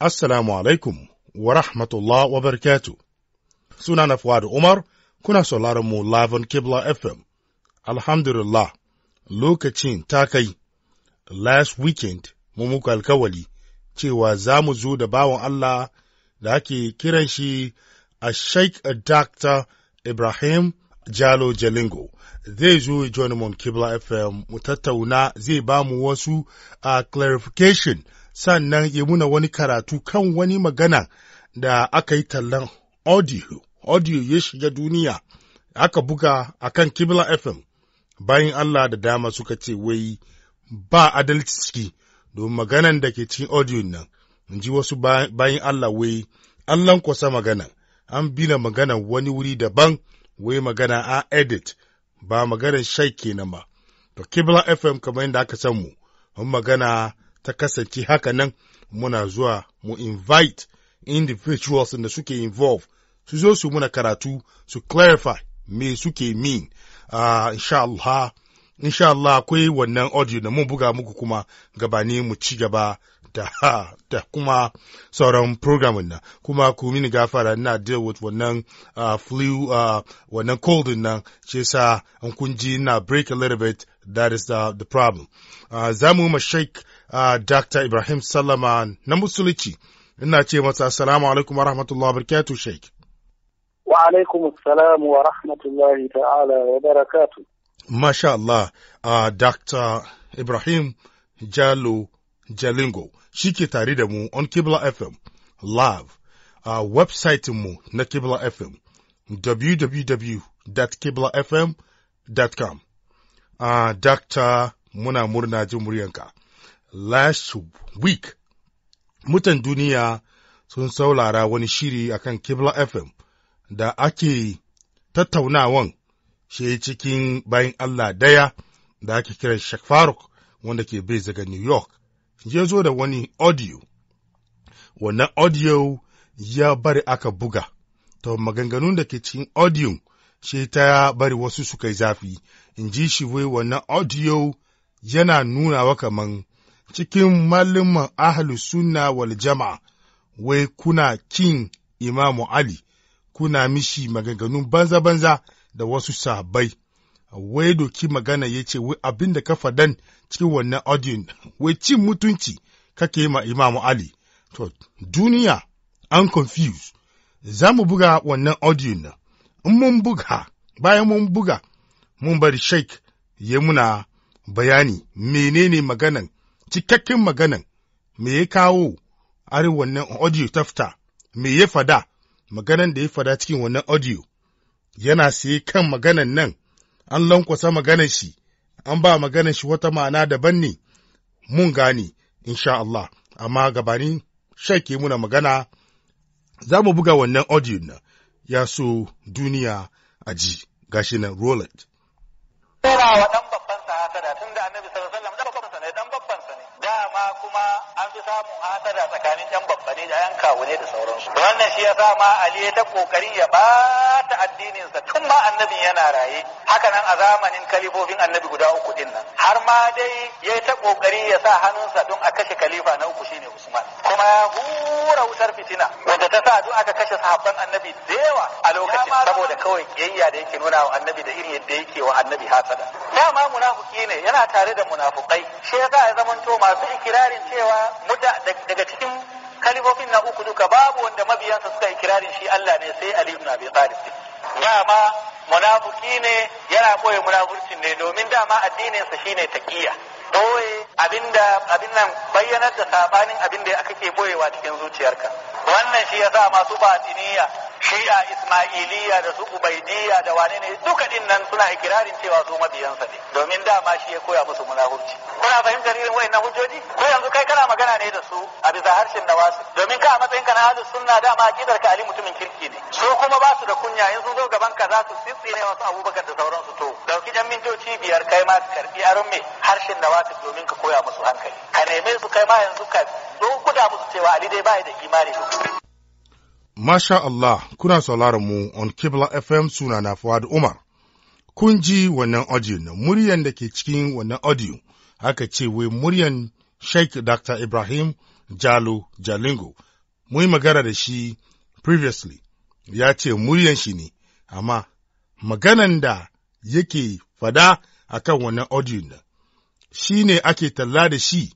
Assalamu alaikum wa rahmatullah wa barakatu. Suna na Fuad Umar, kuna sauraron mu Lavin Kibla FM. Alhamdulillah, lokacin ta kai, last weekend mu muku alkawali cewa za mu zo da bawan Allah da ake kiran shi a Sheikh Dr. Ibrahim Jalo Jalingo. Zai zo join mu Kibla FM mu tattauna zai ba mu wasu a ah, clarification sannan ya muna wani karatu kan wani magana da aka yi tallan audio, audio ya shiga duniya aka buga a kan Kibla FM bayan Allah da dama suka ce wai ba adalci ciki domin maganan da ke cikin audio nan, in ji wasu bayan Allah wai Allahn kwasa magana an bina magana wani wuri daban wai magana a edit ba maganan shai na ba. To Kibla FM kamar yadda aka san mu, magana ta kasance haka nan muna zuwa mu invite individuals da suke involve su zo su muna karatu su clarify me suke mean uh, insha Allah insha Allah akwai wannan audio da mun buga muku kuma gabani mu ci gaba da, da kuma sauran programin nan kuma ku mini gafara na deal with wannan uh, flu uh, wannan cold nan ce sa an kun na break a little bit that is the, the problem uh, zamu ma shake uh, Dr. Ibrahim Salama na Musulunci. Ina ce masa assalamu alaikum wa rahmatullahi barakatu Sheikh. Wa alaikum assalam wa rahmatullahi ta'ala wa barakatu. Masha Allah, uh, Dr. Ibrahim Jalo Jalingo shi ke tare da mu on Kibla FM live a uh, website mu na Kibla FM www.kiblafm.com. Uh, Dr. muna murna jin muryanka. last week mutan duniya sun saurara wani shiri akan Kibla FM da ake tattaunawan shi cikin bayan Allah daya da ake kira shek Faruk wanda ke bai daga New York. Ya zo da wani audio, wannan audio ya bari aka buga, to maganganun da ke cikin audio shi ta bari wasu suka yi zafi, in ji shi wai wannan audio yana nuna wa kaman cikin malumman ahlu suna wal jama'a, wai kuna kin Imamu Ali, kuna mishi maganganun banza-banza da wasu sabai Wai doki magana ya ce, wai abin da ka fadan cikin wannan audion, wai cin mutunci kake ma Imamu Ali. To, duniya, an confuse, za mu buga wannan audion na, in mun buga, bayan mun buga, mun bari Sheikh ya muna bayani menene maganan cikakken maganan me ya kawo arin wannan audio ta fita me ya fada maganan da ya fada cikin wannan audio yana siye kan maganan nan an lankwasa maganan shi an ba maganan shi wata ma'ana daban ne mun gane insha Allah amma gabanin shaike muna magana za mu buga wannan audio na ya so duniya a ji gashi nan Roland. Tsera wa ɗan babban da tun da annabi sallallahu alaihi wasallam ma kuma an fi samun hasada tsakanin yan babbane da yan kawune da sauransu wannan shi yasa ma ali ya ta kokarin ya bata addininsa tun ma annabin yana raye haka nan a zamanin kalifofin annabi guda uku din nan har ma dai ya ta kokari ya sa hannunsa don a kashe kalifa na uku shine usman kuma ya hura wutar fitina wanda ta sa duk aka kashe sahabban annabi da yawa a lokacin saboda kawai kiyayya da yake nuna wa annabi da irin yadda yake wa annabi hasada dama munafuki ne yana tare da munafukai shi yasa ya zamanto masu ikirarin cewa muta daga cikin kalifofin na uku duka babu wanda mabiyansa suka ikirarin shi Allah ne sai Ali ibn Abi Talib dama munafiki ne yana koyi munafurcin ne domin dama addininsa shine taqiyya boye abinda abin nan bayyanar da sabanin abinda aka ke boyewa cikin zuciyarka wannan shi ya sa masu batiniya shi'a ismailiya da su ubaidiyya da wane ne duka din nan suna ikirarin cewa su mabiyansa ne domin dama shi ya koya musu munafurci kuna fahimtar irin wayannan hujjoji ko yanzu kai kana magana ne da su a bisa harshen da wasu domin ka a matsayin ka na ahlus sunna dama aqidar ka ali mutumin kirki ne So kuma ba su da kunya in sun zo gaban ka za su ne wasu abubakar da sauran su to dauki dan mintoci biyar kai ma karbi aron me harshen da wasu domin ka koya musu hankali ka neme su kai ma yanzu ka zo kuda musu cewa ali dai bai da imani Masha Allah kuna sauraron mu on Kibla FM suna na Fuad Umar. Kun ji wannan audio na muryan da ke cikin wannan audio haka ce wai muryan Sheikh Dr. Ibrahim Jalo Jalingo. Mun magana da shi previously ya ce muryan shi ne, amma maganan da yake fada akan wannan audio na shi ne ake talla da shi,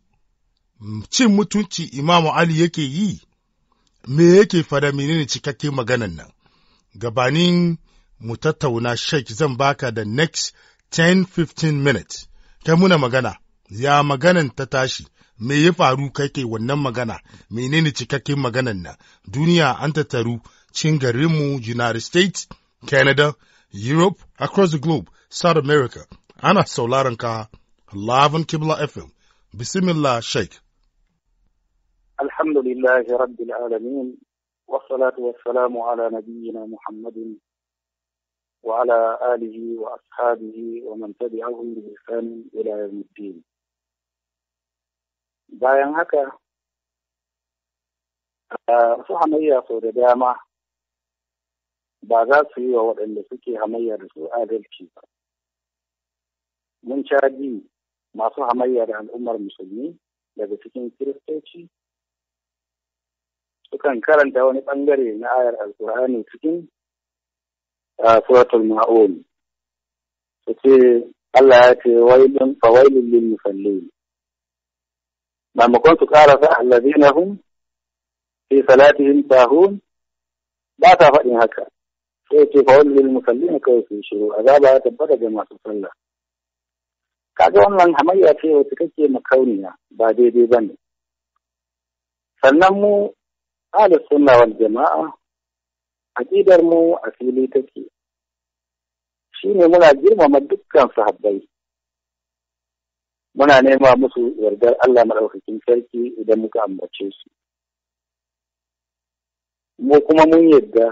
cin mutunci Imamu Ali yake yi. me yake fada menene cikakke maganan nan gabanin mu tattauna sheikh zan baka da next 10-15 minutes kai muna magana ya maganan ta tashi me ya faru kai ke wannan magana menene cikakken maganan nan duniya an tattaru cin garinmu united states canada europe across the globe south america ana sauraron ka live kibla fm bismillah sheikh. Alhamdulillah. لله رب العالمين والصلاة والسلام على نبينا محمد وعلى آله وأصحابه ومن تبعهم بإحسان إلى يوم الدين bayan haka su hamayya sau da dama ba za su yi wa waɗanda suke hamayya da su adalci ba mun caji masu hamayya da al'ummar musulmi daga cikin kiristoci sukan karanta wani bangare na ayar alkur'ani cikin suratul ma'un su ce Allah ya ce wailun fawailun lil musallin maimakon su karasa allazina hum fi salatihim sahun ba ta faɗin haka sai ce fawailun lil musallin kawai su shiru azaba ya tabbata ga masu sallah kaga wannan hamayya ce wacce kake makauniya ba daidai bane sannan mu ahlus sunna wal jama'a aqidar mu a fili take shine muna girmama dukkan sahabbai muna nema musu yardar Allah madaukakin sarki idan muka ambace su mu kuma mun yadda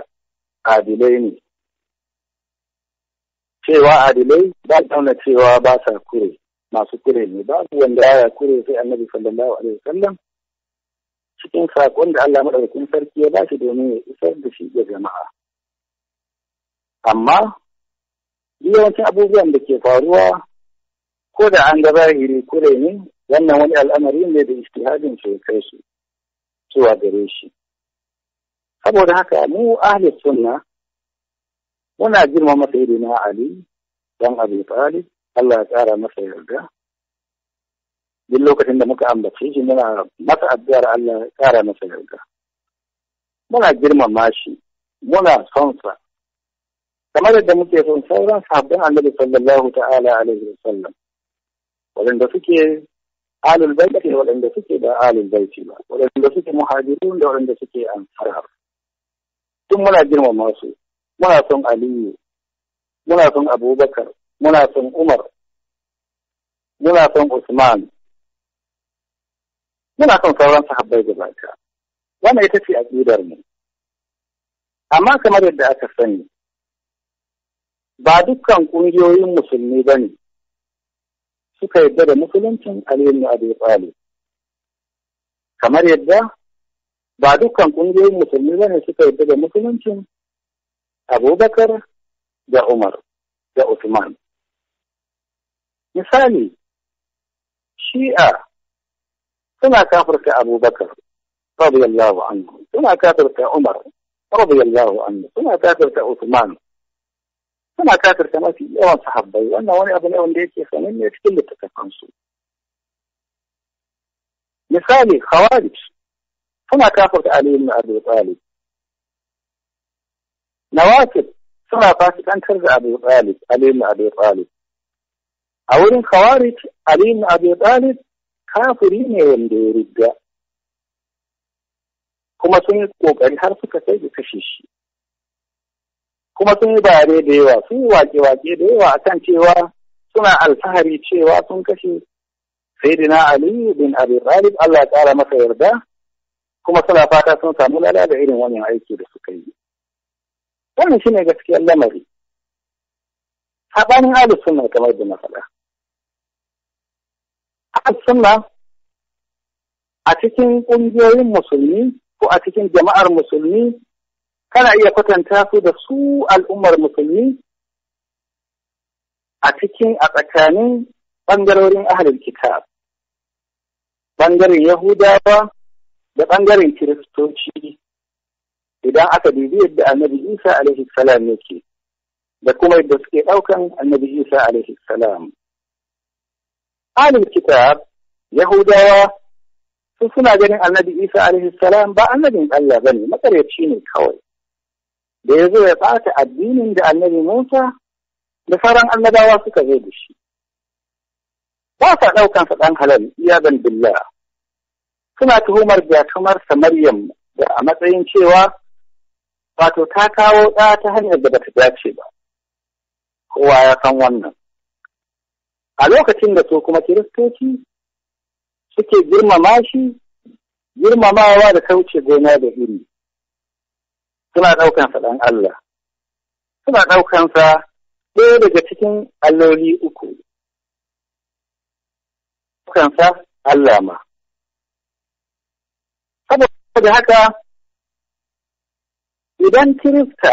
adilai ne cewa adilai ba tauna cewa ba sa kure masu kure ne babu wanda ya kure sai annabi sallallahu alaihi wasallam cikin saƙon da Allah maɗaukakin sarki ya ba shi domin ya isar da shi ga jama'a. Amma, yawancin abubuwan da ke faruwa ko da an ga zahiri kure ne wannan wani al'amari ne da istihadin su ya kai su zuwa gare shi. Saboda haka mu ahli sunna muna girmama na Ali dan Abi Talib Allah ya ƙara masa yarda. duk lokacin da muka ambace shi muna masa addu'ar Allah kara masa yarda muna girmama shi muna son sa kamar yadda muke son sauran sabbin annabi sallallahu ta'ala alaihi wa sallam waɗanda suke alul baiti da waɗanda suke da alul baiti ba waɗanda suke muhajirun da waɗanda suke ansar tun muna girmama su muna son aliyu muna son abubakar muna son umar muna son usman muna son sauran sahabbai da baka wannan ita ce aƙidar mu amma kamar yadda aka sani ba dukkan ƙungiyoyin musulmi ba ne suka yadda da musuluncin aliyu abu tsali kamar yadda ba dukkan ƙungiyoyin musulmi ba ne suka yadda da musuluncin abubakar da umar da usman misali shi'a كما كافرك أبو بكر رضي الله عنه كما كافرك عمر رضي الله عنه كما كافرك عثمان كما كافرك ما في يوم صحبه وأنه وني أبن أبن ليس يخمين يتكلتك خمسو مثالي خوارج كما كافرك علي بن أبي طالب نواكب كما فاسك أن ترجع أبي طالب علي بن أبي طالب أولين خوارج علي بن أبي طالب kafiri ne wanda ya riga kuma sun yi kokari har suka kai da kashe shi kuma sun yi bare da yawa sun yi wake-wake da yawa akan cewa suna alfahari cewa sun kashe saidina ali bin abi ralif Allah kara masa yarda kuma suna fata sun samu lada da irin wannan aiki da suka yi wannan shine gaskiyar lamari sabanin ahlus sunna kamar da na faɗa Asala a cikin ƙungiyoyin musulmi ko a cikin jama'ar musulmi kana iya kwatanta su da su al'ummar musulmi a cikin a tsakanin ɓangarorin ahalin kitab ɓangaren yahudawa da ɓangaren kiristoci idan aka dubi yadda annabi isa alaihi salam yake da kuma yadda suke ɗaukan annabi isa alaihi salam ahlul kitab yahudawa su suna ganin annabi isa alaihi salam ba annabin allah bane makaryaci ne kawai da ya zo ya ɓata addinin da annabi musa da sauran annabawa suka zo da shi ba sa ɗaukan sa ɗan halal iyadan billah suna tuhumar jatumarsa samaryam da a matsayin cewa wato ta kawo ɗa ta hanyar da bata dace ba kowa ya san wannan a lokacin da su kuma kiristoci suke girmama shi girmamawa da kauce gona da iri suna ɗaukansa ɗan Allah suna ɗaukansa ɗaya daga cikin alloli uku ɗaukansa Allah ma saboda haka idan kirista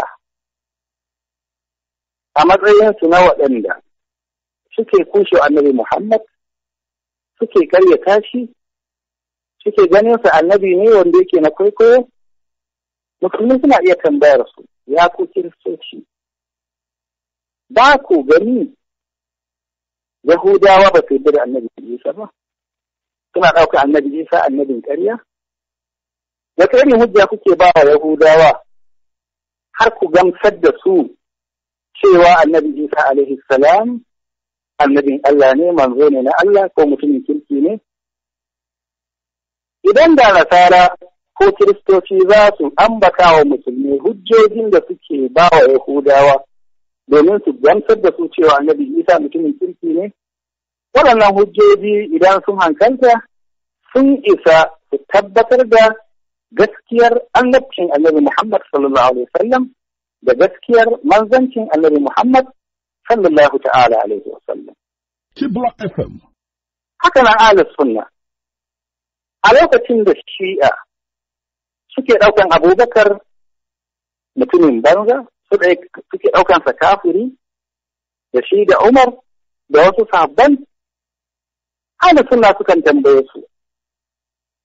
a matsayinsu na waɗanda suke kushe annabi Muhammad suke karyata shi suke ganin sa annabi ne wanda yake na kwaikwayo musulmi suna iya tambayar su ya ku kiristoci ba ku gani yahudawa ba su yi da annabi isa ba suna ɗauka annabi isa annabin ƙarya wata irin hujja kuke ba wa yahudawa har ku gamsar da su cewa annabi isa alaihi salam annabin Allah ne manzo ne na Allah ko mutumin kirki ne idan da nasara ko kiristoci za su ambata wa musulmi hujjojin da suke ba wa yahudawa domin su gamsar da su cewa annabi isa mutumin kirki ne waɗannan hujjoji idan sun hankalta sun isa su tabbatar da gaskiyar annabcin annabi muhammad sallallahu alaihi wasallam da gaskiyar manzancin annabi muhammad sallallahu ta'ala alaihi wa sallam haka na ala sunna a lokacin da shi'a suke ɗaukan abubakar mutumin banza suke ɗaukan sakafuri, kafiri da shi da umar da wasu sabon ala sunna sukan tambaye su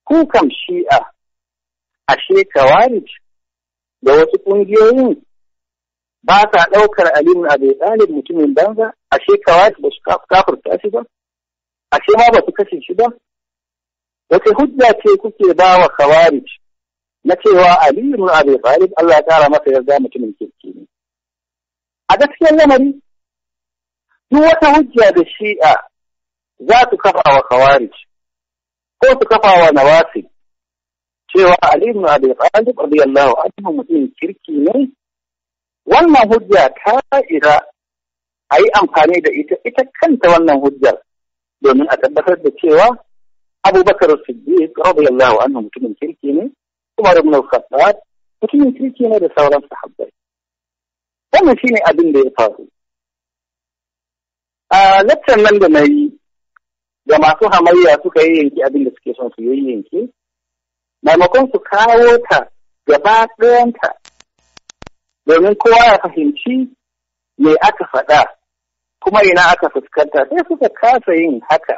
Kukan shi'a ashe kawarij da wasu ƙungiyoyin ba sa ɗaukar alimin abu ɗalib mutumin banza ashe kawai ba su kafurta shi ba ashe ma ba su kashe shi ba wace hujja ce kuke ba wa khawarij na cewa aliyu ibn abi Allah ya kara masa yarda mutumin kirki ne a gaskiyar lamari duk wata hujja da shi'a za su kafa wa khawarij ko su kafa wa nawasi cewa aliyu ibn abi talib radiyallahu anhu mutumin kirki ne wannan hujja ta ira a yi amfani da ita ita kanta wannan hujjar domin a tabbatar da cewa abubakar siddiq radiyallahu anhu mutumin kirki ne kuma ibn al-khattab mutumin kirki ne da sauran sahabbai wannan shine abin da ya faru a laccan nan da na yi da masu hamayya suka yi yanki abin da suke son su yi yanki maimakon su kawo ta gaba ɗayanta domin kowa ya fahimci me aka faɗa kuma ina aka fuskanta sai suka kasa yin haka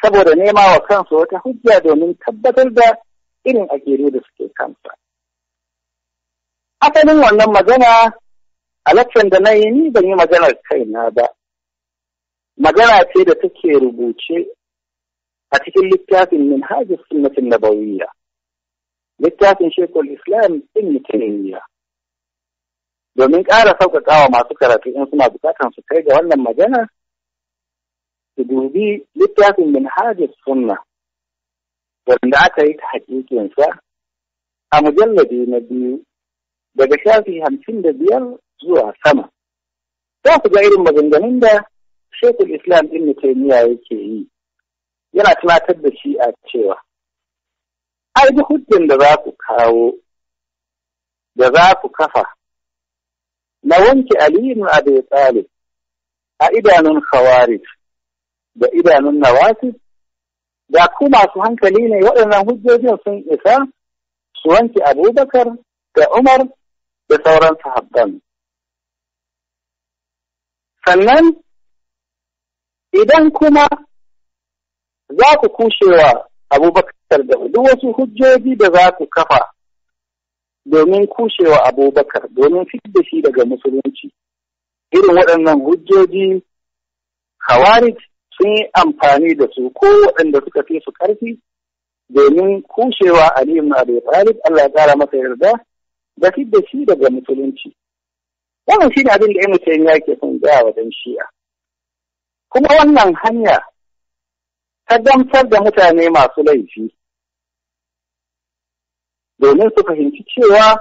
saboda nema wa kansu wata hujja domin tabbatar da irin akiru da suke kansa. Asalin wannan magana a lakcin da na yi ni ban yi maganar kaina ba. Magana ce da take rubuce a cikin littafin min hajji sunnatin nabawiyya. Littafin shekul Islam ɗin Taymiyyah. domin ƙara sauƙaƙawa masu karatu in suna bukatar su kai ga wannan magana su dubi littafin minhajis sunna wanda aka yi ta hakikinsa a mujalladi na biyu daga shafi hamsin da biyar zuwa sama za ku ga irin maganganun da shekul islam ibn taymiya yake yi yana tunatar da shi a cewa ai hujjan da za ku kawo da za ku kafa na wanke aliyun abu talib a idanun khawarij da idanun nawasi da ku masu hankali ne waɗannan hujjojin sun isa su wanke abubakar da umar da sauran sahabban sannan idan kuma za ku kushewa abubakar da duk wasu hujjoji da za ku kafa domin kushewa abubakar domin da shi daga musulunci irin waɗannan hujjoji khawarij sun yi amfani da su ko waɗanda suka fi su ƙarfi domin kushewa Ali ibn Abi Talib Allah ya ƙara masa yarda da shi daga musulunci wannan shine abin da Ibn Taymiyyah ke son gaya wa dan Shi'a kuma wannan hanya ta gamsar da mutane masu laifi domin su fahimci cewa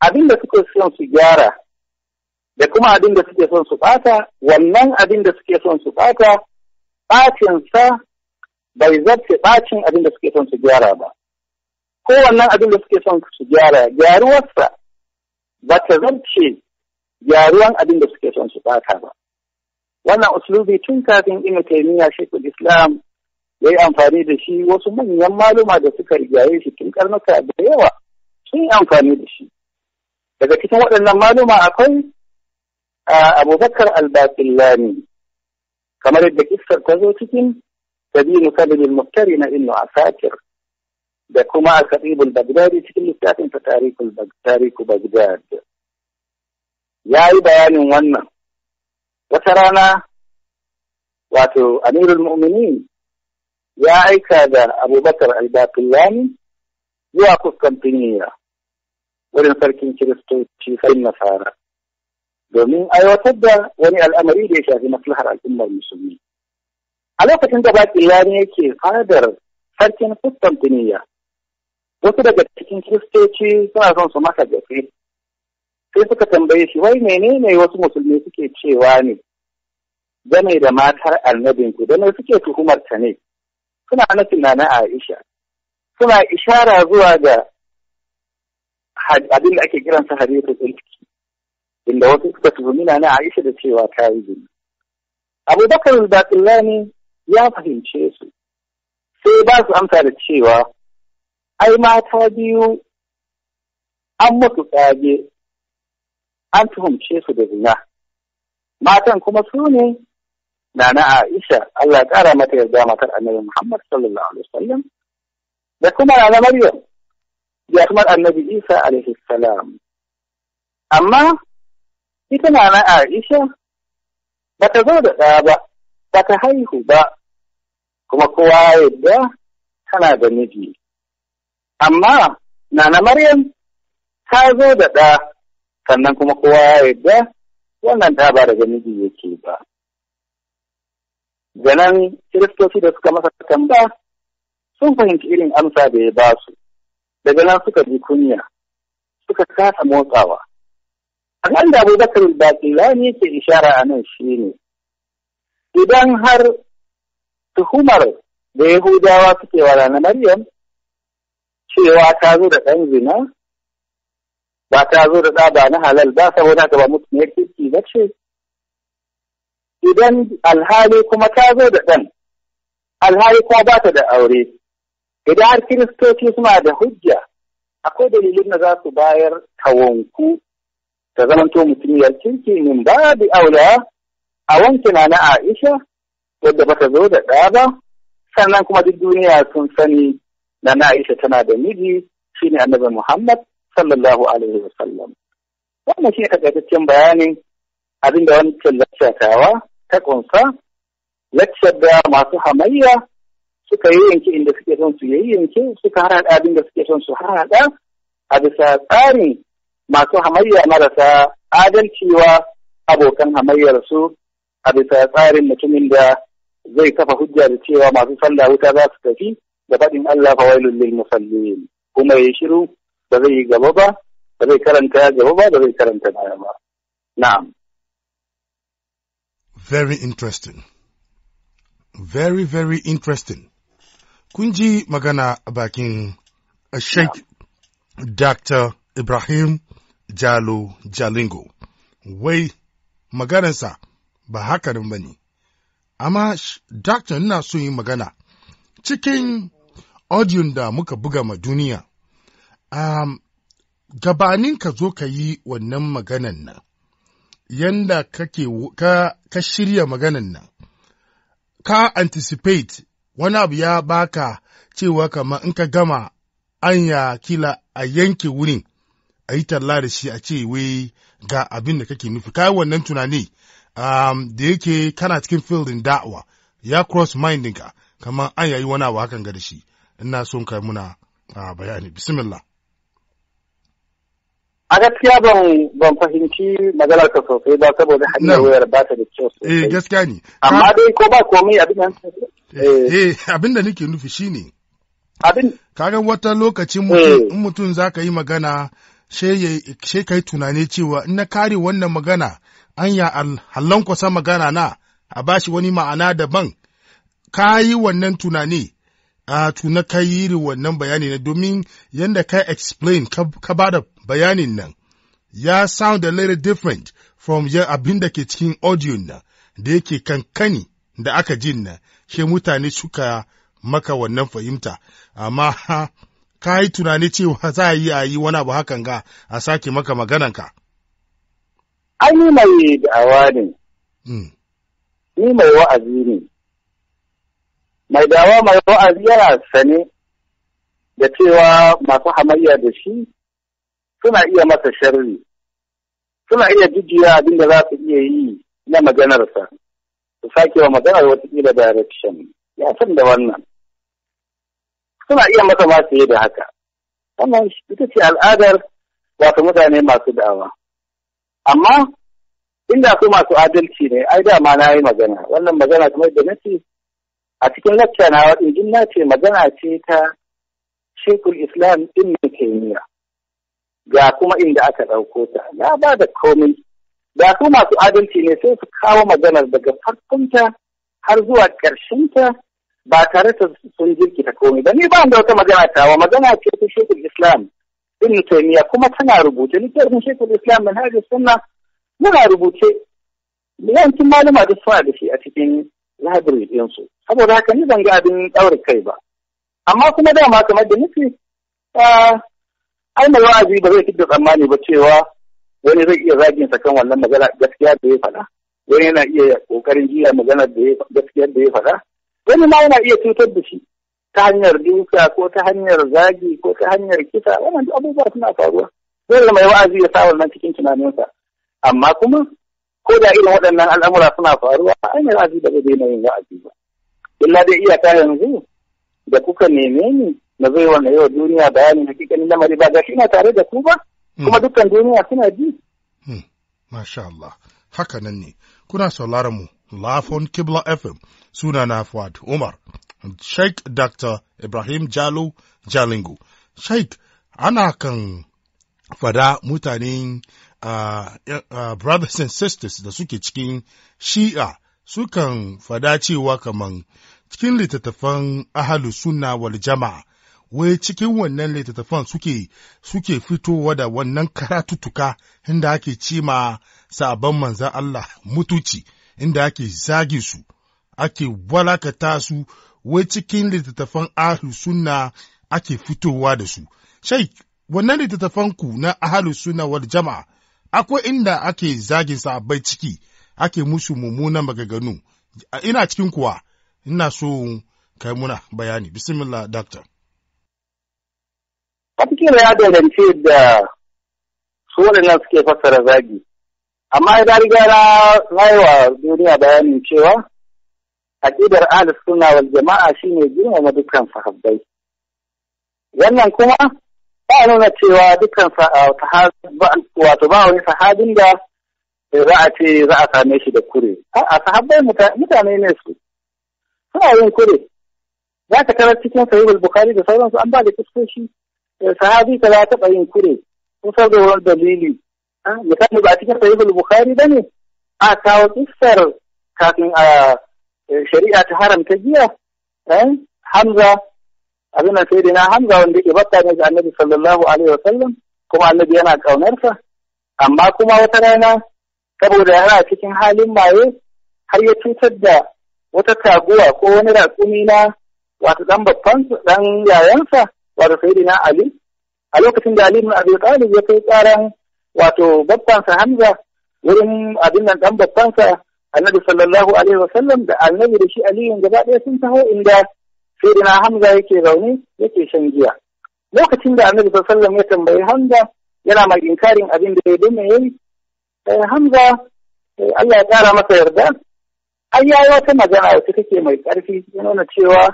abin da suke son su gyara da kuma abin da suke son su bata wannan abin da suke son su bata sa bai zarce bacin abin da suke son su gyara ba ko wannan abin da suke son su gyara gyaruwarsa ba ta zarce gyaruwan abin da suke son su bata ba wannan uslubi tun kafin ina taimiyya shekul islam ya yi amfani da shi wasu manyan maluma da suka rigaye shi tun karnuka da yawa sun yi amfani da shi daga cikin waɗannan maluma akwai abubakar albafillani kamar yadda iskar ta zo cikin sabinu kalibin muftari na a asakir da kuma a khatibul bagdadi cikin littafin ta tariku bagdad ya yi bayanin wannan wata rana wato amirul mu'minin ya aika da abubakar albatullani zuwa kustantiniya wurin sarkin kiristoci sai nasara domin aiwatar da wani al'amari da ya shafi maslahar al'ummar musulmi a lokacin da baƙilani yake fadar sarkin kustantiniya wasu daga cikin kiristoci suna son su masa gafe sai suka tambaye shi wai menene wasu musulmi suke cewa ne game da matar annabinku don suke tuhumar ta ne suna nufin tunanin Aisha suna ishara zuwa ga abin da ake kiransa hadithu tsirki inda wasu suka tuhumi na Aisha da cewa ta yi zina Abu Bakar ne ya fahimce su sai ba su amsa da cewa ai mata biyu an mutu tsage an tuhumce su da zina matan kuma su ne Nana Aisha Allah ya ƙara mata yarda matar Annabi Muhammad sallallahu alaihi wasallam da kuma Nana Maryam ya kuma Annabi Isa alaihi salam. Amma ita Nana Aisha ba ta zo da ɗa ba, ba ta haihu ba, kuma kowa yadda tana da miji. Amma Nana Maryam ta zo da ɗa sannan kuma kowa yadda wannan ta ba daga miji yake ba. Ganan kiristoci da suka masa tamba sun fahimci irin amsa da ya ba su. Daga nan suka ji kunya, suka kasa motsawa. A kan da Abubakar Bakilani ke ishara a nan shi ne, idan har tuhumar da Yahudawa suke wa na Maryam, cewa ta zo da ɗan zina, ba ta zo da tsada na halal ba saboda ta ba mutum ya kirki ba ce, idan alhali kuma ta zo da ɗan alhali kuma ba ta da aure idan har kiristoci suna da hujja akwai dalilin da za su bayar tawanku ta zamanto mutumiyar kirki min babu aula a wanke na na Aisha wadda ta zo da ɗa ba sannan kuma duk duniya sun sani na na Aisha tana da miji shine annabi Muhammad sallallahu alaihi sallam. wannan shi ne takaitaccen bayanin abinda wancan lacca tawa ta kunsa da masu hamayya suka yi yanki inda suke son su yi yanki, suka haɗa abin da suke son su haɗa. a bisa tsarin masu hamayya marasa adalciwa abokan hamayyar su a bisa tsarin mutumin da zai kafa hujja da cewa masu sallah wuta za su tafi da faɗin Allah fa wailul lil musallin kuma ya shiru ba zai yi gaba ba ba zai karanta gaba ba ba zai karanta baya ba na'am very interesting. Very, very interesting. Kun ji magana a bakin Sheikh yeah. Dr. Ibrahim Jalo Jalingo, wai maganarsa ba haka ba ne, amma Dr. ina so yi magana cikin odiyon da muka buga ma duniya, um, gabanin ka zo ka yi wannan maganan nan. yanda kake ka, ka shirya maganan nan, ka anticipate wani abu ya baka cewa kama in ka gama anya kila a yanke wurin a yi talla da shi a ce wai ga abin da kake nufi kai wannan tunani um, da yake kana cikin filin da'awa ya cross mindinka kaman an yayi wani abu hakan ga da shi ina son kai muna uh, bayani bismillah a gaskiya ban ban fahimci maganar ka sosai ba saboda hanyar wayar ba ta da kyau eh, sosai eh gaskiya ne amma dai ko ba komai abin nan eh, eh. eh abin da nake nufi shine abin kaga wata lokacin mutum in mutum zaka yi magana sai kai tunani cewa in na kare wannan magana anya hallan kwasa magana na a bashi wani ma'ana daban ka yi wannan tunani a tuna ka yi wannan bayani na domin yadda ka explain ka ba da bayanin nan ya sound a little different from ya abin da ke cikin audio nan da yake kankani da aka jin nan shi mutane suka maka wannan fahimta amma ka yi tunani cewa za a yi a yi wani abu hakan ga a sake maka magananka. An yi mai da'awa ne, hmm. ni mai wa'azi ne, mai da'awa mai wa'azi yana sane da cewa masu hamayya da shi suna iya masa sharri suna iya jijiya abin da za su iya yi na maganarsa su sake wa maganar watakila direction ya san da wannan suna iya masa ma fiye da haka wannan ita ce al'adar wato mutane masu da'awa amma inda su masu adalci ne ai dama na yi magana wannan magana kamar da nace a cikin lacca na waɗin na ce magana ce ta shekul islam ibn taymiyyah ga kuma inda aka ɗauko ta ya ba da komai da su masu adalci ne sai su kawo maganar daga farkonta har zuwa ƙarshenta ba tare da sun jirkita komai ba ni ba da wata magana ta wa magana ce ta shekul islam ibn taymiya kuma tana rubuce littafin shekul islam min hajji sunna muna rubuce yawancin malama duk suna da shi a cikin library yansu saboda haka ni ban ga abin ɗaurin kai ba amma kuma dama kamar da nufi ai mai wa'azi ba zai fidda tsammani ba cewa wani zai iya zagin sa kan wannan magana gaskiya da ya faɗa wani yana iya kokarin jiya magana da gaskiyar da ya faɗa wani ma yana iya cutar da shi ta hanyar duka ko ta hanyar zagi ko ta hanyar kisa wannan abubuwa suna faruwa dole mai wa'azi ya sa wannan cikin tunaninsa amma kuma ko da irin waɗannan al'amura suna faruwa ai mai wa'azi ba zai daina yin wa'azi ba illa dai iyaka yanzu da kuka neme ni na zai wanda yau duniya bayani na kikin lamari ba gashi na tare da ku ba kuma hmm. dukkan duniya suna ji. Hmm. Masha Allah, haka nan ne, kuna sauraron mu Lafon Kibla FM suna na Fuad Umar, Sheikh Dr. Ibrahim Jalo Jalingo. Sheikh, ana kan fada mutane uh, uh, brothers and sisters da suke cikin shi'a sukan fada cewa kaman cikin littattafan ahalu sunna wal jama'a wai cikin wannan littattafan suke suke fitowa da wannan karatutuka inda ake ce ma sabon manzan Allah mutuci inda ake zage su ake walakata su wai cikin littattafan ahlu sunna ake fitowa da su shai wannan littattafan ku na ahlu sunna wal jama'a akwai inda ake zagin sabai ciki ake musu mummunan magaganu ina cikin kuwa ina so kai muna bayani bismillah doctor watakila ya dangance da su waɗannan suke fassara zagi amma ya riga na rayuwa duniya bayanin cewa aƙidar ahlus sunna wal jama'a shine girmama dukkan sahabbai wannan kuma ba nuna cewa dukkan ah, wato ba wani sahabin da za a ce za a same shi da kure a sahabbai mutane ne su suna yin kure za ka tarar cikin sahihul bukhari da sauransu an ba da kuskoshi sahabi ta ya taɓa yin kure sun saboda dalili misali ba a cikin sahihul bukhari ba ne a kawo kisar kafin a eh, shari'a ta haramta giya hamza abin sai dai na hamza wanda yake batta ne ga annabi sallallahu alaihi wa sallam kuma annabi yana kaunarsa amma kuma wata rana saboda yana cikin halin maye har ya cutar da wata taguwa ko wani raƙumi na wata dan babban dan yayansa wato na ali a lokacin da ali mun abin talib ya kai tsaron wato babbansa hamza wurin abin nan dan babbansa annabi sallallahu alaihi sallam da annabi da shi aliyun gaba ɗaya sun taho inda na hamza yake rauni yake shan giya lokacin da annabi sallallahu alaihi ya tambayi hamza yana mai inkarin abin da ya dame yayi eh, hamza eh, Allah ya ƙara masa yarda Ayyawa ta wata magana wacce take mai ƙarfi ya nuna cewa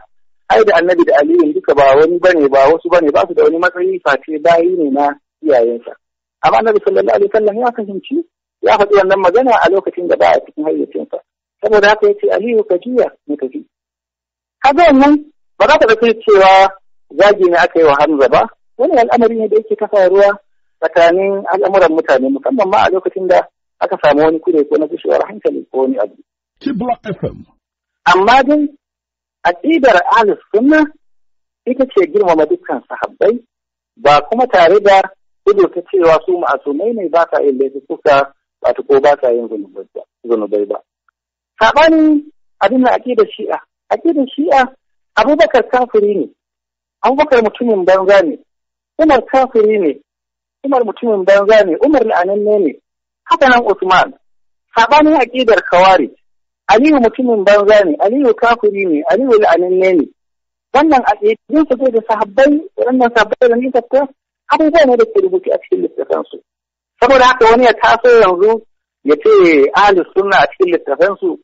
ai da annabi da aliyu duka ba wani bane ba wasu bane ba su da wani matsayi face bayi ne na iyayensa amma annabi sallallahu alaihi wasallam ya fahimci ya faɗi wannan magana a lokacin da ba a cikin hayyacinsa saboda haka ya ce aliyu ka jiya mu Ka kaga wannan ba za ka kai cewa zagi ne aka yi wa hamza ba wani al'amari ne da yake ta faruwa tsakanin al'amuran mutane musamman ma a lokacin da aka samu wani kure ko na kushewar hankali ko wani abu. Amma dai Aƙidar alif Sunna ita ce girmama dukkan sahabbai ba kuma tare da ido ta cewa su ma'asumai ne ba sa yin laifuka ba ta ko ba sa yin zunubai ba. Saɓanin abin da aƙidar shi'a, aƙidar shi'a Abubakar kafiri ne, Abubakar mutumin banza ne, Umar kafiri ne, Umar mutumin banza ne, Umar la'ananne ne, haka nan Usman, saɓanin aƙidar Kawari, aliyu mutumin banza ne aliyu kafiri ne aliyu la'ananne ne wannan a yin su da sahabbai wannan sahabbai da nisa ta abubuwa ne da ke rubuce a cikin littafansu saboda haka wani ya taso yanzu ya ce Ali suna a cikin littafansu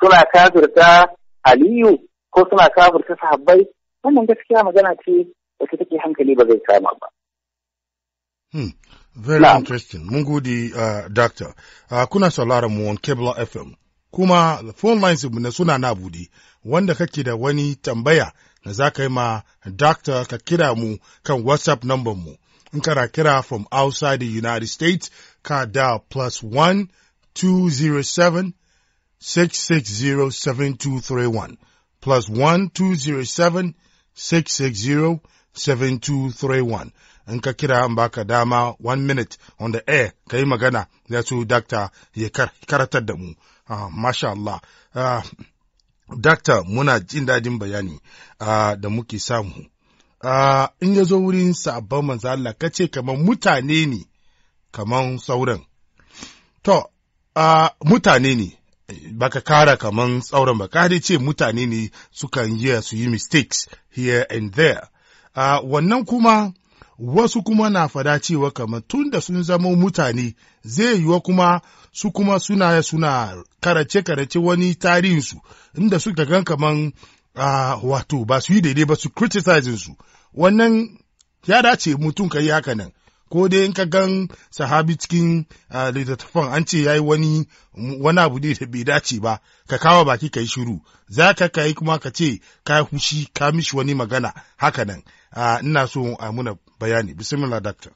suna kafirta aliyu ko suna kafirta sahabbai wannan gaskiya magana ce ta take hankali ba zai kama ba hmm, Very interesting. Mun gode, uh, Doctor. Uh, kuna sauraron mu on Kebla FM. kuma phone lines na suna na buɗe wanda kake da wani tambaya na za ka yi ma doctor ka kira mu kan whatsapp number mu in kana kira from outside the united states ka da plus one two zero seven six six zero seven two three one plus one two zero seven six six zero 7231 in ka kira an baka dama one minute on the air ka yi magana ya su dakta ya karatar da mu Ah, masha Allah. Ah, muna jin dadin bayani ah, da muke samu. in ya zo wurin sabon manzo Allah ka ce kamar mutane ne kamar sauran. To, mutane ne, baka kara kamar sauran ba, ka ce mutane ne sukan yi su yi mistakes here and there. wannan kuma wasu kuma na fada cewa kamar tun da sun zama mutane zai yiwa kuma su kuma suna suna karace-karace wani tarihinsu inda suka gan kaman wato ba su yi daidai ba su criticizing su wannan ya dace mutum ka yi haka nan ko dai in ka gan sahabi cikin uh, littattafan an ce ya yi wani wani abu da bai dace ba ka kawo baki ka yi shiru za ka kai kuma ka ce ka fushi ka mishi wani magana haka nan ina so a muna bayani bismillah doctor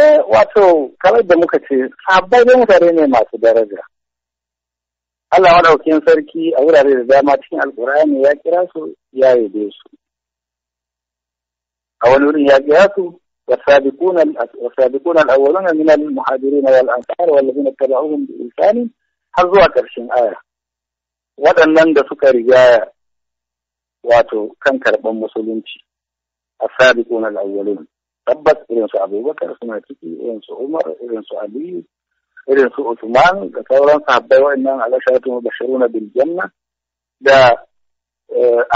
Eh wato kamar da muka ce sabbai da mutane ne masu daraja. Allah madaukakin sarki a wurare da dama cikin alkur'ani ya kira su ya yabe su. A wani wurin ya kira su والسابقون والسابقون الاولون من المهاجرين والانصار والذين اتبعوهم بإحسان har zuwa ƙarshen aya. Waɗannan da suka rigaya wato kan karɓar musulunci a sabiqun al tabbas irin su abubakar suna ciki irin su umar irin su aliyu irin su usman da sauran sahabbai wa'annan alashatu bashiruna bil janna da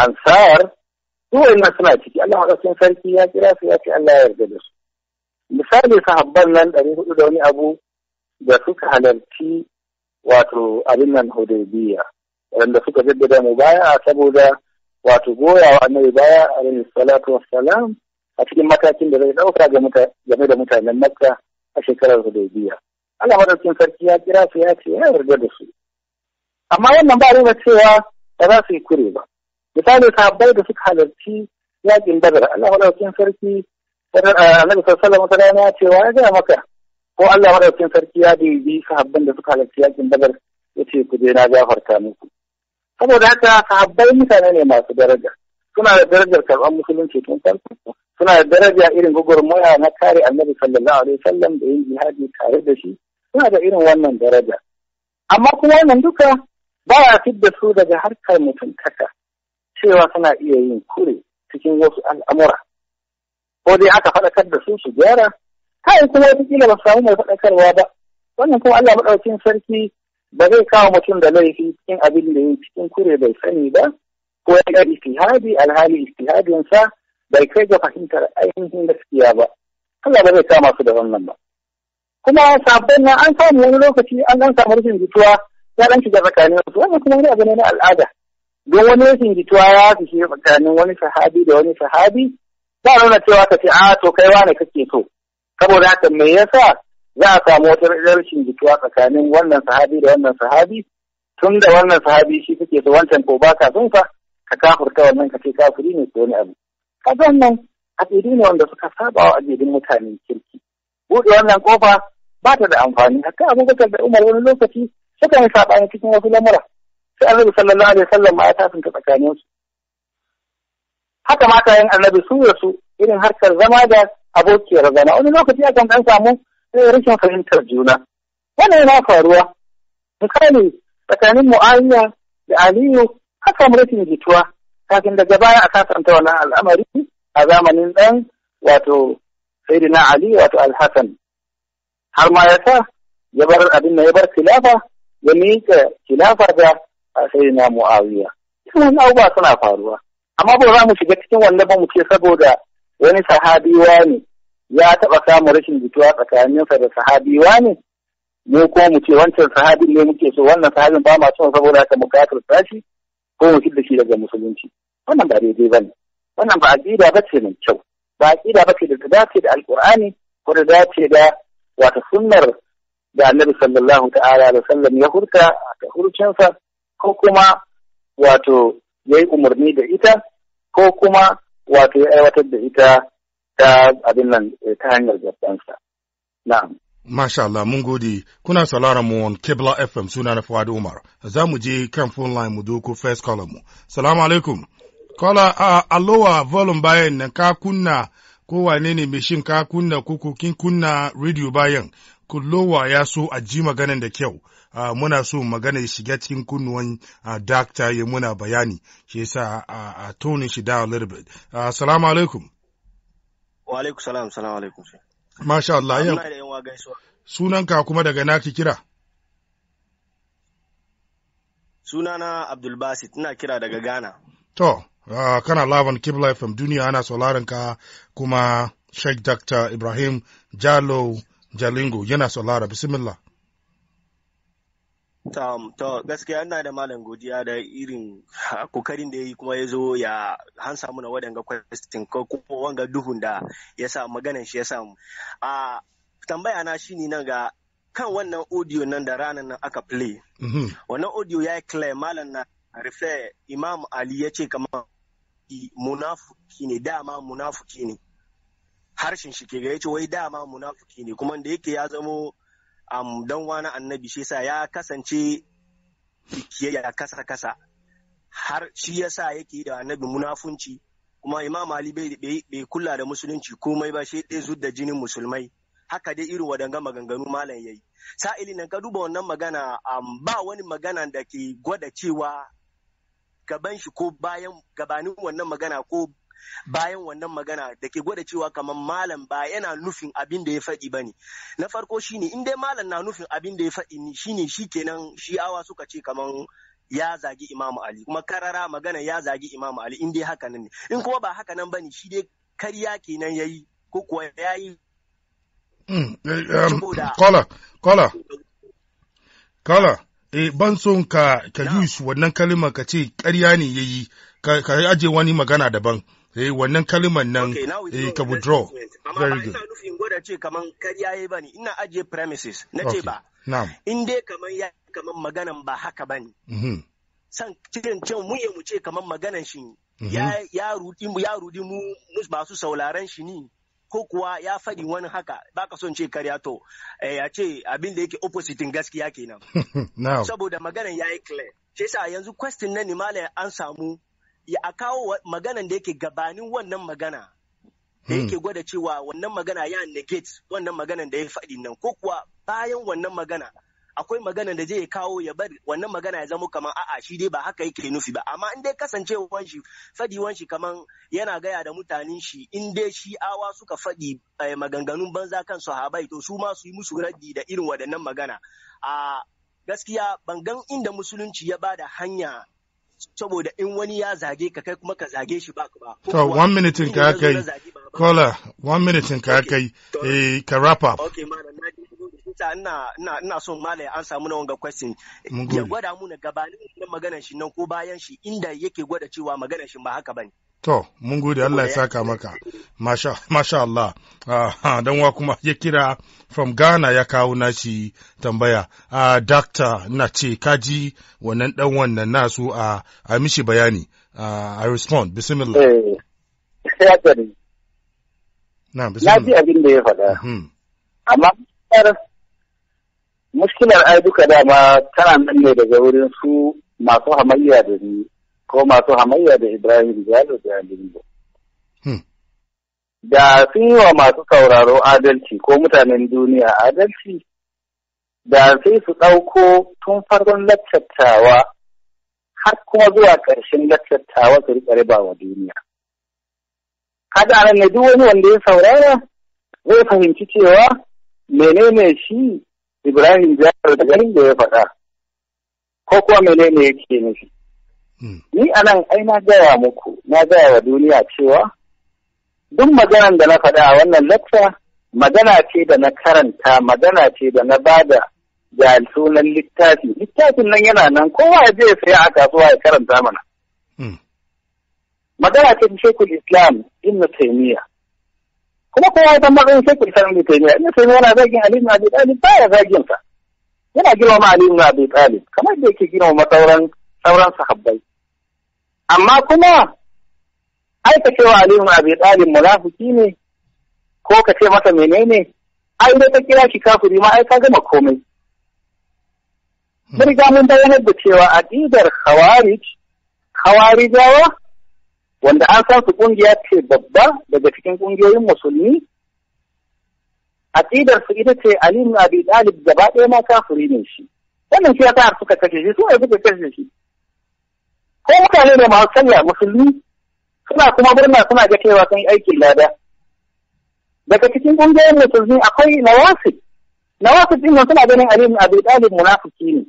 ansar su wa'annan suna ciki Allah madaukakin sarki ya kira su ya ce Allah ya yarda da su misali sahabban nan ɗari hudu da wani abu da suka halarci wato abin nan hudaybiya wanda suka jaddada mu baya saboda wato goyawa annabi baya alaihi salatu wassalam a cikin matakin da zai ɗauka game da mutanen Makka a shekarar Hudaybiya. Allah madaukin sarki ya kira su ya ce ya yarda da su. Amma wannan ba nuna cewa ba za su yi kure ba. Misali sahabbai da suka halarci yakin Badar Allah madaukin sarki eh, Annabi sallallahu alaihi wasallam ya ce wa ya gaya maka ko Allah madaukin sarki ya bi sahabban da suka halarci yakin Badar ya ce ku je na gafarta muku. Saboda haka sahabbai mutane ne masu daraja. Suna da darajar karɓar musulunci tun farko. suna da daraja irin gwagwarmaya na kare annabi sallallahu alaihi wasallam da yin jihadi tare da shi suna da irin wannan daraja amma kuma wannan duka baya fidda su daga harkar mutuntaka cewa suna iya yin kure cikin wasu al'amura ko dai aka faɗakar da su su gyara kai kuma kila ba su samu mai faɗakarwa ba wannan kuma Allah maɗaukin sarki ba zai kawo mutum da laifi cikin abin da ya cikin kure bai sani ba ko ya ga istihadi alhali istihadinsa bai kai ga fahimtar ainihin gaskiya ba Allah ba zai kama su da wannan ba kuma sabon nan an samu wani lokaci an dan samu rashin jituwa ya dan shiga tsakanin wasu wannan kuma wani abu na al'ada don wani rashin jituwa ya fi tsakanin wani sahabi da wani sahabi za a nuna cewa ka ce a ah, to kai wane kake so saboda haka me yasa za a samu wata rashin jituwa tsakanin wannan sahabi da wannan sahabi tun da wannan sahabi shi kake so wancan ko ba son ka ka kafurta wannan ka ce kafiri ne ko wani abu nan a aƙidu ne wanda suka saba wa mutane mutane kirki buɗe wannan kofa ba ta da amfani haka abubakar da umar wani lokaci sukan yi saɓani cikin wasu lamura sai annabi sallallahu alaihi wasallam ya tasin ta tsakanin su haka mata yin annabi su da irin harkar zama da abokiyar zama wani lokaci akan kan samu eh, rashin fahimtar juna wannan yana faruwa misali tsakanin mu'awiya da aliyu haka rashin jituwa kafin daga baya a kasanta wannan al'amari a zamanin ɗan wato sayyidina ali wato alhassan har ma yasa ya bar abin da ya bar khilafa ya miƙa khilafa ga sayyidina muawiya wani abubuwa suna faruwa amma ba za mu shiga cikin wannan ba mu ce saboda wani sahabiwa ne ya taɓa samun rashin jituwa tsakaninsa da sahabiwa ne mu ko mu ce wancan sahabin ne muke so wannan sahabin ba ma son saboda haka mu gafarta shi ko wakil da shi daga musulunci wannan ba daidai ba ne wannan ba aƙida ba ce mai kyau ba aƙida ba ce da ta dace da alƙur'ani ko da dace da wata sunnar da annabi sallallahu ta'ala da sallam ya hurta a hurcinsa ko kuma wato ya yi umarni da ita ko kuma wato ya aiwatar da ita ta abin nan eh, ta hanyar gabansa. Na'am. Masha Allah, mun gode, kuna sauraron mu on Kibla FM suna na Fuad Umar. Za mu je kan phone line mu doko first caller mu. Salamu alaikum. Kola a uh, alowa volume bayan nan ka kunna ko wane ne mai shin ka kunna ko kin kunna radio bayan. Kullowa ya so a ji maganan da kyau. Uh, muna so magana ya shiga cikin kunnuwan uh, dakta ya muna bayani shi yasa a uh, tonin shi da a little bit. salamu alaikum. Wa alaikum salam, salam alaikum. Masha Allah yau. Sunanka kuma daga naki kira. Sunana Abdulbasit, ina kira daga Ghana. To, uh, kana lavan Kibla FM duniya ana sauraron ka kuma Sheikh Dr. Ibrahim Jalo Jalingo yana saurara. Bismillah. to gaskiya ina da malam godiya da irin kokarin da ya yi kuma ya zo ya han samu na waɗanga kwastin ko wanga duhun da ya sa maganan shi ya samu a tambaya na shi nan ga kan wannan audio nan da ranar nan aka play mm-hmm. wannan audio ya yi clear malam na rufe imam ali ya ce kamar munafuki ne dama munafuki ne harshen shi ke ga ya ce wai dama munafuki ne kuma da yake ya zamo um, dan wani annabi shi ya kasance ya kasa kasa har shi ya sa yake da annabi munafunci kuma imam ali bai kula da musulunci komai ba shi ɗaya da jinin musulmai haka dai irin wadanga maganganu malam yayi sa'ili na, ka duba wannan magana um, ba wani magana da ke gwada cewa gaban shi ko gabanin wannan magana ko bayan wannan magana da ke gwada cewa kamar malam ba yana nufin abin da ya faɗi ba ne na farko shine in dai malam na nufin abin da ya faɗi ne shine shikenan shi'awa suka ce kamar ya zagi imamu ali kuma karara magana ya zagi imamu ali in dai haka nan ne in kuma ba haka nan ne shi dai karya kenan ya yi ko kuwa yi. kola kola kola ban son ka ka use wannan kalmar ka ce karya ne yi ka aje wani magana daban eh wannan kalimar nan eh ka withdraw very good amma nufin gwada ce kaman kariya yayi bane ina ajiye premises na ce ba na'am in dai kaman ya kaman maganan ba haka bane mhm san cikin can mu mu ce kaman maganan shi mm-hmm. ya ya rudi mu ya rudi mu ba su sauraron shi ni ko kuwa ya fadi wani haka baka son ce karya to eh ya ce abin da yake oppositin gaskiya kenan na'am saboda maganan yayi clear shi yasa yanzu question na nimala an samu ya a kawo maganan da yake gabanin wannan magana da hmm. yake gwada cewa wannan magana ya negate wannan maganan da ya faɗi nan ko kuwa bayan wannan magana akwai magana da zai kawo ya bar wannan magana ya zama kamar a'a shi dai ba haka yake nufi ba amma in dai kasancewa shi faɗi shi kamar yana gaya da mutanen shi in dai shi awa suka fadi eh, maganganun banza kan sahabai to su ma su yi musu raddi da irin waɗannan magana a gaskiya ban gan inda musulunci ya bada hanya saboda in wani ya zage ka kai kuma ka zage shi ba ka ba. To one minute ka kai. Kola, one minute ka kai. Eh ka wrap up. Okay, malam, na ina ina ina son malai an samu na wanga question ya gwada mu na gabanin maganar shi nan ko bayan shi inda yake gwada cewa maganar shi ba haka bane. To, mun gode Allah ya saka maka. Masha, Allah, uh, dan wa kuma ya kira from Ghana ya kawo nashi tambaya. Uh, doctor na ce, kaji wannan dan wannan nasu a a mishi bayani. a I respond, bismillah. Eh, Na, bismillah. Na ji abin da ya faɗa. Hmm. Amma, muskilar ai duka dama tana nan ne daga wurin su masu hamayya da ni. ko masu hamayya da Ibrahim Jalo da Alimbo. Hmm. Da sun yi wa masu sauraro adalci ko mutanen duniya adalci, da sai su ɗauko tun farkon lattattawa har kuma zuwa ƙarshen lattattawa su riƙa riba wa duniya. Hada ne duk wani wanda ya saurara zai fahimci cewa menene shi Ibrahim Jalo da ya faɗa, ko kuwa menene yake nufi. Ni a nan ai na gaya muku, na gaya wa duniya cewa duk maganan da na faɗa a wannan lakta magana ce da na karanta, magana ce da na bada da sunan littafi. Littafin nan yana nan kowa ya je saya a kasuwa ya karanta mana. Hmm. Magana ce da Shekul Islam Ibn Taymiyyah. Kuma kowa ya san matsayin Shekul Islam Ibn Taymiyyah. Ibn Taymiyyah yana zagin Ali ibn Abi Talib ba ya zagin sa. Yana girmama Ali ibn Abi Talib kamar da yake girmama sauran sauran sahabbai amma kuma aikacewa Ali ibn Abi Talib munafiki ne ko ka ce masa menene ai da ka kira shi kafiri ma ai ka gama komai mun ga mun bayyana da cewa aqidar khawarij khawarijawa wanda an san su kungiya ce babba daga cikin kungiyoyin musulmi aqidar su ita ce Ali ibn Abi Talib gaba ɗaya ma kafiri ne shi wannan shi ya suka kashe shi su ai suka kashe shi ko mutane da masu sallah musulmi suna kuma birna suna ga cewa sun yi aiki lada daga cikin ƙungiyoyin musulmi akwai nawasi nawasi din suna ganin ali bin abi munafiki ne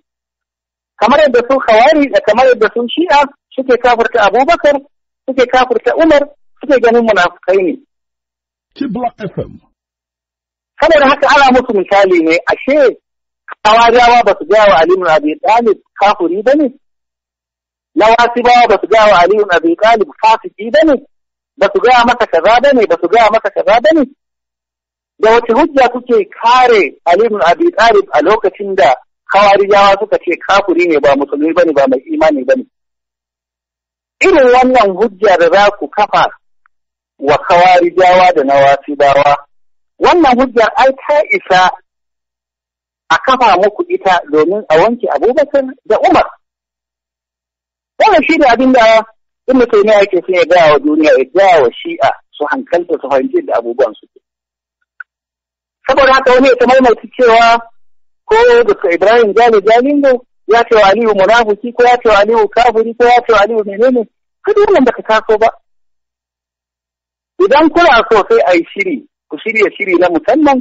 kamar yadda su khawari da kamar yadda su shi'a suke kafirta abubakar suke kafirta umar suke ganin munafukai ne saboda haka ana musu misali ne ashe hawariyawa ba su gaya wa ali bin kafuri talib ba ne na wasu bawa ba su gawa wa Aliyu Abi Talib fasiki ba ne ba su gaya masa kaza ba ne ba su gaya masa kaza ba ne da wace hujja kuke kare Aliyu Abi Talib a lokacin da Khawarijawa suka ce kafuri ne ba musulmi ba ne ba mai imani ne? irin wannan hujja da za ku kafa wa Khawarijawa da na wasu bawa, wannan hujjar ai ta isa a kafa muku ita domin a wanke Abubakar da Umar Wannan shi da abin da in Taymiyyah ake son ya gaya wa duniya ya gaya wa Shi'a su hankalta su fahimci da abubuwan su. Saboda haka wani ya maimaita cewa ko Dr. Ibrahim Jami Jalingo ya ce wa Aliyu munafiki ko ya ce wa Aliyu kafiri ko ya ce wa Aliyu menene duk wannan baka taso ba. Idan kuna so sai a yi shiri ku shirya shiri na musamman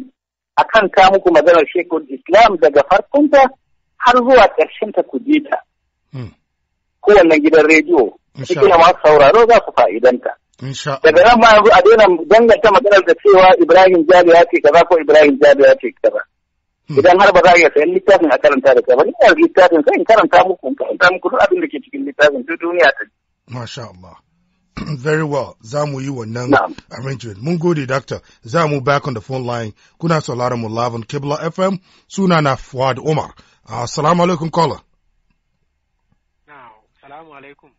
akan ka muku maganar shekul Islam daga farkonta har zuwa ƙarshen ta ku hmm. ta. kowanne gidan rediyo cikin masu sauraro za su fa'idanta. Daga nan ma yanzu a daina danganta maganar da cewa Ibrahim Jabi ya ce kaza ko Ibrahim Jabi ya ce kaza. Hmm. Idan har ba za a iya sayan littafin a karanta da kai ba, ni yanzu littafin sai in karanta muku, in karanta muku duk abin da ke cikin littafin duk duniya ta. Masha Allah. Very well, za mu yi wannan arrangement. Mun gode, Doctor. Za mu back on the phone line. Kuna sauraron mu Lavin Kibla FM, suna na Fuad Umar. Assalamu alaikum, caller. alaikum.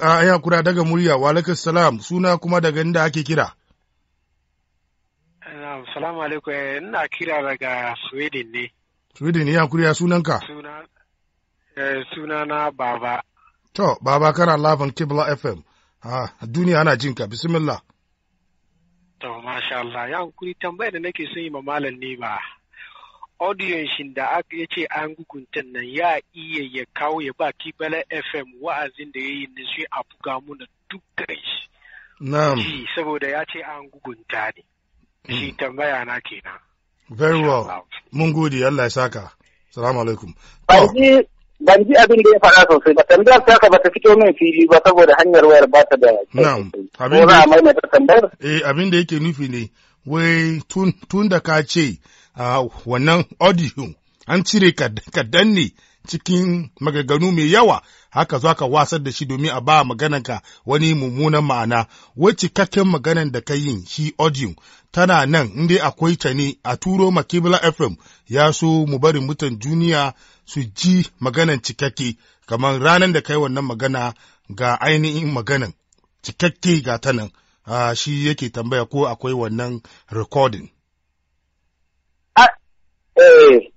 A ya kura daga murya, wa alaikum salam, suna kuma daga inda ake kira. Eh, salamu alaikum, eh, ina kira daga Sweden ne. Sweden ya kuriya sunanka? Suna eh, na Baba. To, Baba kana lafan Kibla FM. duniya ana jinka, bismillah. To, Allah, ya kuri tambayar da nake son yi ma malam ne ba. audiyon da aka ya ce an guguntan nan ya iya ya kawo ya ba kibala fm wa'azin da ya yi na shi a buga muna dukkan shi na'am saboda ya ce an gugunta ne shi mm. tambaya na kenan very well mun gode Allah ya saka salamu alaikum ban ji abin da ya faɗa sosai ba tambayar ta ka bata fito min fili ba saboda hanyar wayar ba ta da na'am abin da eh abin da yake nufi ne wai tun da ka ce a ah, wannan audio an cire ka danne cikin magaganu mai yawa haka za ka wasar da shi domin a ba ka wani mummunan ma'ana wacce cikakken maganan da ka yi shi audio tana nan inda akwai ta ne a turo makibla fm ya so mu bari mutan duniya su ji maganan cikakke kamar ranar da kai wannan magana ga ainihin maganan cikakke ga ta nan ah, shi yake tambaya ko akwai wannan recording eh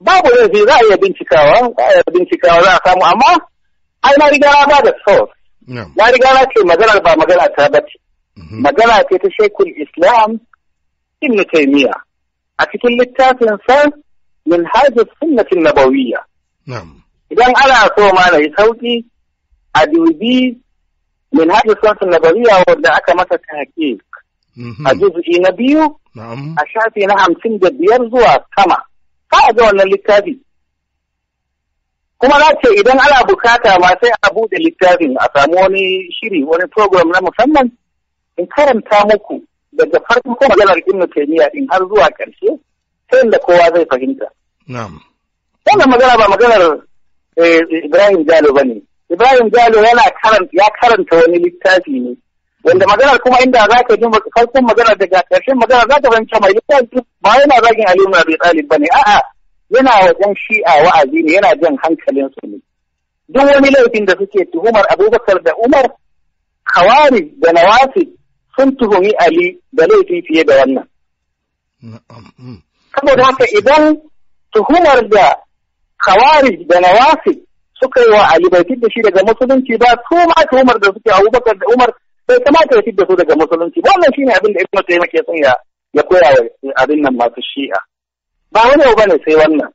babu laifi za a iya bincikawa za a iya bincikawa za a samu amma ai na riga na ba da source na riga na ce magana ba magana ta ba ce mhm. magana ce ta shekul islam ibn taymiya a cikin littafin sa min hajjar sunnatin nabawiyya idan ana so ma na yi sauki a dubi min hajjar sunnatin nabawiyya wanda aka masa tahqiq mhm. a juz'i na biyu a shafi na hamsin da biyar zuwa sama ka ga wannan littafi kuma na ce idan ana bukata ma sai a bude littafin a samu wani shiri wani program na musamman in karanta muku daga farkon maganar ibnu taymiya in har zuwa karshe sai da kowa zai fahimta na'am wannan magana ba maganar eh, Ibrahim Jalo bane Ibrahim Jalo ya karanta wani littafi ne wanda magana kuma inda za ka ba farkon magana daga ƙarshen magana za ka fahimci mai littafi ba yana zagin Ali ibn Abi ba bane a'a yana wajen shi'a wa'azi ne yana jan hankalin su ne duk wani laifin da suke tuhumar Abubakar da Umar hawari da nawafi sun tuhumi Ali da laifi fiye da wannan mm. saboda haka idan tuhumar da hawari da Nawasi suka yi wa Ali bai da shi daga musulunci ba su ma tuhumar da suke Abubakar da Umar bai kamata ya fidda su daga musulunci ba wannan shine abin da ibnu tayyib ke son ya ya koya wa abin nan masu shi'a ba wani abu bane sai wannan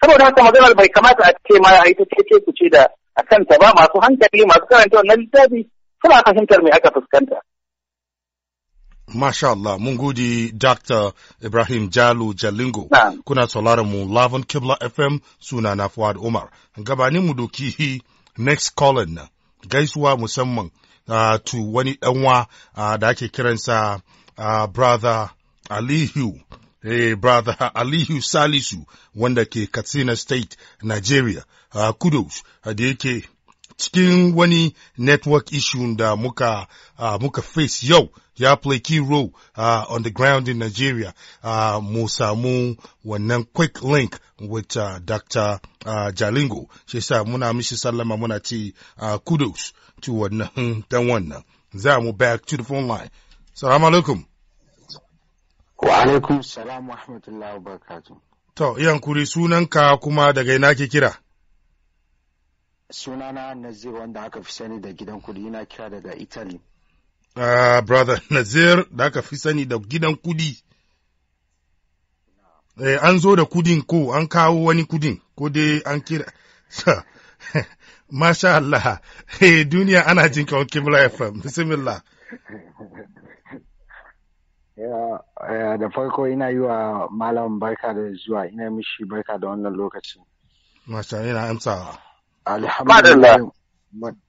saboda haka maganar bai kamata a ce ma ya ta ce ku ce da a kanta ba masu hankali masu karanta wannan littafi suna fahimtar me aka fuskanta Masha Allah, mun gode Dr. Ibrahim Jalo Jalingo. Kuna sauraron mu Lavon Kibla FM suna na Fuad Umar. Gabanin mu doki next calling na gaisuwa musamman Uh, to wani ɗanwa uh, da ake kiransa uh, brother Aliyu. Hey, eh, brother Aliyu Salisu wanda ke Katsina State, Nigeria, uh, kudos da yake cikin wani network issue da muka, uh, muka face yau ya play key role uh, on the ground in Nigeria uh, mu samu wannan quick link with uh, Dr. Uh, Jalingo she sa muna mishi sallama muna ci uh, kudos to wannan dan wannan za mu back to the phone line salamu alaikum wa alaikum salam wa rahmatullahi wa barakatuh to sunan sunanka kuma daga ina ke kira sunana Nazir wanda aka fi sani da gidan kuri yana kira daga Italy. Uh, brother Nazir da aka fi sani da gidan kudi. Eh, an zo da kudin ko an kawo wani kudin ko dai an kira. Masha Allah, hey, eh, duniya ana jin kawon Kimla FM, bismillah. da farko ina yi wa malam barka da zuwa ina mishi barka da wannan lokaci. Masha ina amsawa. Alhamdulillah.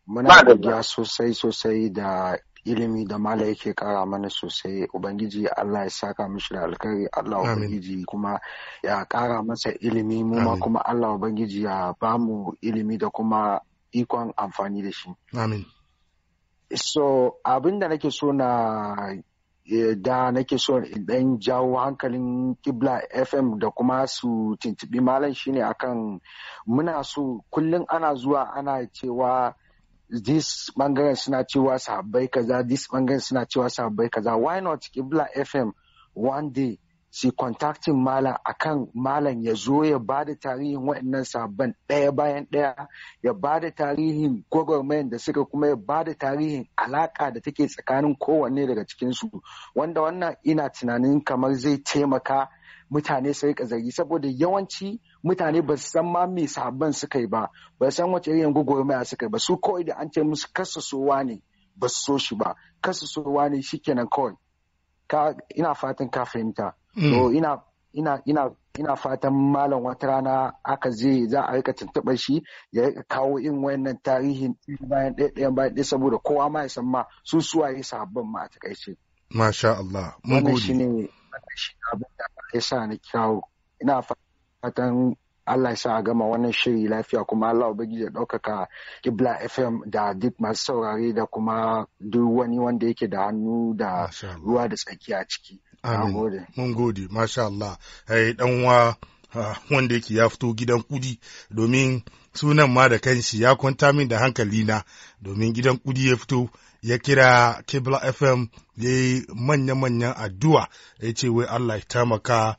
Muna godiya sosai sosai da ilimi da mala yake kara mana sosai ubangiji allah ya saka mishi da alkari allah ubangiji kuma ya kara masa ilimi mu ma kuma allah ubangiji ya bamu ilimi da kuma ikon amfani da shi amin so abin da nake so na eh, da nake so in dan jawo hankalin kibla fm da kuma su tuntubi malam shine akan muna so kullum ana zuwa ana cewa this bangaren suna cewa sabai kaza this bangaren suna cewa sabai kaza why not kibla fm one day si contacting malam akan malam ya zo ya ba da tarihin waɗannan sabon ɗaya bayan ɗaya ya ba da tarihin gwagwarmayan da suka kuma ya ba da tarihin alaƙa da take tsakanin kowanne daga cikinsu wanda wannan ina tunanin kamar zai taimaka mutane su rika zargi saboda yawanci mutane ba su san ma me sabon suka yi ba ba san wace irin gwagwarmaya suka yi ba su kawai da an ce musu sowa ne ba su so shi ba Kasa sowa ne shikenan kawai ka ina fatan ka fahimta hmm. to ina ina ina ina fatan malam wata rana aka je za a rika tuntuɓar shi ya rika kawo in wayannan tarihin bayan ɗaya ɗaya bayan ɗaya saboda kowa ma ya san ma su suwaye sabbin ma a takaice. Masha Allah, mun gode. Wannan shi ne abin da ya sa na kirawo ina fatan Allah ya sa a gama wannan shiri lafiya kuma Allah ubangiji ya ɗaukaka kibla FM da duk masu saurare da kuma duk wani wanda yake da hannu da ruwa da tsaki a ciki. Mun gode, masha Allah. Hey, eh, wa wanda yake ya fito gidan kudi domin sunan ma da kanshi ya kwanta min da hankali na domin gidan kudi ya fito ya kira Kibla FM ya yi manya-manyan addu'a ya ce wai Allah ya taimaka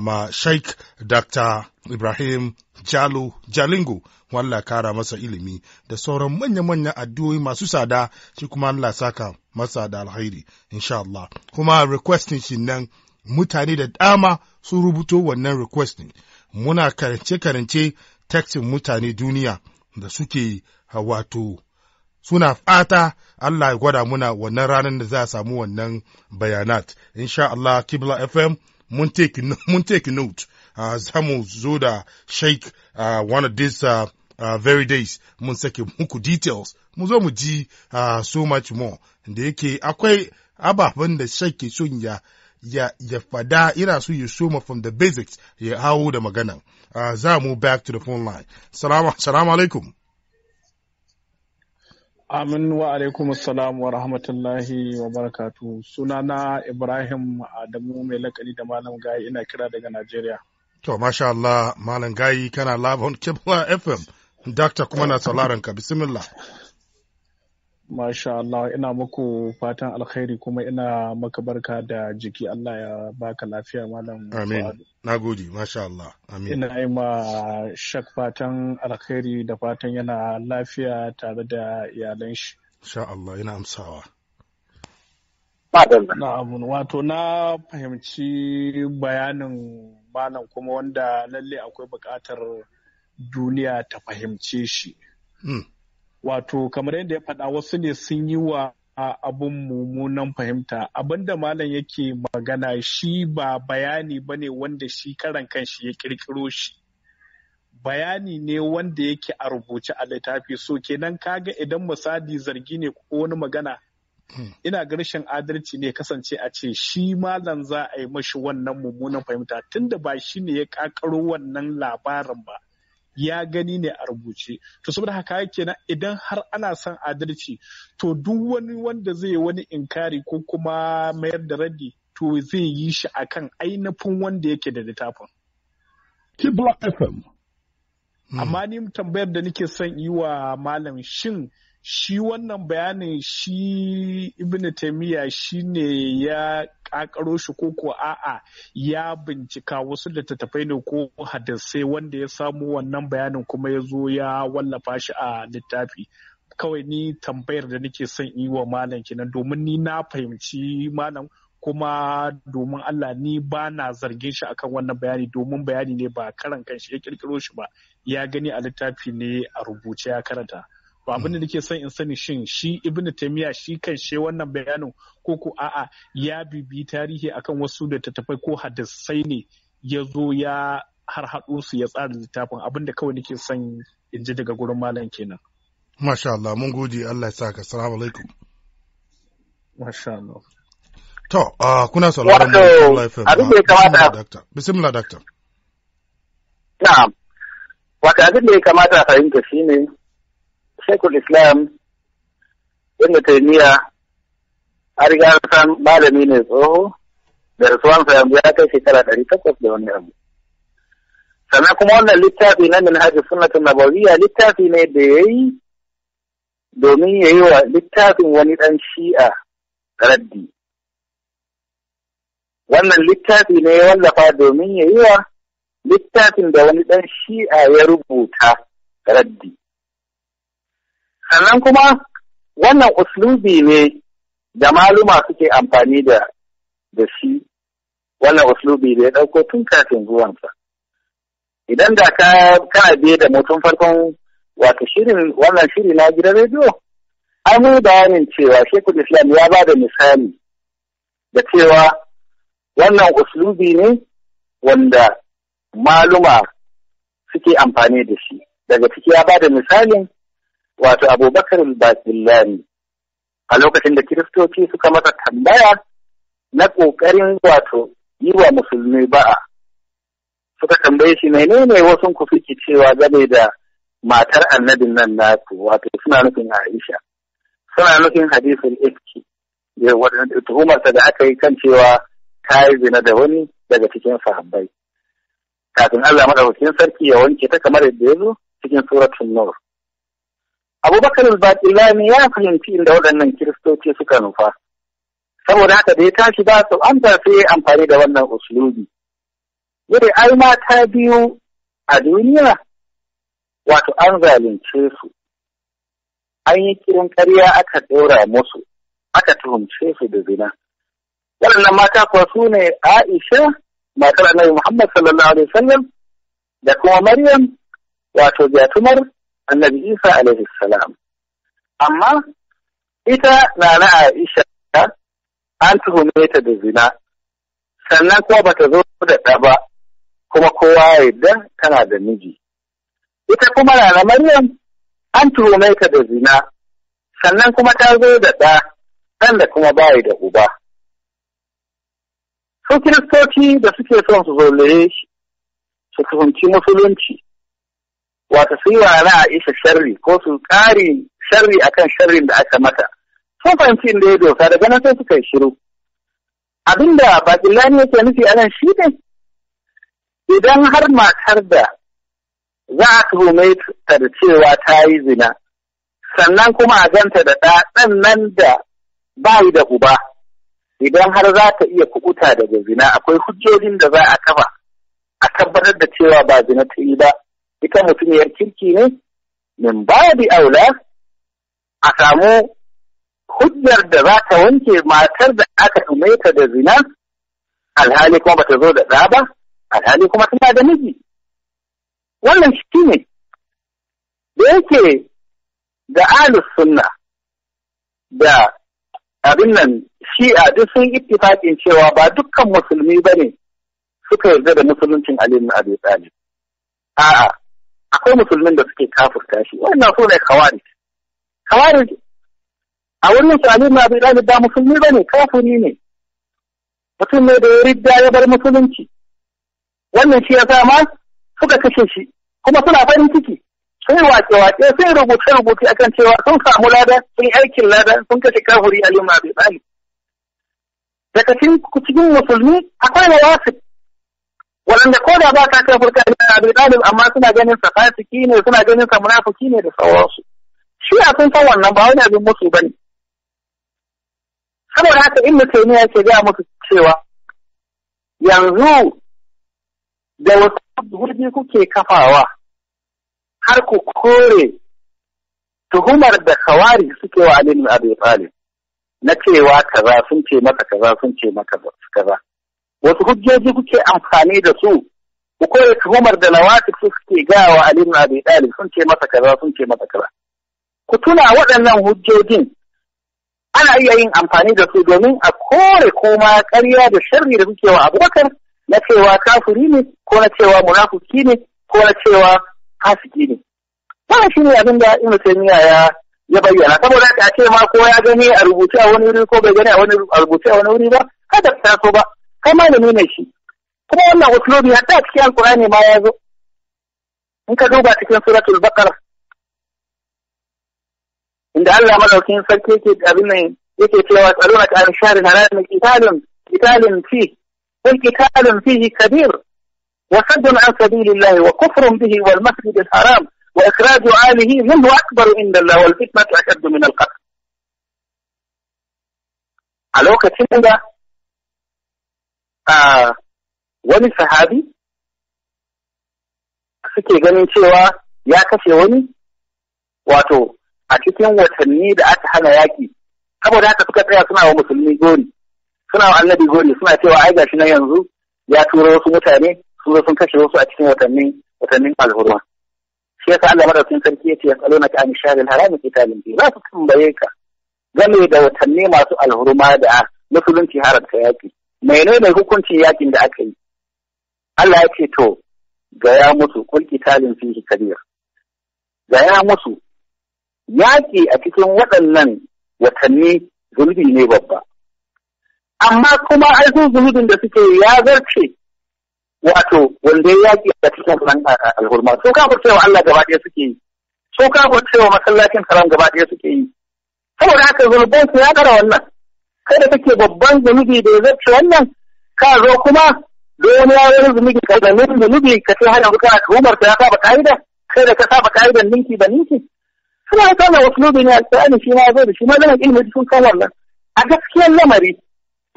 ma Sheikh Dr. Ibrahim Jalo Jalingo wallah kara masa ilimi da sauran manya-manyan addu'o'i masu sada shi kuma Allah saka masa da alhairi insha'Allah kuma requesting shi nan mutane da dama sun rubuto wannan requesting muna karance-karance tekstin mutane duniya da suke wato suna fata Allah ya gwada muna wannan ranar da za a samu wannan bayanat. Insha Allah, Kibla FM, mun take note, uh, za mu zo da Sheikh uh, one of these ah, very days, mun sake muku details, mu zo mu ji uh, so much more. Da yake akwai ababen da Sheikh ke son ya ya, ya fada ina so ya soma from the basics ya hawo da magana Uh, za mu back to the phone line. Salamu alaikum. Amin wa alaikum salam wa rahmatullahi wa barakatu. Sunana Ibrahim Adamu mai lakani da Malam Gayi ina kira daga Najeriya. To, masha Allah, Malam Gayi kana labon on Kibla FM. Dakta kuma na sauraron ka, bismillah. Masha Allah ina muku fatan alkhairi kuma ina maka barka da jiki Allah ya baka lafiya malam. Amin. Na gode, masha Allah. Amin. Ina yi ma shak fatan alkhairi da fatan yana lafiya tare da iyalan shi. Sha Allah ina amsawa. Na'amun wato na fahimci bayanin malam kuma wanda lalle akwai buƙatar duniya ta fahimce shi. Hmm. wato kamar yadda ya faɗa wasu ne sun yi wa abun mummunan fahimta abinda malam yake magana shi ba bayani ba ne wanda shi karan kanshi ya kirkiro shi bayani ne wanda yake a rubuce a littafi so kenan kaga idan misali zargi ne ko wani magana ina ga adalci ne kasance a ce shi malam za a yi mashi wannan mummunan fahimta tunda ba shi ne ya kakaro wannan labarin ba ya gani ne a rubuce to saboda haka kenan idan har ana son adalci to duk wani wanda zai wani inkari ko kuma mayar da raddi to zai yi shi akan ainihin wanda yake da littafin. block FM. Amma ni tambayar da nake son yi wa malam shin shi wannan bayanin shi ibn taimiyya shi ne ya kakaro shi ko ko a'a ya bincika wasu littattafai ne ko hadisai wanda ya samu wannan bayanin kuma ya zo ya wallafa shi a littafi kawai ni tambayar da nake son yi wa malam kenan domin ni na fahimci malam kuma domin Allah ni ba na zargin shi akan wannan bayani domin bayani ne ba karan kanshi ya kirkiro shi ba ya gani a littafi ne a rubuce ya karanta to abin da nake son in sani shin shi ibnu taymiya shi kan shi wannan bayanin ko ko a'a ya bibi tarihi akan wasu da tattafai ko hadisai ne ya zo ya har haɗu su ya tsara littafin abin da kawai nake son in ji daga gurin malam kenan masha Allah mun gode Allah ya saka assalamu alaikum masha Allah to kuna sauraron mu live abin da ya kamata bismillah doctor na'am wata abin da ya kamata fahimta shine shekul islam inda taimiyya a riga san malami ne tsoho da rasuwansa yanzu ya kai shekara ɗari takwas da wani abu sannan kuma wannan littafi na minhajin sunnatun nabawiyya littafi ne da ya yi domin ya yi wa littafin wani ɗan shi'a raddi wannan littafi ne ya wallafa domin ya yi wa littafin da wani ɗan shi'a ya rubuta raddi sannan kuma wannan uslubi ne da maluma suke amfani da da shi wannan uslubi da ya ɗauko tun kafin zuwansa idan da ka kana biye da mutum farkon wato shirin wannan shiri na gidan rediyo an yi bayanin cewa sheku islam ya ba da misali da cewa wannan uslubi ne wanda maluma suke amfani da shi daga ciki ya ba da misalin wato abubakar bakillani a lokacin da kiristoci suka masa tambaya na ƙoƙarin wato yi wa musulmi ba'a suka tambaye shi menene wasu ku suke cewa game da matar annabin nan naku wato suna nufin Aisha suna nufin hadisul iski tuhumarsa da aka yi kan cewa ta yi zina da wani daga cikin sahabbai kafin Allah madaukakin sarki ya wanke ta kamar yadda ya zo cikin suratun nur abubakar al-batilani ya fahimci inda waɗannan kiristoci suka nufa saboda haka da ya tashi ba su amsa sai amfani da wannan usulubi yadda ai mata biyu a duniya wato an zalunce su an yi kirin ƙarya aka ɗora musu aka tuhumce su da zina waɗannan mata kuwa su ne aisha matar annabi muhammad sallallahu alaihi wasallam da kuma maryam wato jatumar annabi isa alaihi salam amma ita na na aisha an tuhume ta da zina sannan kuma bata zo da ɗa ba kuma kowa ya yarda tana da miji ita kuma na na maryam an tuhume ta da zina sannan kuma ta zo da ɗa ɗan da kuma bayi da uba su kiristoci da suke son su zolaye shi su tuhunci musulunci wata sun yi wa a Aisha sharri ko su ƙari sharri akan sharrin da aka mata. Sun fahimci inda ya dosa daga nan sai suka yi shiru. Abinda Bakillani yake nufi a nan shi ne idan har matar da za a tuhume ta da cewa ta yi zina sannan kuma a ganta da ɗa nan da ba yi da uba idan har za ta iya kukuta daga zina akwai hujjojin da za a kafa a tabbatar da cewa ba zina ta yi ba ita mutumiyar kirki ne min babi aula a samu hujjar da za ta wanke matar da aka tume da zina alhali kuma bata zo da ɗa ba alhali kuma tana da miji wannan shi ne da yake da alus sunna da abin nan shi'a duk sun ittifaƙin cewa ba dukkan musulmi ba ne suka yarda da musuluncin Ali ibn Abi Talib. A'a, akwai musulmin da suke kafirta shi wannan so ne kawari kawari a wannan su ma bai Talib ba musulmi bane kafiri ne mutum ne da ya ridda ya bar musulunci wannan shi ya yasa ma suka kashe shi kuma suna farin ciki sai wace-wace sai rubuce-rubuce akan cewa sun samu lada sun aikin lada sun kashe kafiri Ali Abi daga cikin musulmi akwai wasu waɗanda ko da ba ka kai furta ne a talib amma suna ganin sa fasiki ne suna ganin sa munafiki ne da sauransu shi a sun san wannan ba wani abin musu bane saboda haka in ibn ne yake ga musu cewa yanzu da wasu hujji kuke kafawa har ku kore tuhumar da kawari suke wa Ali abin na cewa kaza sun ce maka kaza sun ce maka kaza wasu hujjoji kuke amfani da su ku koyi tuhumar da nawasik su suke gaya wa Ali ibn Abi Talib sun ce masa kaza sun ce masa kaza ku tuna waɗannan hujjojin ana iya yin amfani da su domin a kore kuma ƙarya da sharri da kuke wa Abubakar na cewa kafiri ne ko na cewa munafuki ne ko na cewa fasiki ne wannan shine abin da Ibn Taymiyyah ya ya bayyana saboda a ce ma ko ya gani a rubuce a wani wuri ko bai gani a wani rubuce a wani wuri ba kada ta so ba kama malami ne shi kuma wannan uslubi hatta cikin alkurani ma ya zo in ka duba cikin suratul baqara inda Allah madaukin sarki yake abin nan yake cewa tsaruna ka an share halalan qitalun qitalun fi wal qitalun fihi kabir wa saddun an sabilillahi wa kufrun bihi wal masjid al haram wa ikhraju alihi minhu akbar inda Allah wal fitnatu ashaddu min al qatl a lokacin da a wani sahabi suke ganin cewa ya kashe wani wato a cikin watanni da aka hana yaki saboda haka suka tsaya suna wa musulmi gori suna wa annabi gori suna cewa ai gashi na yanzu ya tura wasu mutane sun zo sun kashe wasu a cikin watannin watannin alhurma shi yasa Allah madaukakin sarki yace ka an shahril haram qitalin fi za su tambaye ka game da watanni masu alhurma da musulunci haramta yaki menene hukuncin yakin da aka yi Allah ya ce to ga ya musu kulki talin fihi kabir ga ya musu yaki a cikin waɗannan watanni zunubi ne babba amma kuma ai su zunubin da suke ya zarce wato wanda ya yaki a cikin ran alhurma so ka wa Allah gaba ɗaya suke yi so ka cewa masallacin haram gaba ɗaya suke yi saboda haka zunubansu ya ƙara wannan kada take babban zunubi da ya wannan ka zo kuma da wani yi zunubi ka da zunubi ka ce hana yanzu kana tuhumar ta saba ka'ida kai da ka saba ka'idan ninki da ninki suna kana wasu nubi ne alƙur'ani shi ma zo da shi ma zama ilimin sun san wannan a gaskiyar lamari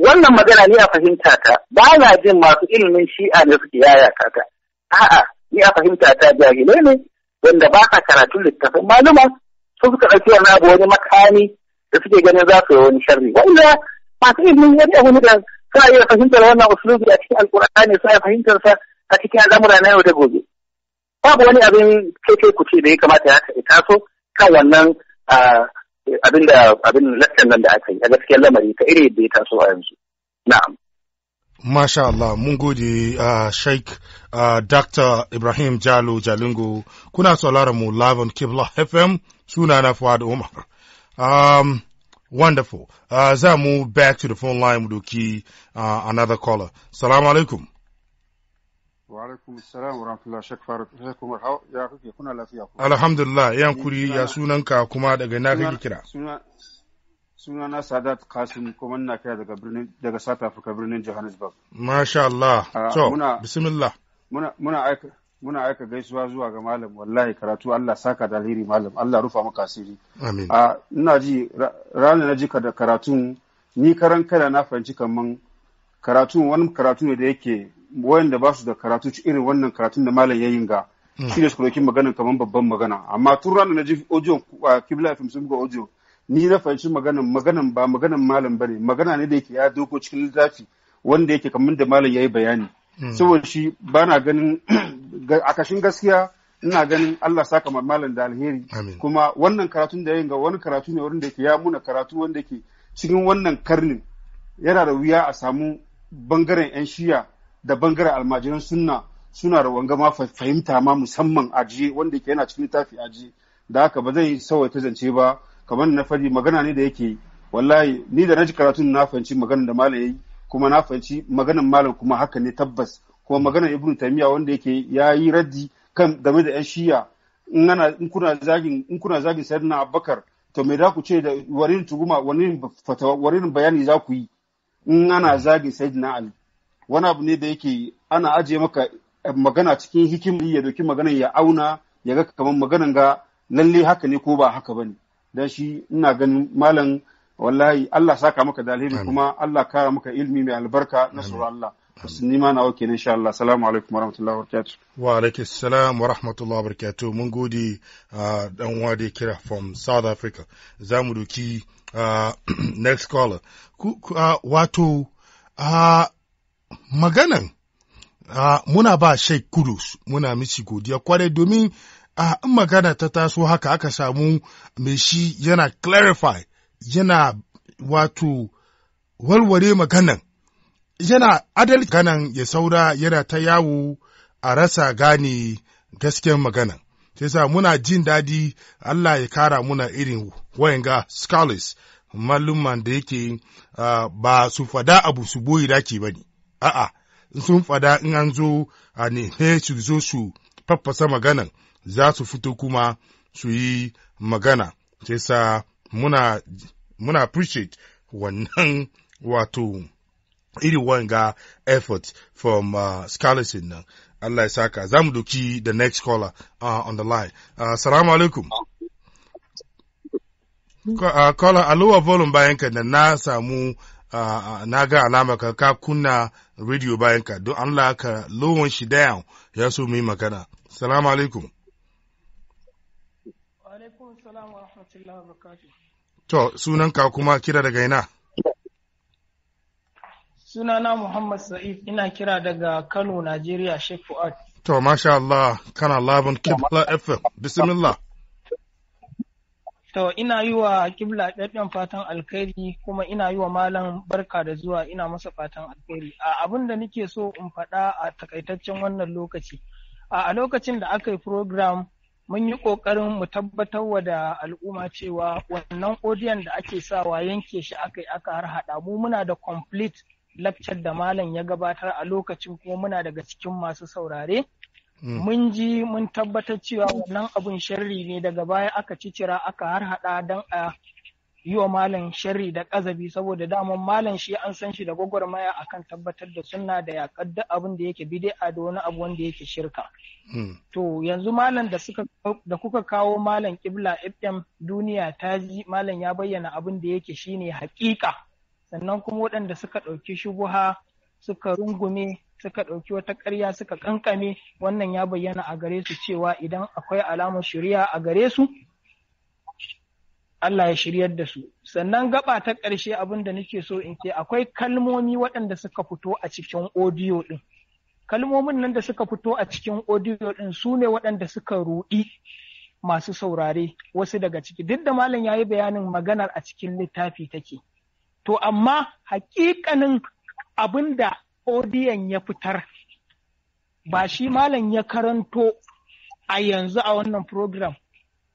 wannan magana ni a fahimta ta ba na jin masu ilimin shi'a ne suke yaya ta a'a ni a fahimta ta jahilai ne wanda ba ka karatun littafin maluma su suka ɗauki wani abu wani makami da suke ganin za su yi wani sharri wanda masu ilimin wani abu ne da sa iya fahimtar wannan usulubi a cikin ne su iya fahimtar sa a cikin al'amura na yau da gobe babu wani abin keke kuce da ya kamata ya taso kan wannan abin da abin lakcan nan da aka yi a gaskiyar lamari ta iri da ya taso a yanzu na'am Masha Allah, mun gode uh, Sheikh uh, Dr. Ibrahim Jalo Jalingo, kuna sauraron mu live on Kibla FM, suna na Fuad Umar. Um, wonderful. Uh, za mu back to the phone line mu doki uh, another caller. Salamu alaikum. Wa alaikum salam wa rahmatullah Sheikh Faruk Sheikh Umar Hau ya kuke kuna lafiya ku. Alhamdulillah yan kuri ya sunanka kuma daga na kake kira. Suna na Sadat Kasim kuma ina kira daga birnin daga South Africa birnin Johannesburg. Masha Allah. Uh, To bismillah. Muna muna aika muna aika gaisuwa zuwa ga malam wallahi karatu Allah saka da alheri malam Allah rufa maka asiri amin a ina ji ranar na ji da karatun ni karan kana na fahimci kaman karatun wani karatu ne da yake wayanda ba su da karatu irin wannan karatun da malam yayin ga hmm. shi ne su maganan kaman babban magana amma tun ranar na ji ojo a kibla fim sun ga ojo ni na fahimci maganan maganan ba maganan malam bane magana ne da yake ya doko cikin littafi wanda yake kaman da malam yayi bayani hmm. saboda shi bana ganin a kashin gaskiya ina ganin Allah saka malam da alheri kuma wannan karatun da yayin ga wani karatu ne wurin da yake ya muna karatu wanda ke cikin wannan karnin yana da wuya a samu bangaren yan shiya da bangaren almajiran sunna suna da wanga fahimta ma musamman ajiye wanda yake yana cikin littafi ajiye da haka ba zai ta zance ba kamar na fari magana ne da yake wallahi ni da na ji karatun na fahimci maganar da malam yayi kuma na fahimci maganar malam kuma haka ne tabbas kuma magana ibn taymiya wanda yake ya yi raddi kan game da yan shiya in ana in kuna zagin in kuna zagin to me za ku ce da warin tuguma warin bayani za ku yi in ana zagin sayyidina ali wani abu ne da yake ana ajiye maka magana cikin hikim ya doki magana ya auna ya ga kamar maganan ga lalle haka ne ko ba haka bane dan shi ina ganin malam wallahi Allah saka maka dalili kuma Allah kara maka ilmi mai albarka na Allah ni ma nawa kenan insha Allah assalamu alaikum warahmatullahi wabarakatuh wa alaikum assalam wa rahmatullahi wabarakatuh mun gode uh, dan uwa da kira from South Africa zamu doki uh, next caller uh, wato maganan muna ba Sheikh Kudus muna mishi godiya kwarai domin a in magana ta taso haka aka samu mai shi yana clarify yana wato walware maganan yana adalci ganan ya saura yana ta yawo a rasa gane gasken magana Sai sa muna jin daɗi Allah ya kara muna irin wayanga scholars malluman da yake ba su fada abu su boyi daki ba ne. A'a, sun fada in an zo a ne su zo su faffasa maganan za su fito kuma su yi magana. Sai sa muna, muna appreciate wannan wato irin wanga effort from uh, Scarletin nan. Allah ya saka za mu doki the next caller uh, on the line. Uh, salamu alaikum. Uh, caller lower volume bayan ka da na samu uh, uh, na ga alama ka ka kunna radio bayan ka don Allah ka lowan shi down ya so mu yi magana. Salamu alaikum. To sunan ka kuma kira daga ina? Sunana Muhammad Sa'id ina kira daga Kano, Najeriya, Sheikh Fuad. To, masha Allah, kana labin Kibla FM, bismillah. To, ina yi wa Kibla ɗaɗɗen fatan alkhairi kuma ina yi wa malam barka da zuwa ina masa fatan alkhairi. A abin da nake so in faɗa a takaitaccen wannan lokaci. A lokacin da aka yi program mun yi ƙoƙarin mu tabbatar wa da al'umma cewa wannan odiyan da ake sawa yanke shi aka yi aka har haɗa mu muna da complete lakcar da malam ya gabatar a lokacin kuma muna daga cikin masu saurare. Hmm. Mun ji mun tabbatar cewa wannan abun sharri ne daga baya aka cicira aka harhaɗa don a yi wa malam sharri da ƙazabi saboda daman malam shi an san shi da gwagwarmaya akan tabbatar da suna da yaƙar duk abin da yake bid'a da wani abu wanda yake shirka. Hmm. To yanzu malam da kuka kawo malam Kibla FM duniya ta ji malam ya bayyana abin da yake shine haƙiƙa. sannan kuma waɗanda suka ɗauki shubuha suka rungume suka ɗauki wata ƙarya suka ƙanƙame wannan ya bayyana a gare su cewa idan akwai alamar shirya a gare su Allah ya shiryar da su sannan gaba ta ƙarshe abin da nake so in ce akwai kalmomi waɗanda suka fito a cikin odiyo ɗin kalmomin nan da suka fito a cikin odiyo ɗin su ne waɗanda suka ruɗi masu saurare wasu daga ciki duk da malam ya yi bayanin maganar a cikin littafi take To amma hakikanin abin da odiyan ya fitar ba shi malam ya karanto a yanzu a wannan program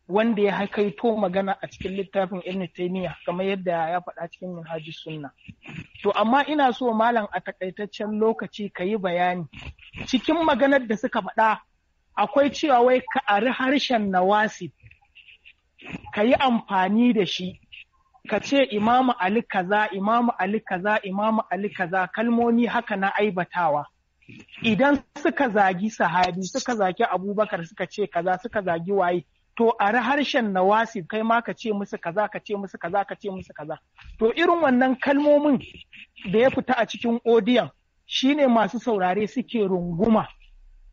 wanda ya haikaito magana a cikin littafin Ibn Taymiyyah kamar yadda ya faɗa cikin Minhaji Sunna. To amma ina so malam a takaitaccen lokaci ka yi bayani cikin maganar da suka faɗa akwai cewa wai ka ari harshen nawasi ka yi amfani da shi ka ce imamu ali kaza imamu ali kaza imamu ali kaza kalmomi haka na aibatawa idan suka zagi sahabi suka zagi abubakar suka ce kaza suka zagi waye to a harshen nawasi kai ma ka ce musu kaza ka ce musu kaza ka ce musu kaza to irin wannan kalmomin da ya fita a cikin odiyan shine masu saurare suke runguma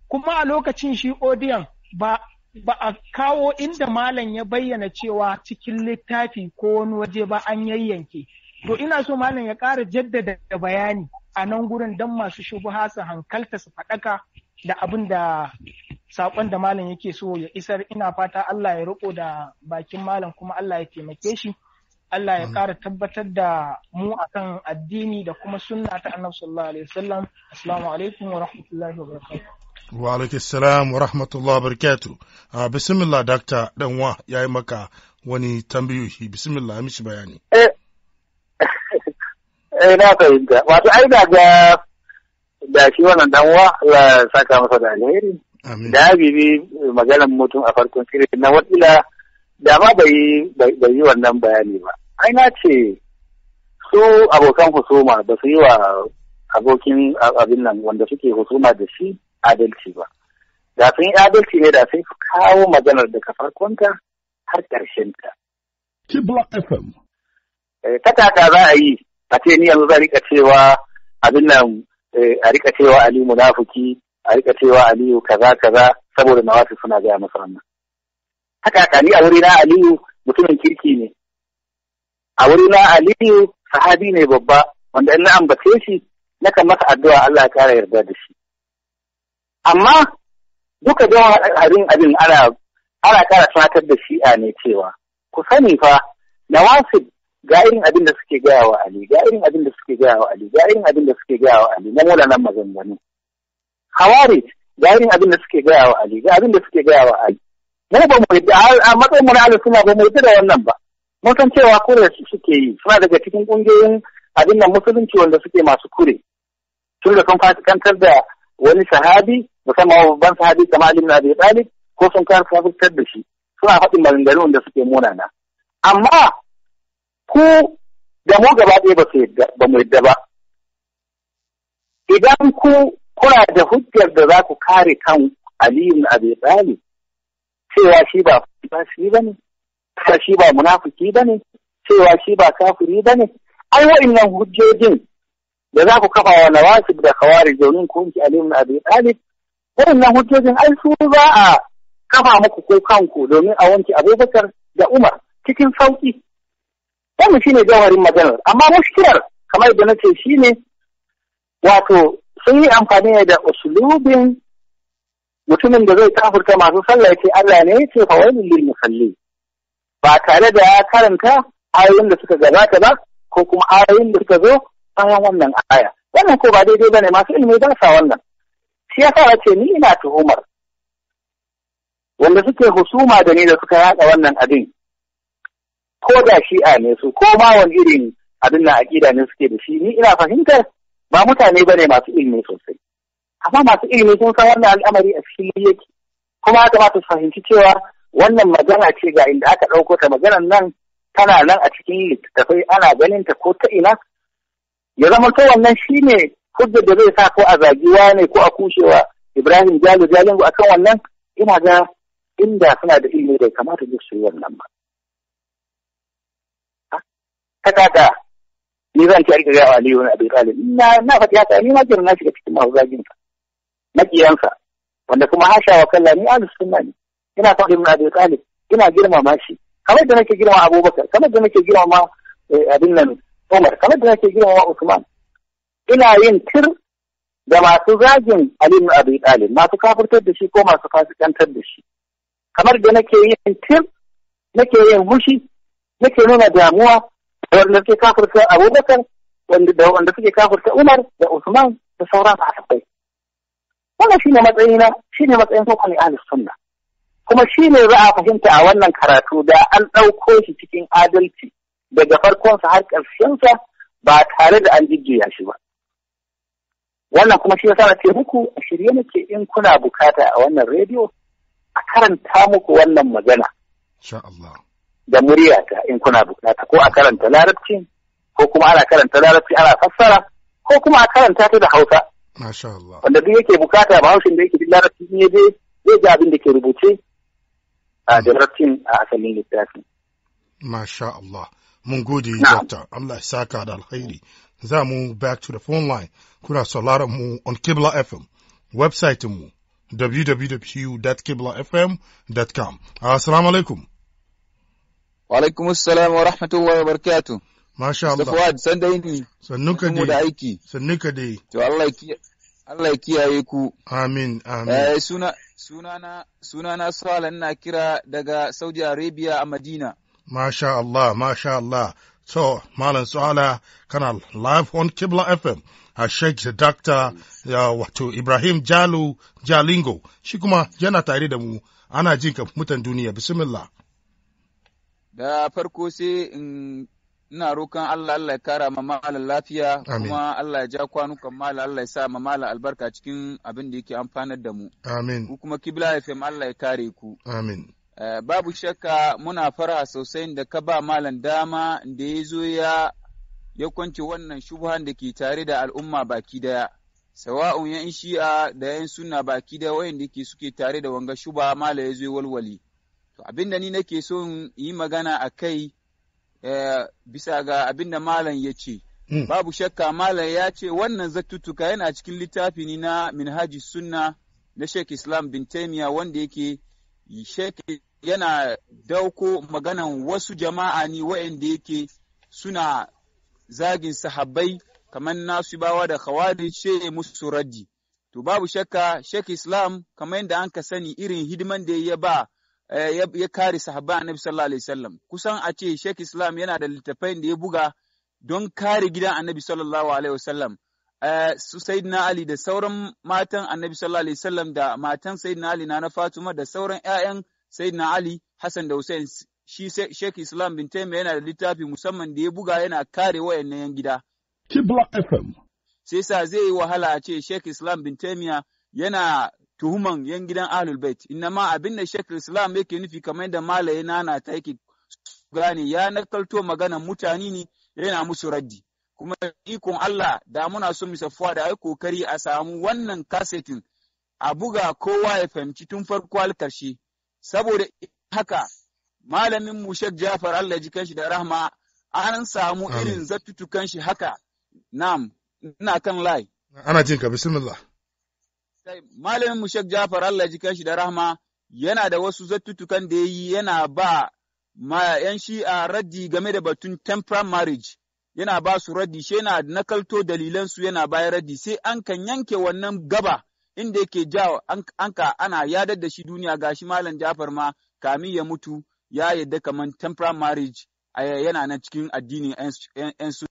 kuma a lokacin shi odiyan ba ba a kawo inda malam ya bayyana cewa cikin littafi ko wani waje ba an yayyanke. To ina so malam ya ƙara jaddada da bayani a nan gurin don masu shubuha su hankalta su faɗaka da abin da saƙon da malam yake so ya isar ina fata Allah ya riko da bakin malam kuma Allah ya taimake shi. Allah ya ƙara tabbatar da mu akan addini da kuma sunna ta annabi sallallahu alaihi wasallam. Assalamu alaikum wa rahmatullahi wa barakatuh. wa alaikissalam wa rahmatullah barakatu a bismillah dakta danwa ya yi maka wani tambayoyi bismillah mishi bayani eh, eh na fahimta wato ai da ga da shi wannan danwa la saka masa da alheri da bibi maganar mutum a farkon shirin na wadila da ma bai yi wannan bayani ba ai na ce su abokan husuma ba su yi wa abokin abin nan wanda suke husuma da shi adalci ba da sun yi adalci ne da sun kawo maganar daga farkonta har ƙarshenta. Ki FM. Eh, Ta za a yi a ce ni yanzu za rika cewa abin nan eh, a rika cewa Ali munafuki a rika cewa Aliyu kaza kaza saboda nawafi suna gaya masa wannan. Ta ni a wuri na Aliyu mutumin kirki ne. A wuri na Aliyu sahabi ne babba wanda in na ambace shi nakan masa addu'a Allah ya kara yarda da shi. amma duka yawan harin abin ana ana kara tunatar da shi'a ne cewa ku sani fa wasu ga irin abin da suke gaya wa Ali ga irin abin da suke gaya wa Ali ga irin abin da suke gaya wa Ali na nan maganganu Hawari ga irin abin da suke gaya wa Ali ga abin da suke gaya wa Ali mu ba mu yadda a matsayin mu na Ali suna ba mu yadda da wannan ba mun san cewa kure su suke yi suna daga cikin kungiyoyin abin nan musulunci wanda suke masu kure tun da sun fasikantar da wani sahabi musamman ban sahabi kamar Ali ibn Abi Talib ko sun sun kafirtar da shi suna faɗin maganganun da suke munana amma ku da mu gaba ɗaya ba yadda ba mu yadda ba idan ku kuna da hujjar da za ku kare kan Ali ibn Abi Talib cewa shi ba ba bane cewa shi ba munafiki bane cewa shi ba kafiri bane ai wa'annan hujjojin da za ku kafa wa nawasib da khawarij domin ku wanke Ali ibn Abi Talib waɗannan hujjojin ai su za a kafa muku ko kanku domin a wanke abubakar da umar cikin sauki wannan shine jawarin maganar amma muskilar kamar yadda na ce shine wato sun yi amfani da usulubin mutumin da zai kafurta masu sallah ce Allah ne ya ce fa wani lil musalli ba tare da ya karanta ayoyin da suka gabata ba ko kuma ayoyin da suka zo bayan wannan aya wannan ko ba daidai ne, masu ilimi ba sa wannan shi yasa ce ni ina tuhumar wanda suke husuma da ni da suka yaɗa wannan abin ko da shi'a ne su ko ma wani irin abin na aƙida ne suke da shi ni ina fahimtar ba mutane ba ne masu ilimi sosai amma masu ilimi sun san wannan al'amari a cikin liyaki. kuma haka kamata su fahimci cewa wannan magana ce ga inda aka ɗauko ta maganar nan tana nan a cikin littattafai ana ganin ta ko ta ina ya zama to wannan shine hujjar da zai sa ko a zagiwa ne ko a kushewa Ibrahim Jalo Jalingo akan wannan ina ga inda suna da ilimi da kamata duk su yi wannan ba. Ta kaka ni zan ci aiki gawa Aliyu na Abi Talib na na faɗi haka ni ma na shiga cikin masu zagin sa makiyansa wanda kuma hasha wa kalla ni ahlus sunna ne ina faɗi na Abi Talib ina girmama shi kamar da nake girmama Abubakar kamar da nake girmama eh, abin nan Umar kamar da nake girmama Usman ina yin tir da masu zagin alimin abu talib masu kafurtar da shi ko masu fasikantar da shi kamar da nake yin tir nake yin mushi nake nuna damuwa wanda suke kafurta abubakar da wanda suke kafurta umar da usman da sauran sahabbai wannan shine matsayina shine matsayin kokon ahlus sunna kuma shine za a fahimta a wannan karatu da an ɗauko shi cikin adalci daga farkonsa har ƙarshensa ba tare da an jijjiya shi ba wannan kuma shi yasa ce muku a shirye nake in kuna bukata a wannan rediyo a karanta muku wannan magana da muryata in kuna bukata ko a karanta larabci ko kuma ana karanta larabci ana fassara ko kuma a karanta ta da hausa wanda duk yake bukata ba haushin da yake duk larabci ne je zai ga abin da ke rubuce a da mm. a asalin littafi. Masha Allah. Mun gode, Dokta. Allah saka da alkhairi. Za mu back to the phone line. kuna sauraron mu on Kibla FM, website mu www.kiblafm.com. Assalamu alaikum. Wa alaikum assalam wa rahmatullahi wa barakatu. Masha Allah. Safwad, san da ni. Sannu dai. da aiki. dai. To Allah ya Allah ya kiyaye ku. Amin, amin. Eh, suna sunana na Sala na kira daga Saudi Arabia a Madina. Masha Allah, masha Allah. So, Malam Suala, kana live on Kibla FM. Sheikh Dr. wato Ibrahim Jalu Jalingo shi kuma yana tare da mu ana jin ka mutan duniya bismillah. Da farko sai in ina roƙon Allah Allah ya kara ma malam lafiya kuma Allah ya ja kwanukan malam Allah ya sa ma malam albarka cikin abin da yake amfanar da mu. Amin. Ku kuma kibla FM Allah ya kare ku. Amin. Eh, babu shakka muna fara sosai da ka ba malam dama da ya zo ya ya kwance wannan shubhan da ke tare da al'umma baki daya sawa'un yan shi'a da yan sunna baki daya wayanda ke suke tare da wanga shuba mala ya zo walwali to abinda ni nake so yi magana a kai eh, bisa ga abinda malam ya ce hmm. babu shakka malam ya ce wannan zattutuka yana cikin littafi ni na minhaji sunna na sheikh islam bin taimiya wanda yake sheikh yana dauko maganan wasu jama'a ne wayanda yake suna zagin sahabbai kamar Bawa da khawarij ce musu raddi to babu shakka Sheikh Islam kamar yadda an ka sani irin hidiman da ya ba eh, ya kare sahabba Annabi sallallahu alaihi wasallam kusan a ce Sheikh Islam yana da littafai da ya buga don kare gidan Annabi sallallahu alaihi wasallam eh, su Sayyidina Ali da sauran matan Annabi sallallahu alaihi wasallam da matan Sayyidina Ali na na Fatima da sauran ƴaƴan Sayyidina Ali Hassan da Hussein shi Sheikh Islam bin Taimiyya yana da littafi musamman da ya buga yana kare wayannan yan gida. Kibla FM. Sai sa zai yi wahala a ce Sheikh Islam bin Taimiyya yana tuhuman yan gidan Ahlul Bait. Inna ma abin da Sheikh Islam yake nufi kamar da malaye nana ta yake gane ya nakalto magana mutane ne yana musu raddi. Kuma ikon Allah da muna so safuwa da ai kokari a samu wannan kasetin a buga kowa ya fahimci tun farko al karshe. Saboda haka malamin mu Jafar Allah ji kanshi da rahma an samu irin zattutukan shi haka nam ina kan lai ana jin ka bismillah malamin Jafar Allah ji kanshi da rahma yana da wasu zattutukan da yi yana ba ma yan a raddi game da batun temporal marriage yana ba su raddi shi yana nakalto dalilan su yana bayan raddi sai an kan yanke wannan gaba inda yake ja an ka ana yadar da shi duniya ga shi malam Jafar ma kami ya mutu ya yadda kamar temporal marriage yana nan cikin addini 'yan su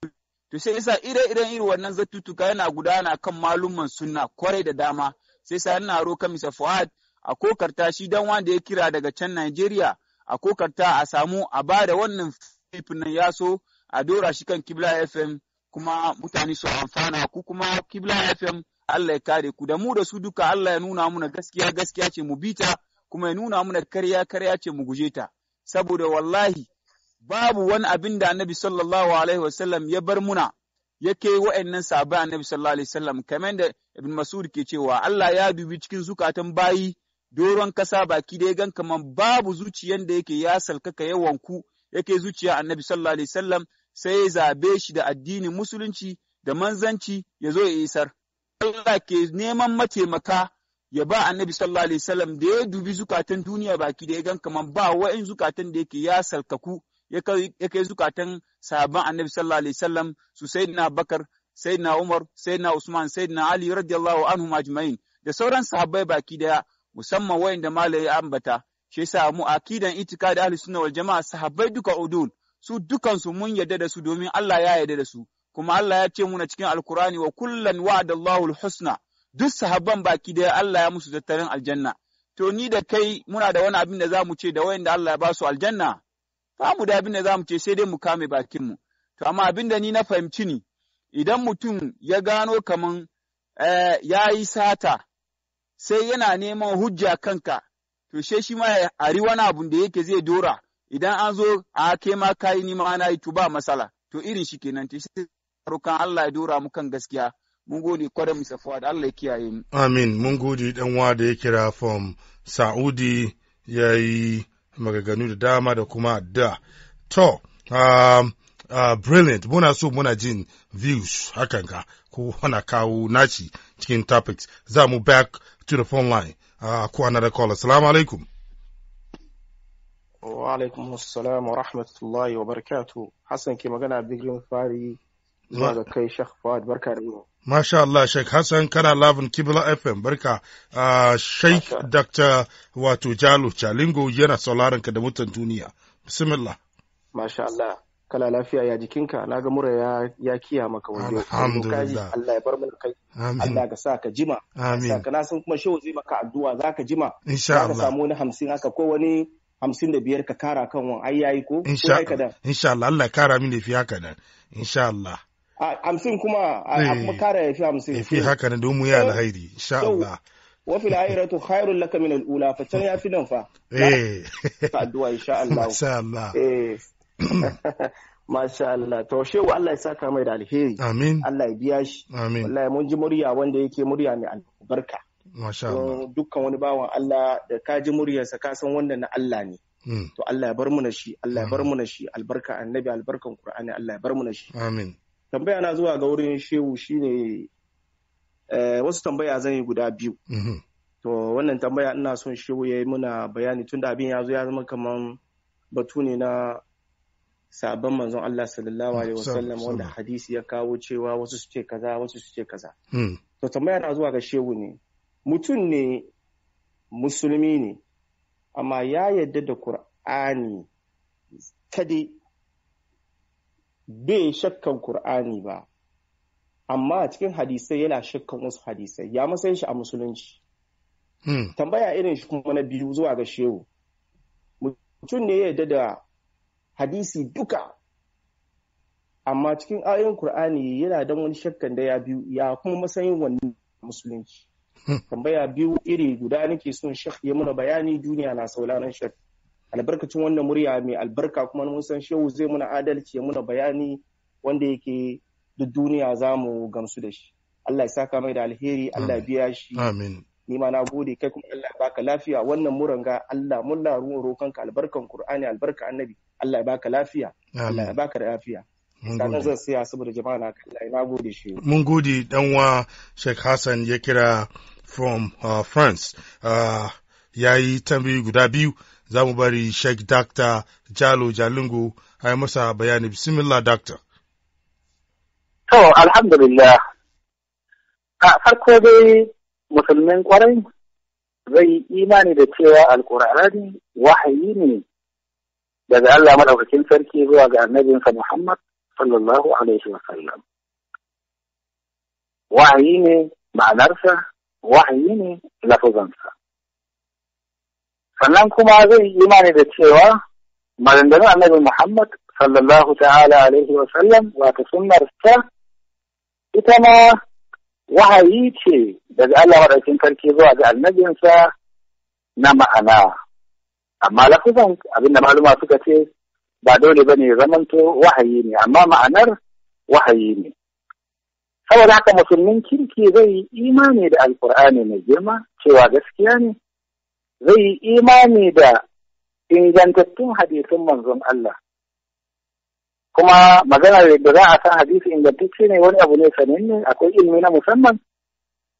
To sai yasa ire-iren irin wannan zattutuka yana gudana kan malumman sunna kwarai da dama. Sai sa yana roka Mr. Fuad a kokarta shi dan wanda ya kira daga can Najeriya a kokarta a samu a ba da wannan fifin nan ya so a dora shi kan Kibla FM kuma mutane su amfana ku kuma Kibla FM Allah ya kare ku da mu da su duka Allah ya nuna muna gaskiya gaskiya ce mu bita kuma ya nuna muna karya karya ce mu guje ta. saboda wallahi babu wani abin da annabi sallallahu alaihi wasallam ya bar muna yake wa'annan sahabbai annabi sallallahu alaihi wasallam kamar da ibn mas'ud ke cewa Allah ya dubi cikin zukatan bayi doron kasa baki da ya gan kaman babu zuciyan da yake ya salkaka yawan ku yake zuciya annabi sallallahu alaihi wasallam sai ya zabe shi da addinin musulunci da manzanci ya zo ya isar Allah ke neman mataimaka ya ba annabi sallallahu alaihi wasallam da ya dubi zukatan duniya baki da ya gan ba wa'in zukatan da yake ya salkaku ya kai zukatan sahabban annabi sallallahu alaihi wasallam su sayyidina bakar sayyidina umar sayyidina usman sayyidina ali radiyallahu anhu ajma'in da sauran sahabbai baki daya musamman da malai ya ambata shi yasa mu akidan itikadi ahli sunna wal jama'a sahabbai duka udul su dukansu mun yarda da su domin Allah ya yarda da su kuma Allah ya ce muna cikin alkurani wa kullan wa'adallahu al-husna duk sahabban baki da Allah ya musu tattalin aljanna to ni da kai muna da wani abin da za mu ce da wayan da Allah ya ba su aljanna ba mu da abin da za mu ce sai dai mu kame bakinmu. to amma abin da ni na fahimci ni idan mutum ya gano kaman eh, ya yi sata sai yana neman hujja kanka to she shi ma ya ari wani abun da yake zai dora idan an zo a ke ma kayi ni ma na yi to ba masala to irin shi kenan to sai Allah ya dora mu kan gaskiya mun gode kwarai Mr. Fuad Allah ya kiyaye mu amin mun gode dan wa da ya kira from Saudi yayi magaganu da dama da kuma da to um, uh, brilliant muna so muna jin views hakan ka ko wana kawo naci cikin topics za mu back to the phone line uh, ko another call assalamu alaikum wa alaikum assalam wa rahmatullahi wa barakatuh hassan ke magana bigrin fari zuwa ga kai shekh fad barka da yau Masha Allah Sheikh Hassan kana labin Kibla FM barka uh, Sheikh Dr. wato Jalo Chalingo yana sauraron ka da mutan duniya. Bismillah. Masha Allah. Kala lafiya ya jikinka na ga mura ya, ya kiya maka wani Alhamdulillah. Allah ya bar mana kai. Amin. Allah ga sa ka jima. Amin. Saka na san kuma shi zai maka addu'a za ka jima. Insha Allah. Za ka samu wani hamsin haka ko wani hamsin da biyar ka kara kan wani ayyayi ko? Insha Allah. Insha Allah Allah ya kara mini fi haka nan. Insha Allah. hamsin kuma a kuma eh, kara ya fi hamsin. Ya fi haka na domin ya alhairi, insha Allah. Wa fil akhiratu khairul laka min al-ula fa can ya fi nan fa. Eh. Ka addu'a insha Allah. Masha Allah. Eh. Masha Allah. To Allah ya saka mai da alheri. Amin. Allah ya biya shi. Amin. Wallahi mun ji murya wanda yake murya mai albarka. Masha Allah. Dukkan wani bawan Allah da ka ji muryarsa ka san wanda na Allah ne. Mm. to Allah ya bar mu na shi Allah ya mm. bar mu na shi albarka annabi albarkan Qur'ani Allah ya bar mu na shi amin tambaya na zuwa ga wurin shehu shine eh, wasu tambaya zan yi guda biyu mm-hmm. to wannan tambaya ina son shehu ya yi muna bayani tunda abin ya zo ya zama kamar batu ne na sabon manzon Allah sallallahu alaihi wasallam wanda hadisi ya kawo cewa wasu su ce kaza wasu su ce kaza mm. to tambaya na zuwa ga shehu ne mutum ne musulmi ne amma ya yadda da Kur'ani kadai bai shakkan Kur'ani ba, amma a cikin hadisai yana shakkan wasu hadisai, ya masai shi a musulunci. Hmm. Tambaya irin shi kuma na biyu zuwa ga shehu. Mutum ne ya yarda da hadisi duka, amma cikin ayoyin Kur'ani yana dan wani shakkan da ya biyu, ya kuma masayin wani musulunci. Hmm. Tambaya biyu iri guda nake son shek ya muna bayani duniya na sauraron shek. albarkacin wannan murya mai albarka kuma mun san shehu zai muna adalci ya muna bayani wanda yake duk duniya za mu gamsu da shi Allah ya saka mai da alheri Allah ya biya shi amin ni ma na gode kai kuma Allah ya baka lafiya wannan muranga Allah mun la ruwan ka albarkan Qur'ani albarka annabi Allah ya baka lafiya Allah ya baka lafiya sanan zan siya saboda jama'a na Allah ya gode shi mun gode dan wa Sheikh Hassan ya kira from uh, France uh, ya yi tambayi guda biyu za mu bari Sheikh Dr. Jalo Jalingo a yi masa bayani. Bismillah Dr. To, alhamdulillah, a farko dai musulmin kwarai zai yi imani da cewa alƙur'ani wahayi ne daga Allah maɗaukakin sarki zuwa ga annabinsa Muhammad sallallahu alaihi wa Wahayi ne ma'anarsa, wahayi ne lafazansa. sannan kuma zai yi imani da cewa maganganun annabi Muhammad sallallahu ta'ala alaihi wa sallam wato sunnar ta ita ma wahayi ce daga Allah madaukin sarki zuwa ga annabinsa na ma'ana amma lafizan abinda maluma suka ce ba dole bane ya zamanto wahayi ne amma ma'anar wahayi ne saboda haka musulmin kirki zai yi imani da alkur'ani mai girma cewa gaskiya ne zai yi imani da ingantattun hadisin manzon Allah. Kuma maganar da za a san hadisi ingantacce ne wani abu ne sananne akwai ilmi na musamman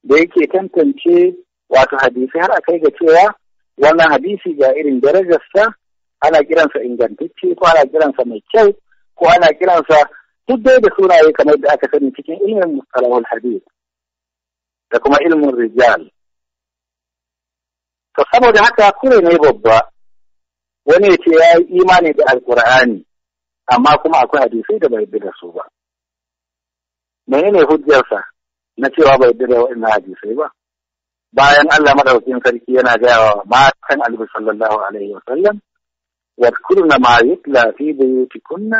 da yake tantance wato hadisi har a kai ga cewa wannan hadisi ga irin darajarsa ana kiransa ingantacce ko ana kiransa mai kyau ko ana kiransa duk dai da sunaye kamar da aka sani cikin ilmin mustalahul hadis da kuma ilmin rijal. To saboda haka kure ne babba wani ya ce ya yi imani da alkur'ani amma kuma akwai hadisai da bai da su ba. ne hujjarsa na cewa bai da waɗannan hadisai ba? Bayan Allah madaukakin sarki yana gaya wa matan Albi sallallahu alaihi wa sallam ma yutla fi في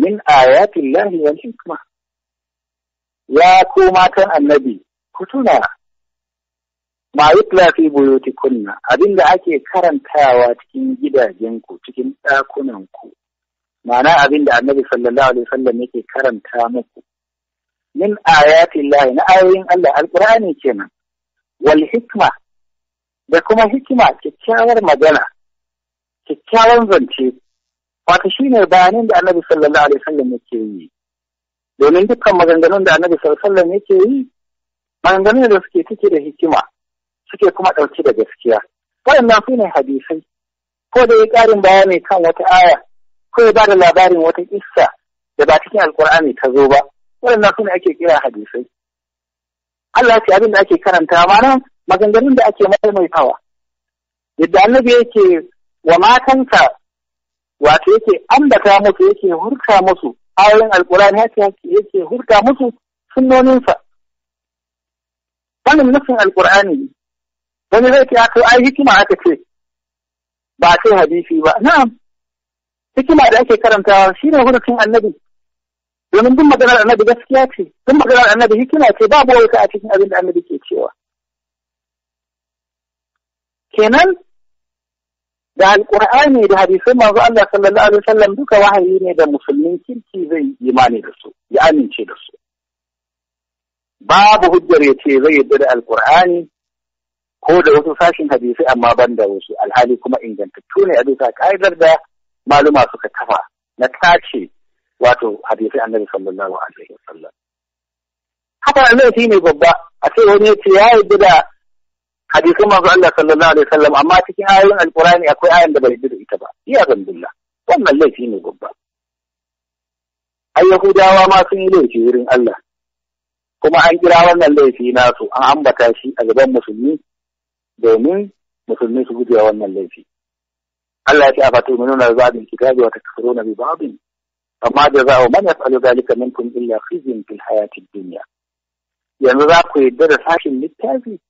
min ayati llahi wal hikma. Ya ku matan annabi ku tuna ma yutla fi kunna, abinda ake karantawa cikin gidajenku cikin ɗakunanku ma'ana abinda annabi sallallahu alaihi wasallam yake karanta muku min ayati llahi na ayoyin Allah alqur'ani kenan wal hikma da kuma hikima kyakkyawar magana kyakkyawan zance wato shine bayanin da annabi sallallahu alaihi wasallam yake yi domin dukkan maganganun da annabi sallallahu alaihi wasallam yake yi maganganun da suke cike da hikima suke kuma ɗauki da gaskiya waɗannan su ne hadisai ko da ya ƙarin bayani kan wata aya ko ya ba da labarin wata kissa da ba cikin Alƙur'ani ta zo ba waɗannan su ne ake kira hadisai Allah ce abin da ake karanta ma nan, maganganun da ake maimaitawa yadda annabi yake wa matansa wato yake ambata musu yake hurta musu ayoyin alkur'ani yake hurta musu sunnoninsa wannan nufin alkur'ani wani zai ce ah, to ai hikima aka ce ba a kai hadisi ba na'am hikima da ake karantawa shine hurucin annabi domin duk maganar annabi gaskiya ce duk maganar annabi hikima ce babu wata a cikin abin da annabi ke cewa kenan da alƙur'ani da hadisai masu Allah sallallahu alaihi wasallam duka wahayi ne da musulmin kirki zai yi imani da su ya amince da su babu hujjar ya ce zai yarda da alkur'ani ko da wasu sashin hadisi amma ban da wasu alhali kuma ingantattu ne a bisa ka'idar da maluma suka kafa na tace wato hadisi annabi sallallahu alaihi wasallam haka laifi ne babba a ce wani ya ce ya yi da hadisin masu Allah sallallahu alaihi wasallam amma cikin ayoyin alqur'ani akwai ayan da bai bi da ita ba iya billah wannan laifi ne babba ai yahudawa ma sun yi laifi wurin Allah kuma an kira wannan laifi nasu an ambata shi a gaban musulmi domin musulmi su guje wannan laifi Allah ya ce a fatu minuna zabin kitabi wata takfuruna na ba'dhin amma jaza'u man yaf'alu dhalika minkum illa khizyun fil hayatid duniya. yanzu za ku yadda da sashin littafi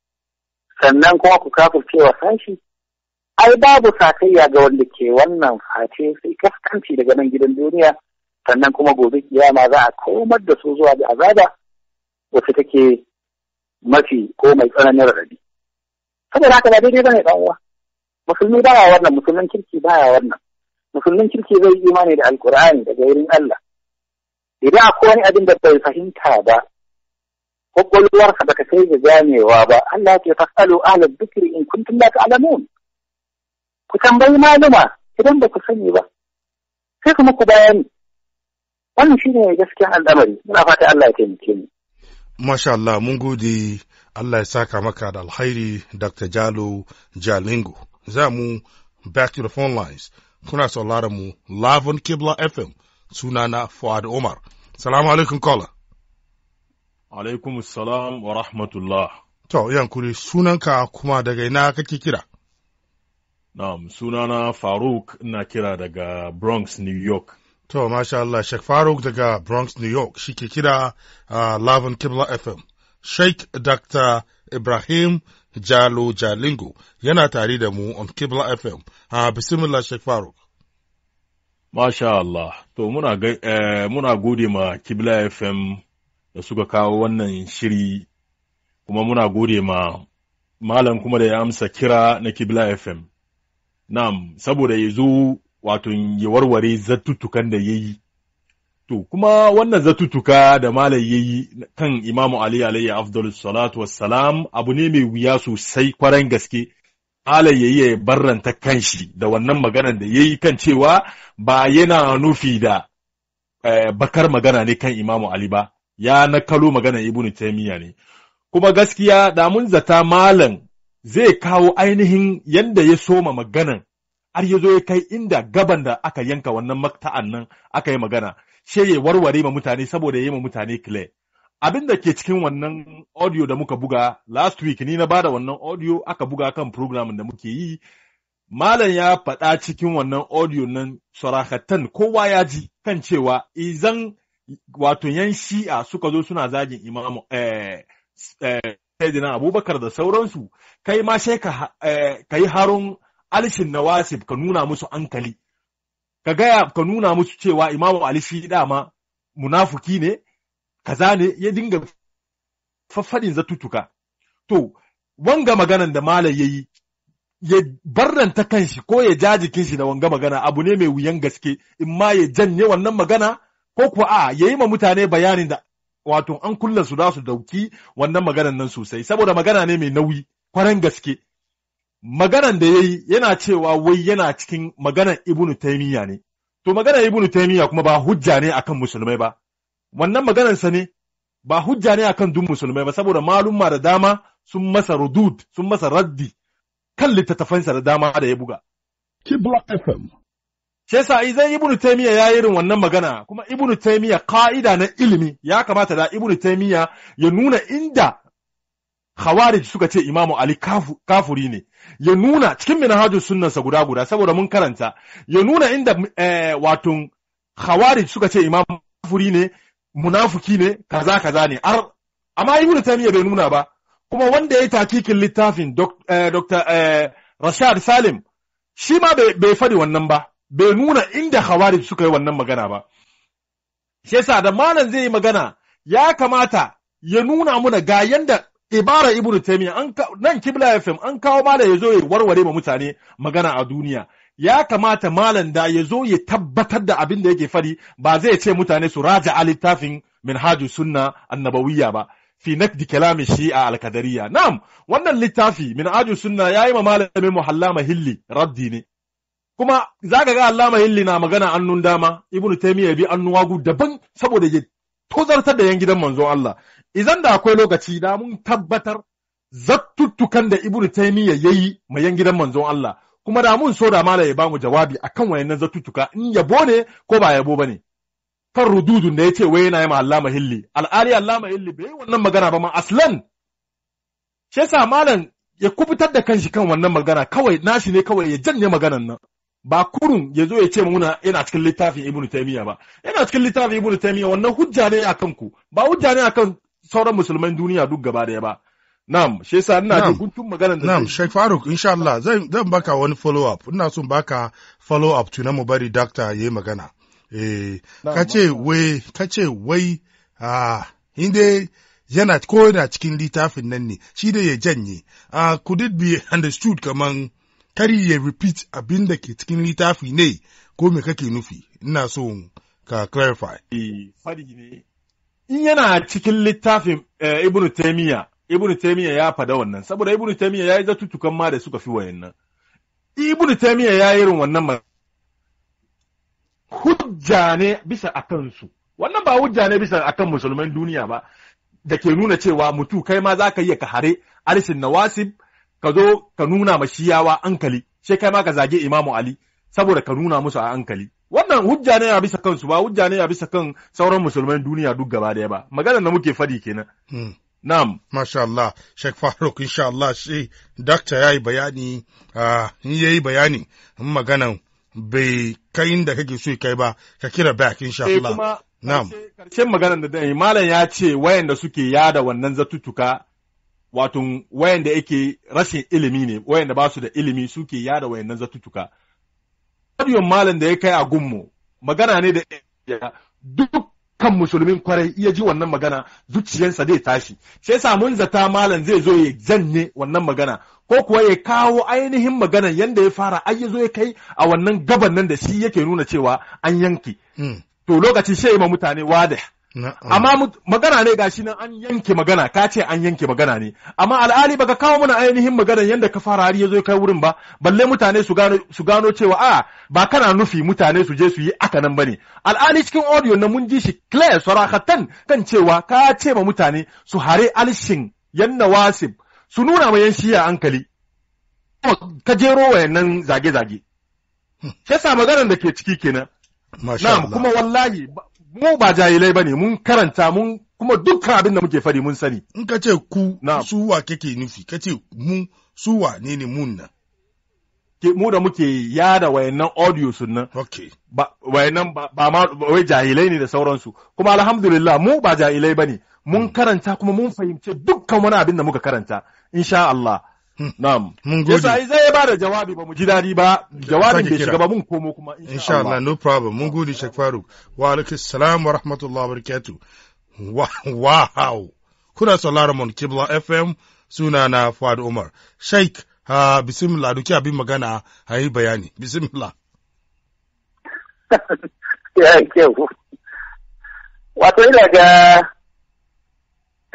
sannan kuma ku cewa sashi ai babu sakayya ga wanda ke wannan face sai kaskanci daga nan gidan duniya sannan kuma gobe kiyama za a komar da su zuwa da azaba wacce take mafi ko mai tsananin raɗaɗi saboda haka ba daidai bane dan uwa musulmi ya wannan musulmin kirki ya wannan musulmin kirki zai yi imani da alkur'ani daga wurin Allah idan akwai wani abin da bai fahimta ba kwakwalwarsa baka sai da ganewa ba Allah ke fasalu ala dhikri in kuntum la ta'lamun ku tambayi maluma idan ba ku sani ba sai kuma ku bayani wannan shine gaskiyan al'amari muna fata Allah ya taimake mu masha Allah mun gode Allah ya saka maka da alhairi Dr. Jalo Jalingo. Za mu back to the phone lines. Kuna sauraron mu Lavon Kibla FM sunana Fuad Omar. Salamu alaikum Kola. Alaikum salam wa rahmatullah. To, kuri sunanka kuma daga ina kake kira? Na'am, sunana Faruk na kira daga Bronx, New York. To, masha Allah, Sheikh Faruk daga Bronx, New York, shi ke kira uh, Lavin Kibla FM. Sheikh Dr. Ibrahim Jalo Jalingo yana tare da mu on Kibla FM. Ha bismillah Sheikh Faruk. Masha Allah, to muna, eh, muna gode ma Kibla FM da suka kawo wannan shiri kuma muna gode ma malam kuma da ya amsa kira na Kibla FM. Na'am, saboda ya zo wato ya warware zattutukan da ya yi To, kuma wannan zatutuka da Malam ya kan Imamu Ali alayhi afdalus salatu wassalam abu ne mai wuya sosai kwaran gaske. Malam ya yi ya barranta kanshi da wannan maganar da ya yi kan cewa ba yana nufi da eh, bakar magana ne kan Imamu Ali ba, ya kalo magana Ibn Taymiyyah ne. Kuma gaskiya da mun zata Malam zai kawo ainihin yadda ya soma maganan har ya zo ya kai inda gaban da aka yanka wannan makta'an nan aka yi magana sai ya warware ma mutane saboda ya yi ma mutane clear abin da ke cikin wannan audio da muka buga last week ni na ba da wannan audio aka buga kan program da muke yi malam ya faɗa cikin wannan audio nan sarakatan kowa ya ji kan cewa izan wato yan shi'a suka zo suna zagin imamu eh, eh, Abubakar da sauransu, kai ma sai ka eh, yi harun na wasif ka nuna musu ankali, ka gaya ka nuna musu cewa imamu ali shi dama munafuki ne kaza ne ya dinga faffadin zatutuka to wanga maganan da malam yayi ya barranta kanshi ko ya ja jikin shi da wanga magana abu ne mai wuyan gaske in ma ya janye wannan magana ko kuwa a ya yi ma mutane bayanin da wato an kulla su za su dauki wannan maganan nan sosai saboda magana ne mai nauyi kwaran gaske maganan da ya yi yana cewa wai yana cikin maganan ibnu taimiyya ne to maganan ibnu taimiyya kuma ba hujja ne akan musulmai ba wannan maganan sa ne ba hujja ne akan duk musulmai ba saboda malumma da dama sun masa rudud sun masa raddi kan littattafansa da dama da ya buga Kibla FM Shesa idan Ibn taimiyya ya irin wannan magana kuma Ibn taimiyya ka'ida na ilimi ya kamata da Ibn taimiyya ya nuna inda Khawarij suka ce Imamu Ali kafuri ne, ya nuna cikin minhajus sunansa guda guda saboda mun karanta, ya nuna inda eh, watun Khawarij suka ce Imamu kafuri ne, munafuki ne, kaza kaza ne, ar amma Ibn Taymiyyah bai nuna ba, kuma wanda ya yi takikin littafin Dr. Eh, eh, Rashad Salim shi ma bai faɗi wannan ba, bai nuna inda Khawarij suka yi wannan magana ba. Shi da malam zai yi magana ya kamata ya nuna muna ga yanda ibara ibnu taymiya an nan kibla fm an kawo malam ya zo ya warware ma mutane magana a duniya ya kamata malam da ya zo ya tabbatar da abin da yake fari ba zai ce mutane su raja a littafin minhaju sunna annabawiyya ba fi nakdi kalami shi'a alkadariya na'am wannan littafi minhaju sunna yayi ma malamin muhallama hilli raddi ne kuma zaka ga allama hilli na magana annun dama ibnu taymiya bi annuwagu daban saboda ya tozartar da yan gidan manzon Allah Izan da akwai lokaci da mun tabbatar zattuttukan da Ibn yi yayi mayan gidan manzon Allah kuma da mun so da mala ya bamu jawabi akan wayannan zattuttuka in yabo ne ko ba yabo bane kan rududun da ce wai yana yi ma Allama Hilli al'ali Allama Hilli bai wannan magana ba ma aslan shi yasa malam ya kubutar da kanshi kan wannan magana kawai nashi ne kawai ya janye maganan nan ba kurun ya zo ya ce muna yana cikin littafin Ibn Taymiyyah ba yana cikin littafin Ibn Taymiyyah wannan hujja ne akan ku ba hujja ne akan sauran musulman duniya duk gaba daya ba. Na'am, shi yasa ina jin guntun maganar da Na'am, Sheikh Faruk insha Allah zan zan baka wani follow up. Ina son baka follow up tuna mu bari doctor yayi magana. Eh, kace wai kace wai ah yana ko yana cikin littafin nan ne shi da ya janye. Ah could it be understood kaman kari ya repeat abin da ke cikin littafi ne ko me kake nufi? Ina so ka clarify. Eh, fadi ne in yana cikin littafin eh, ibnu taimiyya ibnu taimiyya ya fada wannan saboda ibnu taimiyya ya yi zatutukan ma da suka fi wayannan ibnu taimiyya ya yi irin wannan hujja ne bisa a kansu wannan ba hujja ne bisa akan musulman duniya ba da ke nuna cewa mutu kai ma za ka iya ka hare alisin nawasib ka zo ka nuna ma shiyawa ankali sai kai ma ka zage imamu ali saboda ka nuna musu a ankali wannan hujja ne a bisa kansu ba hujja ne a bisa kan sauran musulman duniya duk gaba daya ba maganar da muke fadi kenan hmm. Na'am. Masha Allah, Sheikh Faruk, insha Allah, shi dakta ya yi bayani, in ya yi bayani, maganan bai kai da kake so kai ba, ka kira back, insha eh, Allah. Na'am. Karshen maganan da dai, Malam ya ce wayanda suke yada wannan zatutuka, wato wayanda yake rashin ilimi ne, wayanda ba su da ilimi suke yada wayannan zatutuka. radiyon malam da ya kai a gunmu magana ne da dukkan musulmin kwarai iya ji wannan magana zuciyarsa zai tashi sai sa mun zata malam zai zo ya janye wannan magana ko kuwa ya kawo ainihin magana yanda ya fara ai ya zo ya kai a wannan gaban nan da shi yake nuna cewa an yanki hmm. to lokaci sai ma mutane wada Amma magana ne shi nan an yanke magana, ka ce an yanke magana ne. Amma al'ali baka kawo mana ainihin magana yadda ka fara har ya zo kai wurin ba, balle mutane su gano cewa a ba kana nufi mutane su je su yi aka nan ba ne. Al'ali cikin audio na mun ji shi clear sarakatan kan cewa ka ce ma mutane su hare alshin yanna wasib su nuna ma yan shiya hankali. Ka jero wayannan zage-zage. Hmm. Shi maganar da ke ciki kenan. Masha kuma wallahi mu ba jahilai bane mun karanta mun kuma dukkan abin da muke fari mun sani in ka ce ku suwa kake nufi ka ce mu suwa ne ne mun nan mu da muke yada wayannan audio sun nan okay wayannan ba, ma wai jahilai ne da sauransu kuma alhamdulillah mu ba jahilai bane mun hmm. karanta kuma mun fahimci dukkan wani abin da muka karanta insha Allah Na'am. Mun gode. Yasa zai ba da jawabi ba mu ji dadi ba. Jawabin bai shiga ba mun komo kuma insha Allah. no problem. Mun gode Sheikh Faruk. Wa alaikum salam wa rahmatullahi wa barakatuh. Wow. Kuna sauraron mun Kibla FM suna na Fuad Umar. Sheikh ha bismillah duki abin magana a yi bayani. Bismillah. Ya kyau. Wato ina ga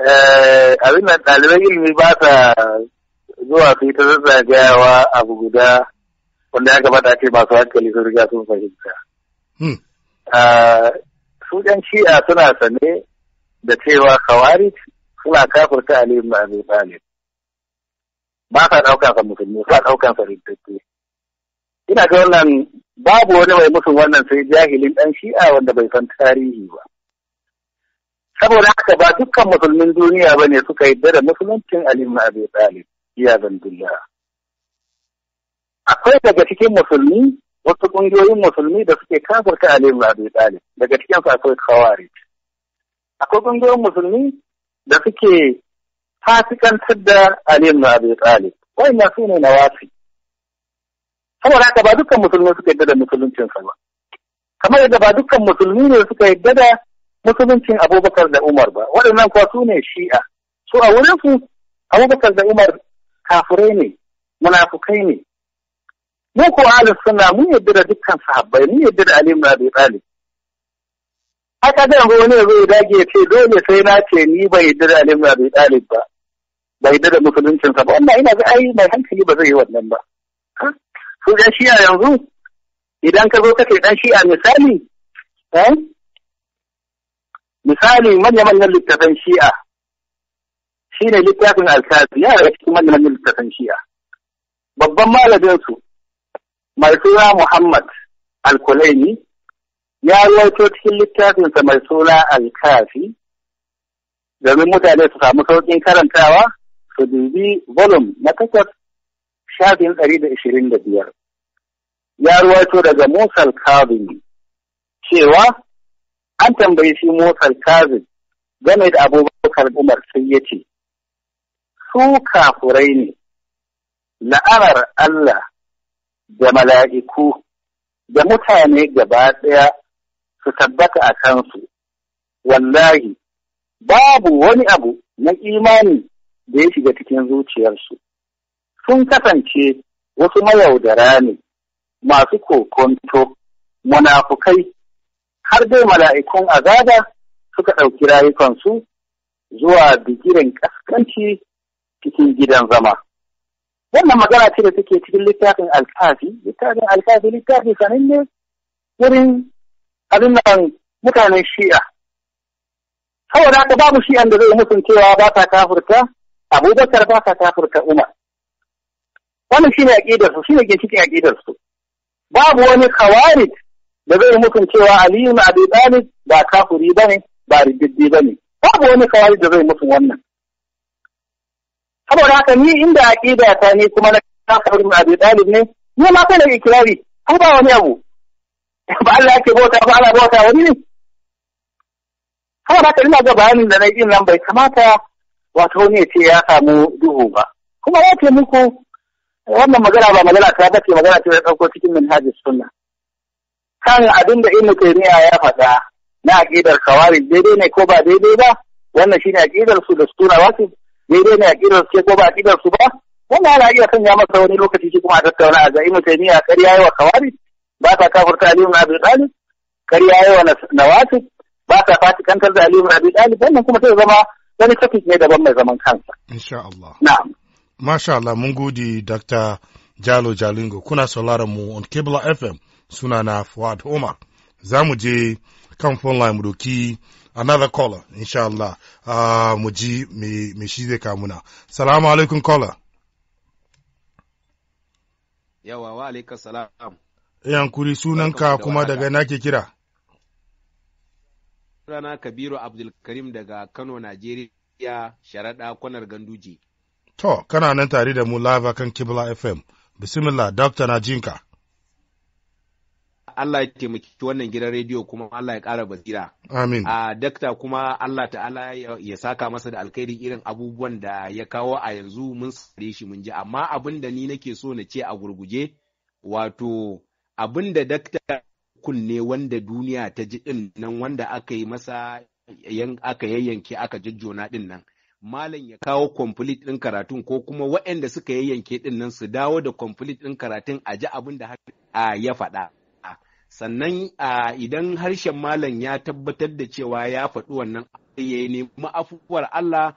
eh, abin nan ɗaliban ilimi ba ta zuwa su ta zazzagayawa abu guda wanda ya gabata ce masu hankali sun riga sun fahimta. Hmm. Su ɗan shi'a suna sane da cewa kawari suna kafirta Ali ibn Abi Talib. Ba sa ɗaukan sa musulmi, suna ɗaukan sa rintattu. Ina ga wannan babu wani mai musu wannan sai jahilin ɗan shi'a wanda bai san tarihi ba. Saboda haka ba dukkan musulmin duniya ba ne suka yi da musuluncin Ali ibn Abi Talib. iyazan billah akwai daga cikin musulmi wasu ƙungiyoyin musulmi da suke ka Ali ibn Abi tsale, daga cikin su akwai kawari. akwai ƙungiyoyin musulmi da suke fasikantar da Ali ibn tsale, Wani na su ne wasi. saboda haka ba dukkan musulmi suka yadda da musuluncin sa ba kamar yadda ba dukkan musulmi ne suka yadda da musuluncin Abubakar da Umar ba waɗannan kuwa su ne Shi'a su a wurin su Abubakar da Umar kafirai ne munafukai ne mu ko ahlus suna mun yadda da dukkan sahabbai mun yadda da alim na bai tsali. haka da wani zai dage ce dole sai na ce ni bai yadda da alim na bai tsali ba bai yadda da musuluncin sa ba amma ina ga ai mai hankali ba zai yi wannan ba su dan shi'a yanzu idan ka zo ka ce dan shi'a misali eh misali manya-manyan littafan shi'a shi ne littafin alkafi ya yi cikin manyan littafin shi'a babban malamin su mai suna muhammad alkulaini ya rawaito cikin littafinsa mai suna alkafi domin mutane su samu sauƙin karantawa su dubi volum na takwas shafin ɗari da ishirin da biyar ya ruwaito daga Musal Kazin cewa an tambayi shi Musal Kazin game da abubakar Umar sai ya ce, su kafurai ne la'anar Allah da mala'iku da mutane gaba ɗaya su tabbata a kansu wallahi babu wani abu na imani da ya shiga cikin zuciyarsu sun kasance wasu mayaudara ne masu kokonto munafukai har dai mala'ikun azaba suka ɗauki rayukansu zuwa bigiren ƙasƙanci cikin gidan zama. Wannan magana ce da take cikin littafin alkafi, littafin alkafi littafi sananne wurin alunan mutanen shi'a. Saboda haka babu shi'an da zai mutum cewa ba ta kafurta, abubakar ba ta kafurta Umar. Wannan shi ne aƙidarsu, shi ne ginshiƙin aƙidarsu. Babu wani kawarit da zai mutum cewa Aliyu na Abi Talib ba kafuri ba ne, ba rididdi ba ne. Babu wani kawarit da zai mutum wannan. saboda haka ni inda aqida ta ne kuma na kafir ibn abi talib ne ni ma kai na ikirari ko ba wani abu ba Allah yake bauta ba Allah bauta wani ne saboda haka ina ga bayanin da na yi nan bai kamata wato ne ce ya samu duhu ba kuma ya ce muku wannan magana ba magana ta ba ce, magana ce da ɗauko cikin manhajis sunna kan abin da ibnu taymiya ya faɗa na aqidar kawari daidai ne ko ba daidai ba wannan shine aqidar su da suna wasu daidai ne kiran su ko ba kiran su ba wannan ana iya sanya masa wani lokaci shi kuma a tattauna a ga ibn ya karya yawa kawari ba ta ta aliyu na abi karya ƙarya na wasu ba ta kantar da aliyu na abi wannan kuma sai zama wani topic ne daban mai zaman kansa insha Allah na'am masha Allah mun gode Dr. Jalo Jalingo kuna sauraron mu on Kebla FM suna na Fuad Omar za mu je kan phone line mu doki another caller inshallah uh, mu ji me shi zai kamuna salamu alaikum caller yawa wa alaikum salam yankuri sunanka kuma daga ke kira rana kabiru abdulkarim daga kano najeriya sharaɗa kwanar ganduje to kana nan tare da mu live kan kibla fm bismillah Dr. Najinka. jinka Allah ya taimaki wannan gidan rediyo kuma Allah ya ƙara basira. Amin. A dakta kuma Allah ta'ala ya saka masa da alkhairi irin abubuwan da ya kawo a yanzu mun sare shi mun ji amma abin da ni nake so na ce a gurguje wato abin da dakta kunne wanda duniya ta ji din nan wanda aka yi masa aka yayyanke aka jajjona din nan. malam ya kawo complete ɗin karatun ko kuma waɗanda suka yayyanke ɗin nan su dawo da complete ɗin karatun a ji abin da ya faɗa. sannan idan harshen malam ya tabbatar da cewa ya faɗi wannan ya nemi afuwar Allah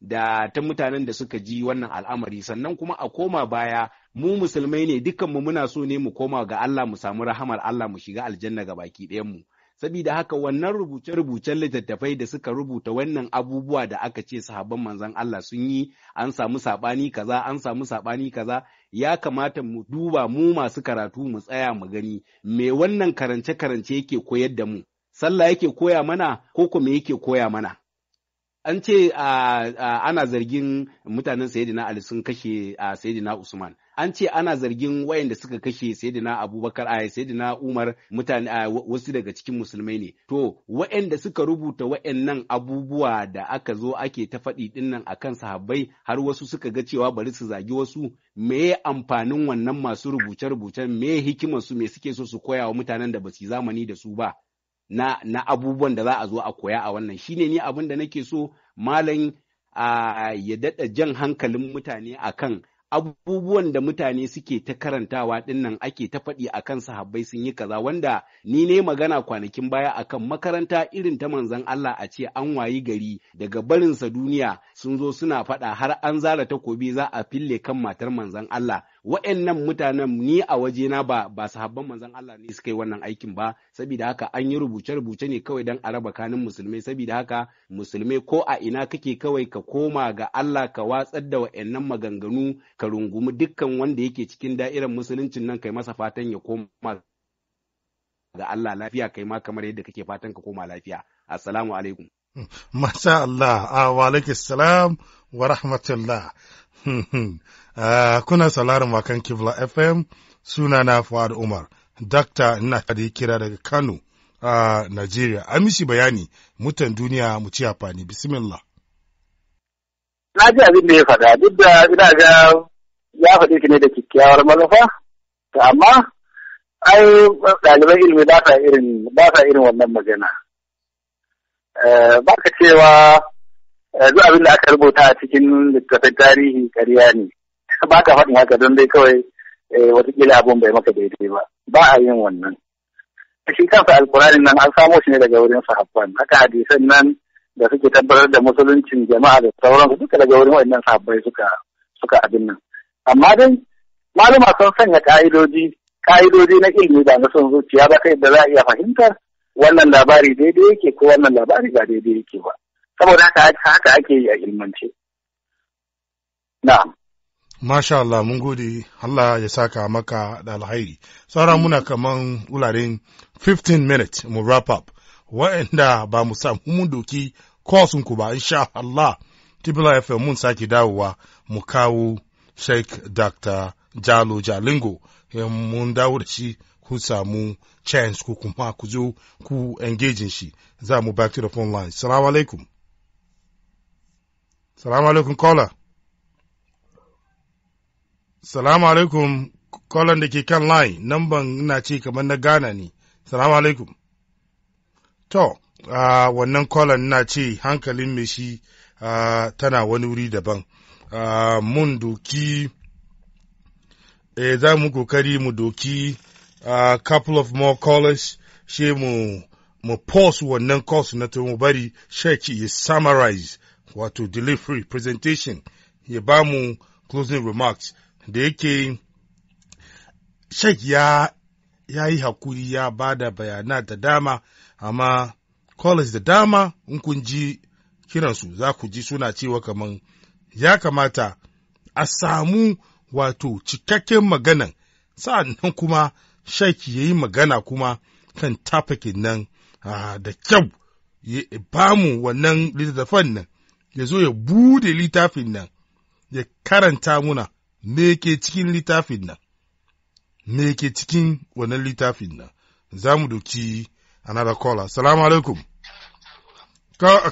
da ta mutanen da suka ji wannan al'amari sannan kuma a koma baya mu musulmai ne dukkanmu muna so ne mu koma ga Allah mu samu rahamar Allah mu shiga aljanna ga baki mu. sabida haka wannan rubuce-rubucen littattafai da suka rubuta wannan abubuwa da aka ce sahabban manzon Allah sun yi an samu saɓani kaza an samu saɓani kaza ya kamata mu duba mu masu karatu mu tsaya mu gani me wannan karance-karance yake koyar da mu sallah yake koya mana ko kuma yake koya mana an ce ana zargin mutanen Sayyidina ali sun kashe Sayyidina usman an ce ana zargin wayanda suka kashe sayyidina abubakar a sayyidina umar mutane wasu daga cikin musulmai ne to wayanda suka rubuta wayannan abubuwa da aka zo ake ta faɗi nan akan sahabbai har wasu suka ga cewa bari su zagi wasu me amfanin wannan masu rubuce-rubucen me hikimar su me suke so su koya wa mutanen da ba su zamani da su ba na, na abubuwan da za a zo a koya a wannan shine ni abin da nake so malam ya daɗa jan hankalin mutane akan abubuwan da mutane suke ta karantawa dinnan ake ta faɗi a kan sahabbai sun yi kaza wanda ni ne magana kwanakin baya akan makaranta irin ta manzon Allah a ce an wayi gari daga barinsa duniya sun zo suna faɗa har an zara takobi za a fille kan matar manzon Allah wa'annan mutanen ni a wajena ba ba sahabban manzon Allah ne suka yi wannan aikin ba saboda haka an yi rubuce-rubuce ne kawai dan a raba kanin musulmai saboda haka musulmai ko a ina kake kawai ka koma ga Allah ka watsar da wa'annan maganganu ka rungumi dukkan wanda yake cikin da'irar musuluncin nan kai masa fatan ya koma ga Allah lafiya kai ma kamar yadda kake fatan ka koma lafiya assalamu alaikum hmm. Masha Allah, ah, wa salam wa rahmatullah. Hmm, hmm. Ah, kuna salarin Makan Kibla FM suna na Fuad Umar, dakta ina da kira daga Kano a nigeria Najeriya. An mishi bayani mutan duniya mu ci amfani bismillah. Na ji abin da ya faɗa duk da ina ga ya faɗi ki ne da kyakkyawar manufa, amma ai ɗaliban ilimi ba sa irin ba sa irin wannan magana. Eh, ba ka cewa eh, duk abin da aka rubuta a cikin littattafan tarihi ƙarya ne. ba ka faɗin haka don dai kawai eh, watakila abun bai maka daidai ba ba a yin wannan shi kansa alkurani nan an samo shi ne daga wurin sahabban haka hadisan nan da suke tabbatar da musuluncin jama'a da sauran duka daga wurin waɗannan sahabbai suka suka abin nan amma dai maluma sun sanya ka'idoji ka'idoji na ilimi ba na son zuciya ba kai da za a iya fahimtar wannan labari daidai yake ko wannan labari ba daidai yake ba saboda haka haka ake yi a ilmance na'am Masha Allah mun gode Allah ya saka maka da alhairi. Saura muna kaman wuraren 15 minutes mu wrap up. Wa'anda ba mu samu mun doki ku ba insha Allah. Tibla FM mun sake dawowa mu kawo Sheikh Dr. Jalo Jalingo. Mun dawo da shi ku samu chance ku kuma ku zo ku engaging shi. Za mu back to the phone line. Salamu alaikum. Salamu alaikum caller. Salamu alaikum, kolon da ke kan line, nan ban na ce kamar na gana ne. Salamu alaikum. To, uh, wannan kolon na ce hankalin mai shi tana wani wuri daban. mun doki, eh, za mu kokari mu doki a couple of more callers, she mu mu post wannan course na mu bari sheki ya summarize wato delivery presentation ya ba mu closing remarks da yake shek ya ya yi hakuri ya ba da bayana da dama amma college da dama in kun ji kiransu za ku ji suna cewa kaman ya kamata a samu wato cikakken maganan sa'annan kuma shek ya yi magana kuma kan tafakin nan da kyau ya bamu wannan littattafan nan ya zo ya bude littafin nan ya karanta muna me ke cikin littafin nan, me ke cikin wannan littafin nan, za mu doki another caller. Salamu alaikum.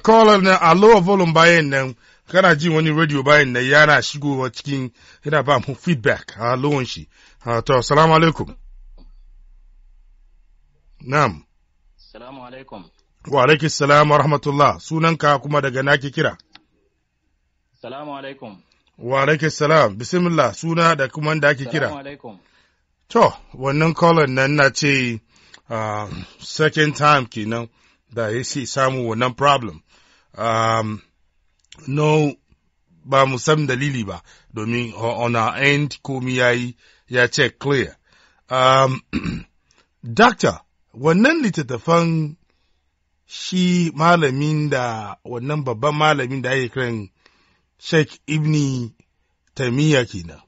Caller na a lower volume bayan nan kana jin wani radio bayan nan yana shigowa cikin yana ba mu feedback a lowan shi. To, salamu alaikum. Na'am. Salamu alaikum. Wa alaikis salam wa rahmatullah. Sunanka kuma daga nake kira. Salamu alaikum. Wa alaikum salam, bismillah suna da kuma da ake kira. To, wannan kolon nan na ce uh, second time kenan da ya ce samu wannan problem. Um, no, ba mu san dalili ba, domin on our end komi ya yi ya ce clear. Um, Doctor, wannan littattafan shi malamin da wannan babban malamin da ake kiran Sheikh Ibni Tamiya kenan.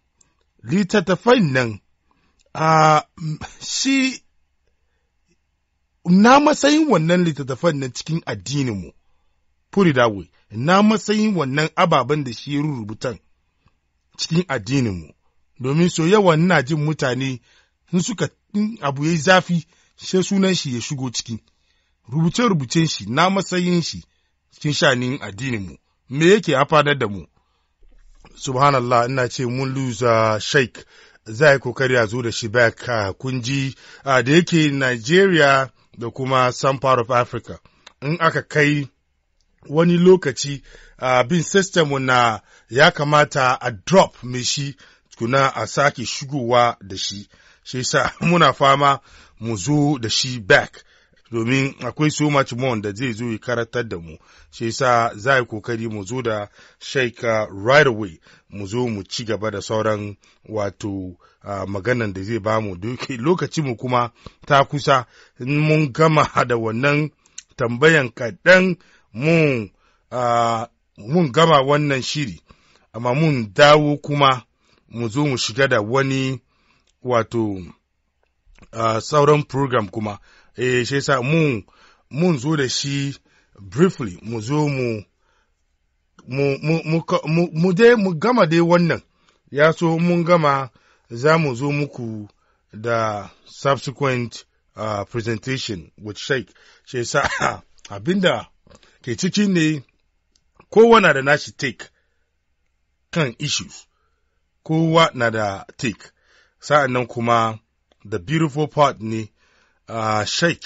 Littattafan nan, a shi na matsayin wannan littattafan nan cikin addininmu, Puri Dawe, na matsayin wannan ababen da shi rubutan cikin addininmu, domin so yawa na jin mutane sun suka abu ya zafi, sai sunan shi ya shigo ciki, rubuce-rubucen shi na matsayin shi cikin shanin addininmu. me yake afanar da mu subhanallah ina ce mun lusa uh, sheik za yi kokari a zo da shi back a uh, kunji uh, da yake nigeria da kuma some part of africa in aka kai wani lokaci bin system na ya kamata a drop mai shi tukuna a sake shigowa da shi shi sa muna fama mu zo da shi back domin akwai so much more da zai zo ya karatar da mu shi yasa za yi kokari mu zo da shaika uh, right away mu zo mu ci gaba da sauran wato uh, maganan da zai bamu lokaci mu kuma ta kusa mun gama da wannan tambayan kaɗan uh, mun gama wannan shiri amma mun dawo kuma mu zo mu shiga da wani wato uh, sauran program kuma eh shi yasa mun mun zo da shi briefly mu zo mu mu dai mu gama dai wannan ya so mun gama za mu zo muku da subsequent uh, presentation with sheik shi yasa abinda ke ciki ne kowa da nashi take kan issues kowa na da take sa'an nan kuma the beautiful part ne uh, sheik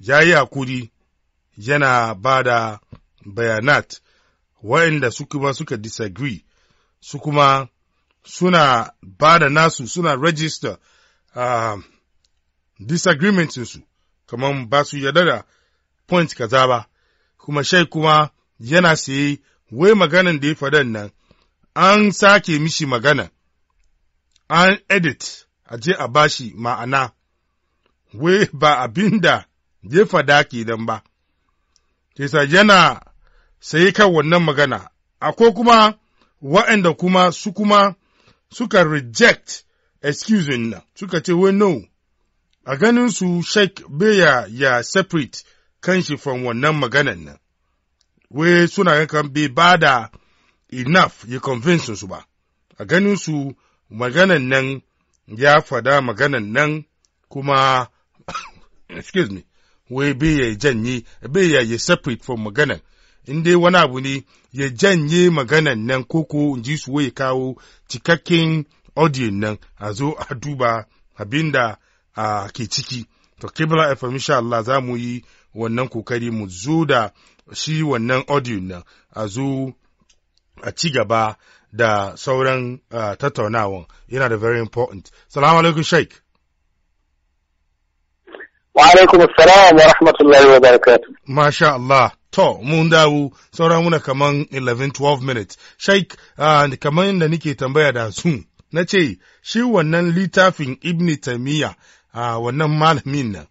ya yi hakuri yana ba da bayanat waɗanda su kuma suka disagree su kuma suna ba da nasu suna register uh, su kamar ba su yarda da point kaza ba kuma shai kuma yana sayi wai maganan da ya faɗan nan an sake mishi magana an edit a je a bashi ma'ana we ba abin da ya ke kenan ba, kisa yana sai kan wannan magana, akwai kuma waɗanda kuma su kuma suka reject excusing na suka ce we no, a ganin su Sheikh Beya ya separate kanshi from wannan maganan nan, we suna kan bai ba da enough ya convince su ba, a ganin su maganan nan ya fada maganan nan kuma excuse me wai bai ya janye bai ya ya separate from maganan in dai wani abu ne ya janye maganan nan koko in ji su wai kawo cikakken audio nan a zo a duba abinda a ke ciki to kibla fm insha Allah za mu yi wannan kokari mu zo da shi wannan audio nan a zo a ci gaba da sauran uh, tattaunawan yana da very important salamu alaikum sheik Wa'alaikum salam wa rahmatullahi wa barakatuh. Masha Allah. To, mun dawo sauran muna kaman 11-12 minutes. Sheikh, uh, kaman yadda nike tambaya da su, na ce, shi wannan littafin Ibn Tamiya, uh, ah, wannan malamin nan,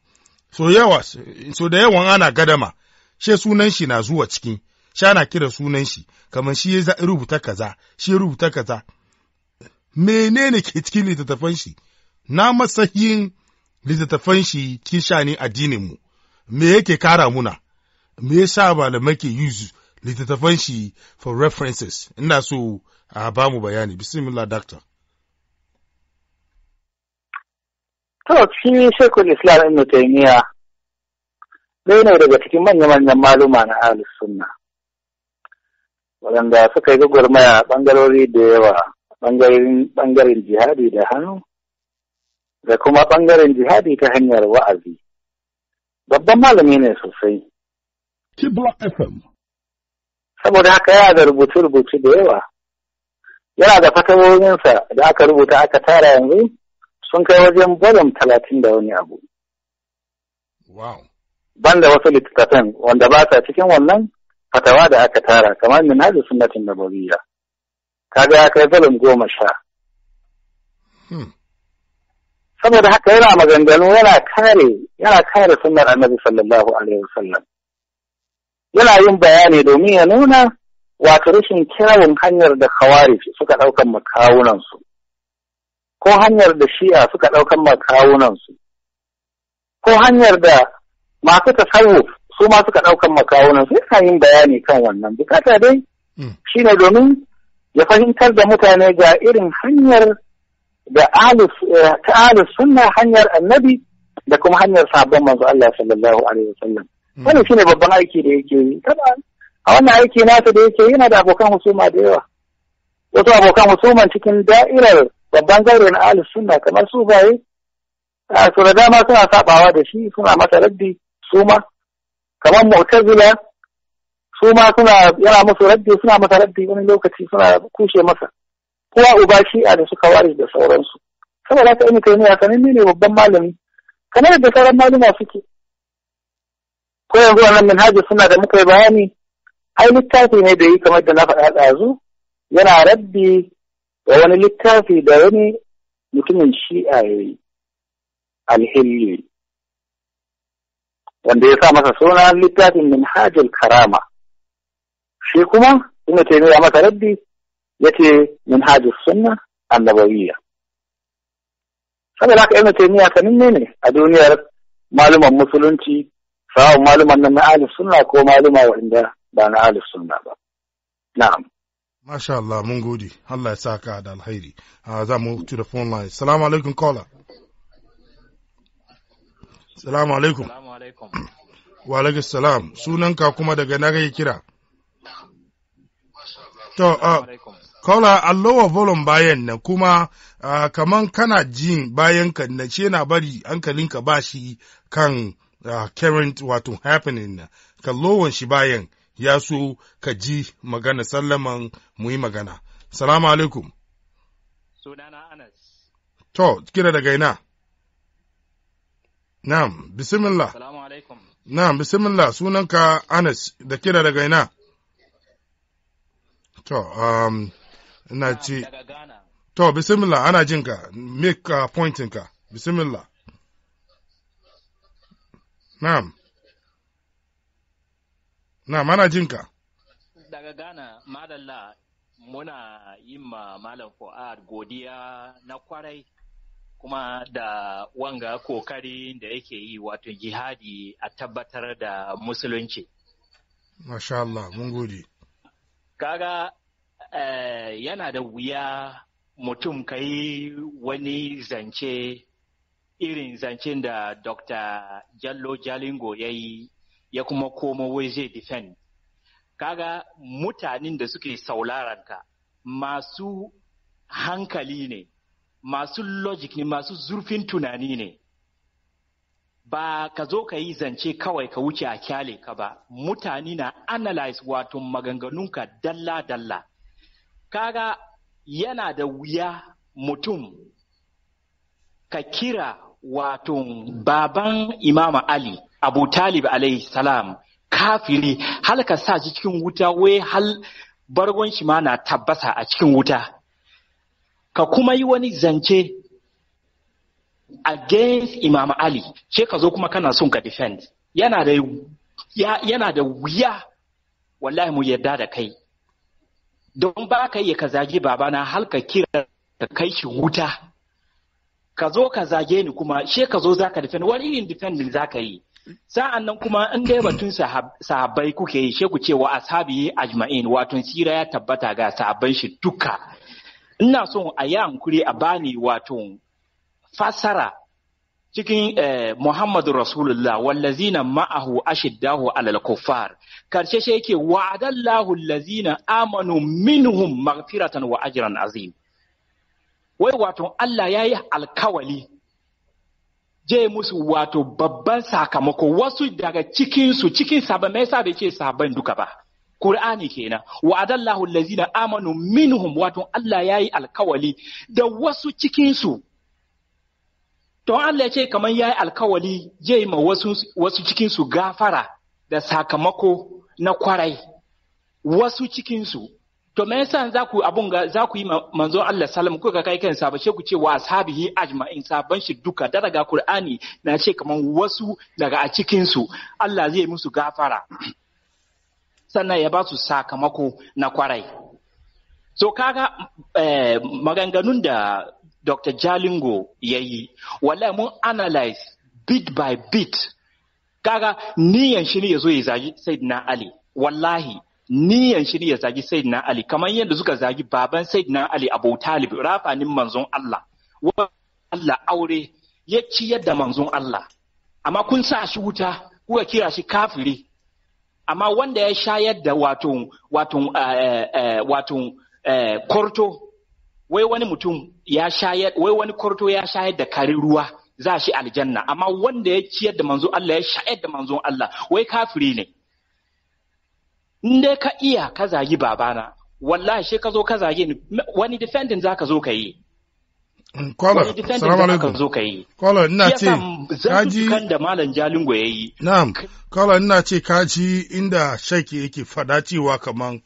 so yawa, so da yawan ana gadama, she sunan shi na zuwa cikin, sha na kira sunan shi, kaman shi ya rubuta kaza, shi rubuta kaza. Menene ke cikin littattafan shi? Na masahin littattafan shi kin ne addinin mu me yake kara muna me yasa malamai ke use littattafan shi for references ina so a ba mu bayani bismillah doctor to shi shekul islam ibn taymiya dai ne daga cikin manya-manyan maluma na ahli sunna waɗanda suka yi gwagwarmaya bangarori da yawa ɓangaren jihadi da hannu da kuma ɓangaren jihadi ta hanyar wa'azi. Babban malami ne sosai. FM. Saboda haka yana da rubuce-rubuce da yawa. Yana da fatawoyinsa da aka rubuta aka tara yanzu sun kai wajen barin talatin da wani abu. Wow. Banda wasu littattafan wanda ba sa cikin wannan fatawa da aka tara kamar min hajji sunnatin nabawiyya. Kaga ya kai zalin goma sha. Hmm. saboda haka yana maganganu yana kare yana kare sunnar annabi sallallahu alaihi wasallam yana yin bayani domin ya nuna wato rashin kirawun hanyar da kawari suka ɗaukan makawunansu ko hanyar da shi'a suka ɗaukan makawunansu ko hanyar da masu tasawuf su ma suka ɗaukan makawunansu yana yin bayani kan wannan bukata dai hmm. shine domin ya fahimtar da mutane ga irin hanyar da eh, ta alif sunna hanyar annabi da kuma hanyar sabon manzo Allah sallallahu alaihi wasallam hmm. wannan shine babban aiki da yake yi a wannan aiki nasa da yake yana da abokan husuma da yawa wasu abokan husuman cikin da'irar babban zaure na alif sunna kamar su baye su da dama suna sabawa da shi suna masa raddi suma kamar mu'tazila suma suna yana musu raddi suna masa raddi wani lokaci suna kushe masa uwa uba shi'a da suka ware da sauransu saboda haka ibnu taymiya sananne ne babban malami kamar da sauran malama suke ko yanzu wannan manhaji suna da muka yi bayani ai littafi ne da yi kamar da na faɗa ɗazu yana rabbi da wani littafi da wani mutumin shi'a ya yi alhilli wanda ya sa masa suna littafin minhajul karama shi kuma ina ce masa rabbi yace minhajus sunna annabawiyya saboda haka ibnu taymiya kanin ne a duniyar maluman musulunci sawun maluman nan na ahlus sunna ko maluma wanda ba na ahlus sunna ba na'am Masha Allah, mun gode. Allah ya sa ka da alhairi. Ah, za mu to the phone line. Salamu alaikum, caller. Salamu alaikum. Wa alaikum salam. Sunanka kuma daga na kira. To, ah, Kola allowa volon bayan na kuma uh, kaman kana jin bayan ka na ce na bari hankalinka ba shi kan uh, current wato happening na kallowan shi bayan ya so ka ji magana sallaman mu yi magana. Salamu alaikum. Sunana Anas. To, kira daga ina. Na'am, bismillah. Salamu alaikum. Na'am, bismillah sunanka Anas da kira daga ina. To, um, ina ce to bismillah ana jin ka make uh, pointin ka bismillah na'am na'am ana jin ka daga Gana, madalla muna yi ma malam Fuad godiya na kwarai kuma da wanga kokari da yake yi wato jihadi a tabbatar da musulunci. Masha Allah, mun gode. Kaga Eh, yana da wuya mutum ka yi wani zance irin zancen da Dr. Jallo Jalingo ya yi ya kuma komo wai zai defend. Kaga mutanen da suke ka masu hankali ne, masu logic ne, masu zurfin tunani ne. Ba ka zo ka yi zance kawai ka wuce a kyale ka ba, mutane na analyze wato maganganunka dalla-dalla. kaga yana da wuya mutum ka kira wato baban imama ali abu talib alaihi salam kafiri hal ka sa shi cikin wuta wai hal bargon shi ma na tabbasa a cikin wuta ka kuma yi wani zance against Imama ali ce ka zo kuma kana son ka defend yana da wuya wallahi mu yarda da kai don ba ka iya ka zagi babana har ka kira ka kai shi wuta ka zo ka zage ni kuma she ka zo zaka defend wani irin defending zaka yi sa'an nan kuma in dai batun sahabbai kuke yi she ku ce wa ashabi ajma'in wato sira ya tabbata ga sahabban shi duka ina so a yi hankuri a bani wato fasara. cikin eh, Muhammadu Rasulullah wallazina ma'ahu ashiddahu alal kuffar karshe shi yake wa'adallahu allazina amanu minhum maghfiratan wa ajran azim wai wato Allah ya yi alkawali je musu wato babban sakamako wasu daga cikinsu. cikin sabon mai sabai ke sabon duka ba Kur'ani kenan wa'adallahu allazina amanu minhum wato Allah yayi alkawali da wasu cikinsu. su To Allah ya ce kamar ya yi alkawali zai ma wasu, cikinsu gafara da sakamako na kwarai, wasu cikinsu. To me yasa za ku abun ga za ku yi manzon Allah salam ku ka kai kan sa ku ce wa ashabihi ajma'in saban shi duka daraga Qur'ani na ce kaman wasu daga a cikin su Allah zai musu gafara sannan ya ba su sakamako na kwarai. So kaga eh, maganganun da Dr. Jalingo ya yi, wala mun analyze bit by bit, kaga niyan shi ne ya zo ya zagi Sayyidina Ali, wallahi niyan shi ne ya zagi Sayyidina Ali, kamar yadda suka zagi baban Sayyidina Ali Abu Talib, rafanin manzon Allah, wa Allah aure ya ciyar da manzon Allah, amma kun sa shi wuta, kuka kira shi kafiri, amma wanda ya shayar da wato wato eh, eh, wato eh, korto wai wani mutum ya shayar wai wani kwarto ya shayar da kari ruwa za shi aljanna amma wanda ya ciyar da manzon Allah ya shayar da manzon Allah wai kafiri ne in dai ka iya ka zagi babana wallahi shi ka zo ka zage ni wani defending zaka zo ka yi Kwala, salamu alaikum. Kwala, ina ce, kaji... kan da Malam Jalingo ya yi. Na'am, Kwala, ina ce, kaji inda shaki yake fada cewa kaman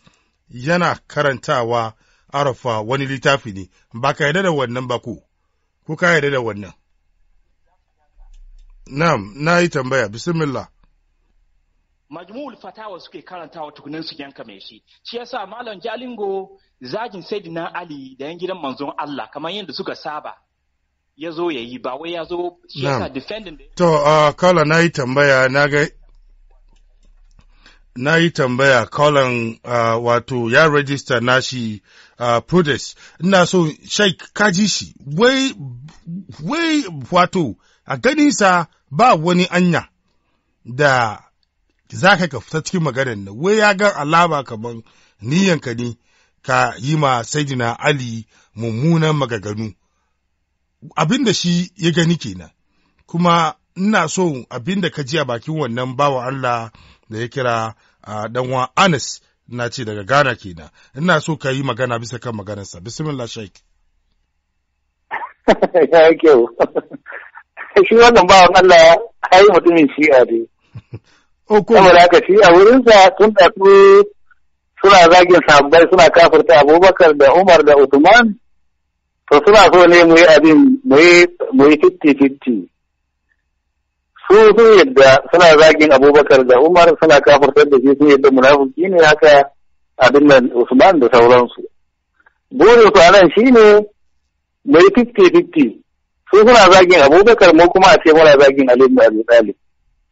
yana karantawa arafa wani littafi ne, ba ka yarda da wannan ba ku, ku ka yarda da wannan. Na'am, na yi tambaya, bismillah. majmu'ul fatawa suke karantawa tukunan su yanka mai shi shi yasa malam jalingo zagin sayyidina ali da yan gidan manzon Allah kamar yadda suka saba ya zo ya yi ba wai ya zo shi yasa defending to uh, kala na yi tambaya na ga na yi tambaya kolon uh, wato ya rajista nashi uh, protest ina so ka ji shi wai wai wato a ganinsa ba wani anya da za ka fita cikin maganar na wai ya ga alama kamar ka ne ka yi ma saidina ali mummunan magaganu abin da shi ya gani kenan kuma ina so abinda ka ji a bakin wannan bawa Allah da ya kira uh, danwa Anas na ce daga Ghana kenan ina so ka yi magana bisa kan maganarsa bismillah sheik ya yi kyau shi wannan bawan Allah yi mutumin shi'a ne Oko. Oh, da haka shi a wurinsa sun tafi suna zagin sabbai suna kafirta Abubakar da Umar da Uthman to suna so ne mu yi abin mu yi fifty su sun yadda suna zagin abubakar da umar suna kafartar da shi sun yadda munafiki ne haka abin nan usman da sauransu gore su anan ne mai fifty fifty su suna zagin abubakar mu kuma a ce muna zagin ali da abi talib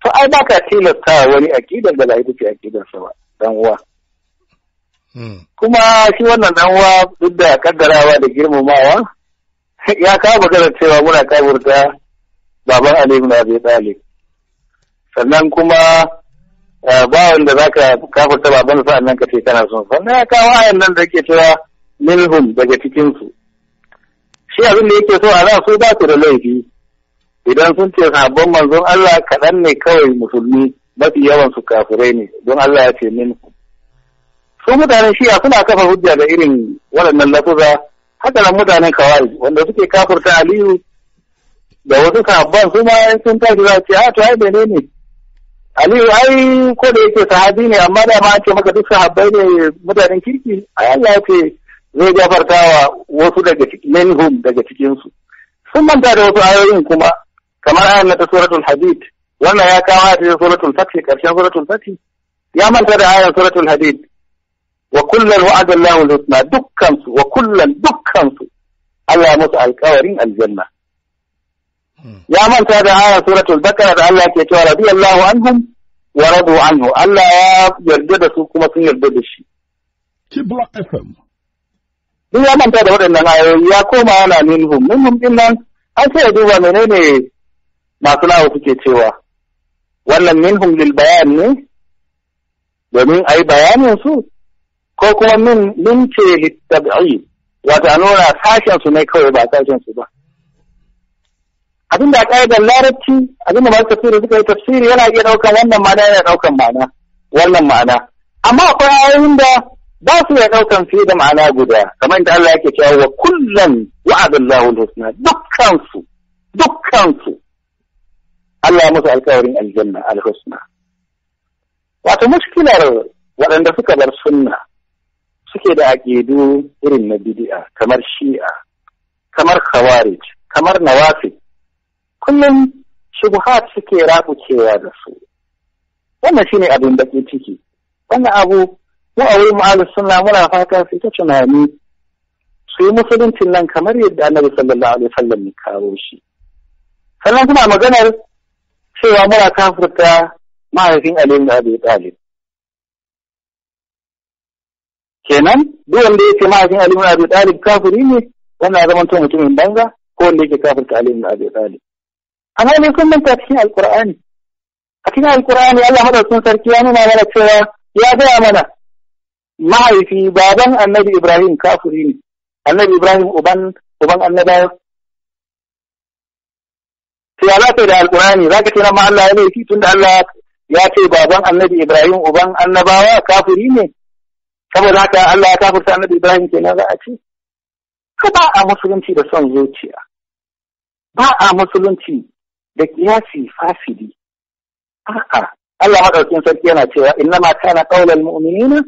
to ai ba ka tilasta wani akidar da lahi a akidar sa ba dan uwa hmm. kuma shi wannan dan uwa duk da kaddarawa da girmamawa ya kama magana cewa muna kaburta baban Ali ibn Abi Talib sannan kuma eh, ba wanda za ka kafarta baban sa'an nan ka ce kana son sannan ya kawo ayan nan da ke cewa minhum daga cikin su shi abin da yake so a za su ba su da laifi idan sun ce sabon manzon Allah kaɗan ne kawai musulmi mafi yawan su kafirai ne don Allah ya ce minhum su mutanen shiya suna kafa hujja da irin waɗannan lafuza haka nan mutanen kawai wanda suke kafurta aliyu da wasu sabon su ma sun tashi za su ce a ah, to ai menene ne Aliyu ai ko da yake sahabi ne amma da ma ce maka duk sahabbai ne mutanen kirki ai Allah ya ce zai gafartawa wasu daga minhum daga cikin su sun manta da wasu ayoyin kuma kamar ayan na ta suratul hadid wannan ya kawo ta suratul fath karshen suratul fath ya manta da ayan suratul hadid wa kullan wa'ada Allahu al-husna dukkan su wa kullan dukkan su Allah musu alƙawarin aljanna ya manta da aya suratul bakara da Allah ke cewa radiyallahu anhum wa radu anhu Allah ya yarda da su kuma sun yarda da shi block FM duk ya manta da waɗannan ayoyi ya koma yana minhum minhum din nan an sai duba menene masu nawa suke cewa wannan minhum lil bayan ne domin ai bayanin su ko kuma min min ce littabi'i Wata a nuna sashen su ne kawai ba sashen su ba abinda a ƙa'idar larabci abinda masu tafsiri suka yi tafsiri yana iya ɗaukan wannan ma'ana yana ɗaukan ma'ana wannan ma'ana amma akwai ayoyin da ba su iya ɗaukan fiye da ma'ana guda kamar da Allah yake cewa wa kullum wa'adallahu al-husna dukkan su Allah ya musu alƙawarin aljanna al-husna wato mushkilar waɗanda suka bar sunna suke da aƙidu irin na bidi'a kamar shi'a kamar khawarij kamar nawafi kullum shubuhat suke rabucewa da su wannan shine abin ke ciki wannan abu mu a wurin ma'alus suna muna fata su ta tunani su yi musuluncin nan kamar yadda annabi sallallahu alaihi wasallam ya kawo shi sannan kuma maganar cewa muna kafurta mahaifin alim da abu talib kenan duk wanda yake mahaifin alim da abu talib kafuri ne wannan ya zama mutumin banza ko wanda yake kafurta aliyu da abu talib amma ne kun manta cikin alkur'ani a cikin alkur'ani Allah madaukakin sarki ya nuna mana cewa ya gaya mana mahaifi baban annabi Ibrahim kafiri ne annabi Ibrahim uban uban annabawa sai ya lafe da alkur'ani ka ce nan ma Allah ya laifi tunda Allah ya ce baban annabi Ibrahim uban annabawa kafiri ne saboda haka Allah ya kafirta annabi Ibrahim kenan za a ce ka ba a musulunci da son zuciya ba a musulunci da kiyasi fasidi a'a Allah madaukin sarki yana cewa inna ma kana qaulal mu'minina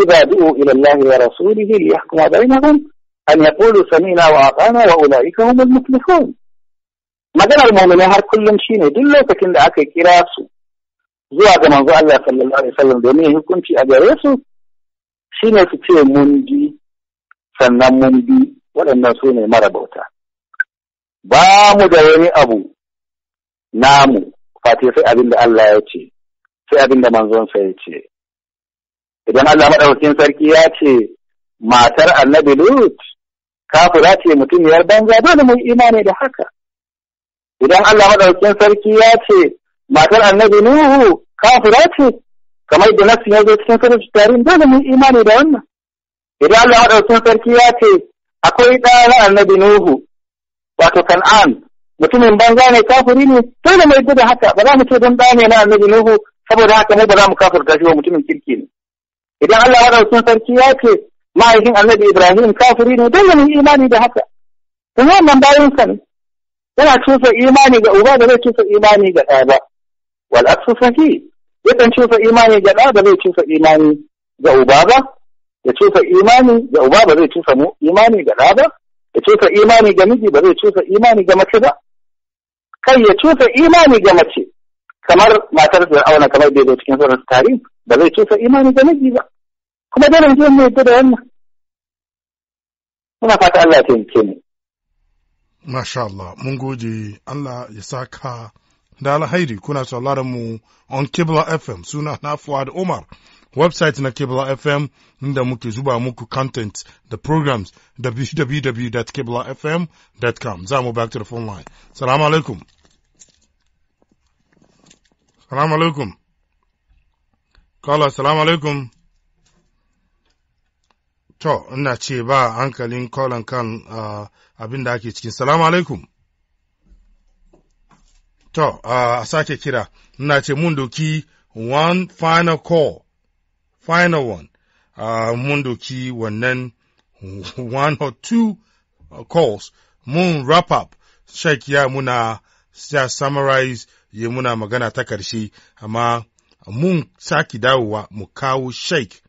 idza du'u ila Allah wa rasulihi liyahkuma bainahum an yaqulu sami'na wa ata'na wa ulaika humul muflihun maganar mu'mini har kullum shine duk lokacin da aka kira su zuwa ga manzo Allah sallallahu alaihi wasallam domin hukunci a gare su shine su ce mun ji sannan mun bi waɗannan su ne mara bauta ba mu da wani abu namu Fati sai abin da Allah ya ce sai abin da manzonsa ya ce idan Allah maɗaukin sarki ya ce matar annabi Lut kafira ce yar banza dole mun imani da haka idan Allah maɗaukin sarki ya ce matar annabi Nuhu kafira ce kamar da nasu ya zo cikin sarki tarin dole mun imani da wannan idan Allah maɗaukin sarki ya ce akwai ɗa na annabi Nuhu wato Kan'an mutumin banza ne kafiri ne dole mai da haka ba za mu ce don ɗaya ne na annabi nuhu saboda haka mu ba za mu kafirta shi ba mutumin kirki ne idan Allah ya dauki sarki ya ce ma'aikin annabi Ibrahim kafiri ne dole mu imani da haka kuma wannan bayan sa ne yana cusa imani ga uba da zai cusa imani ga ɗaya ba wal aksu sahih yakan cusa imani ga ɗa ba zai cusa imani ga uba ba ya cusa imani ga uba ba zai cusa imani ga ɗa ba ya cusa imani ga miji ba zai cusa imani ga mace ba kai ya cuta imani ga mace kamar matar fir'auna kamar da ya cikin surar tari ba zai cuta imani ga miji ba kuma dole ne mu yadda da wannan muna fata Allah ya taimake ni Masha Allah, mun gode Allah ya saka da alhairi kuna sauraron mu on Kibla FM suna na Fuad Omar Website na Kibla FM inda muke zuba muku content da programs www.kiblafm.com. Za mu back to the phone line. Salamu alaikum. salaamu alaikum kala salaamu alaikum to ina ce ba hankalin kolon kan ah, abin da ake cikin salamu alaikum to ah, a sake kira ina ce mun doki one final call final one ah, mun doki wannan one or two calls mun wrap up shek ya muna summarize yi muna magana ta ƙarshe amma mun saki dawowa mu kawo sheik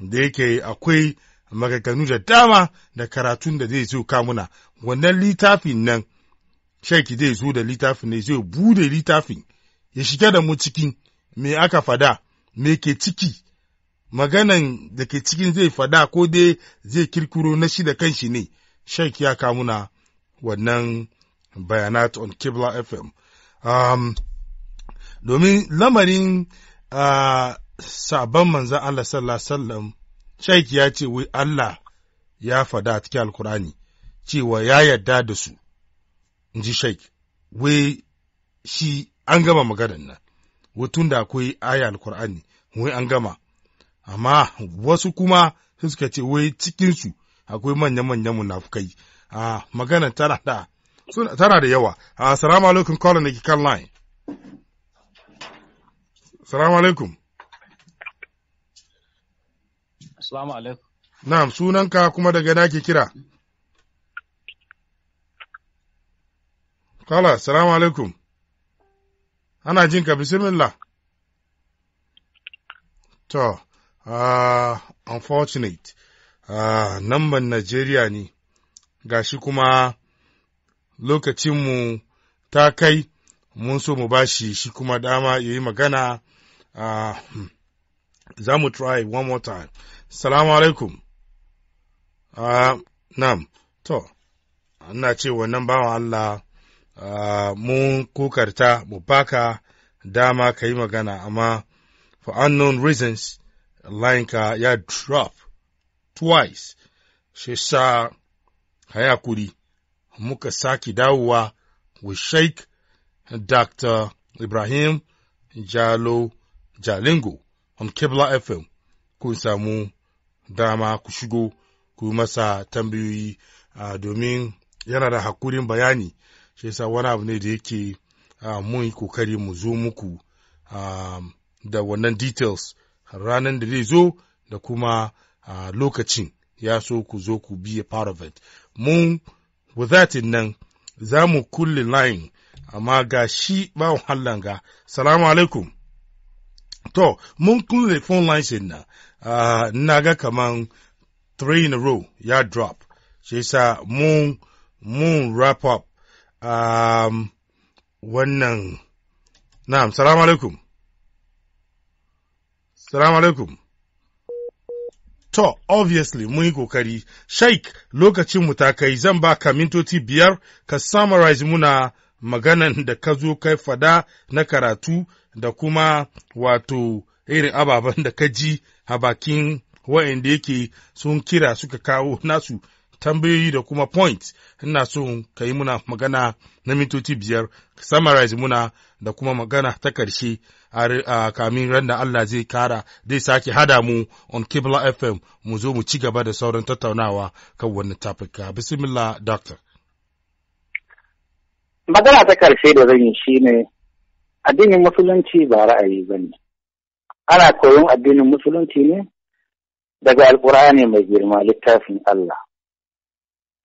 da yake akwai magaganu da dama da karatun da zai zo kamuna wannan littafin nan sheik zai zo da littafin ne zai bude littafin ya shiga da mu cikin me aka fada me ke ciki maganan da ke cikin zai fada ko dai zai kirkiro na shi da kanshi ne sheik ya kamuna wannan bayanat on kibla fm Um, domin lamarin uh, sabon manzan Allah sallallahu Alaihi Sheikh ya ce wai Allah ya fada a cikin Alkur'ani cewa ya yarda da su, in ji Sheikh, wai shi an gama maganar nan, wutun da akwai aya Alkur'ani, wai an gama, amma wasu kuma suka ce wai cikinsu akwai manya-manyan munafukai, a ah, maganar tana da tana da yawa assalamu ah, alaikum calling da ke kan line assalamu alaikum assalamu alaikum na'am sunanka kuma daga na ke kira kala assalamu alaikum ana jin ka bismillah to uh, unfortunate uh, ah, ban Najeriya ne gashi kuma lokacinmu ta kai mun so mu ba shi shi kuma dama ya yi magana ah, hmm. za mu try one more time salamu alaikum ah, nam to ana ce wannan bawan Allah ah, mun kokarta mu baka dama ka yi magana amma for unknown reasons linka ya drop twice shi sa haya kuri. muka sake dawowa wa Sheikh Dr. Ibrahim Jalo Jalingo on Kebla FM kun samu dama ku shigo ku masa tambayoyi domin yana da hakurin bayani shi yasa wani abu ne da yake mun yi kokari mu zo muku da wannan details ranar da zai zo da kuma lokacin ya so ku zo ku biya part of it mun wazatin nan za mu kulle line amma ga shi ba wahalan ga salamu alaikum to mun kulle phone shi ah, na na ga kaman three in a row ya drop shi sa mun mun wrap up um, wannan na'am salamu alaikum salamu alaikum To, obviously mun yi kokari. Sheikh lokacin mu ta kai zan ba ka mintoci biyar ka summarize muna maganan da ka zo kai fada na karatu da kuma wato irin ababen da ka ji a bakin wa'anda yake sun kira suka kawo nasu tambayoyi da kuma point ina so ka yi muna magana na mintoci biyar summarize muna da kuma magana ta ƙarshe a kamin ran da Allah zai kara zai sake hada mu on Kibla FM mu zo mu ci gaba da sauran tattaunawa kan wannan tafika. Bismillah, Doctor. Magana ta ƙarshe da zan yi shi ne addinin musulunci ba ra'ayi ba ne. Ana koyon addinin musulunci ne daga alƙur'ani mai girma littafin Allah.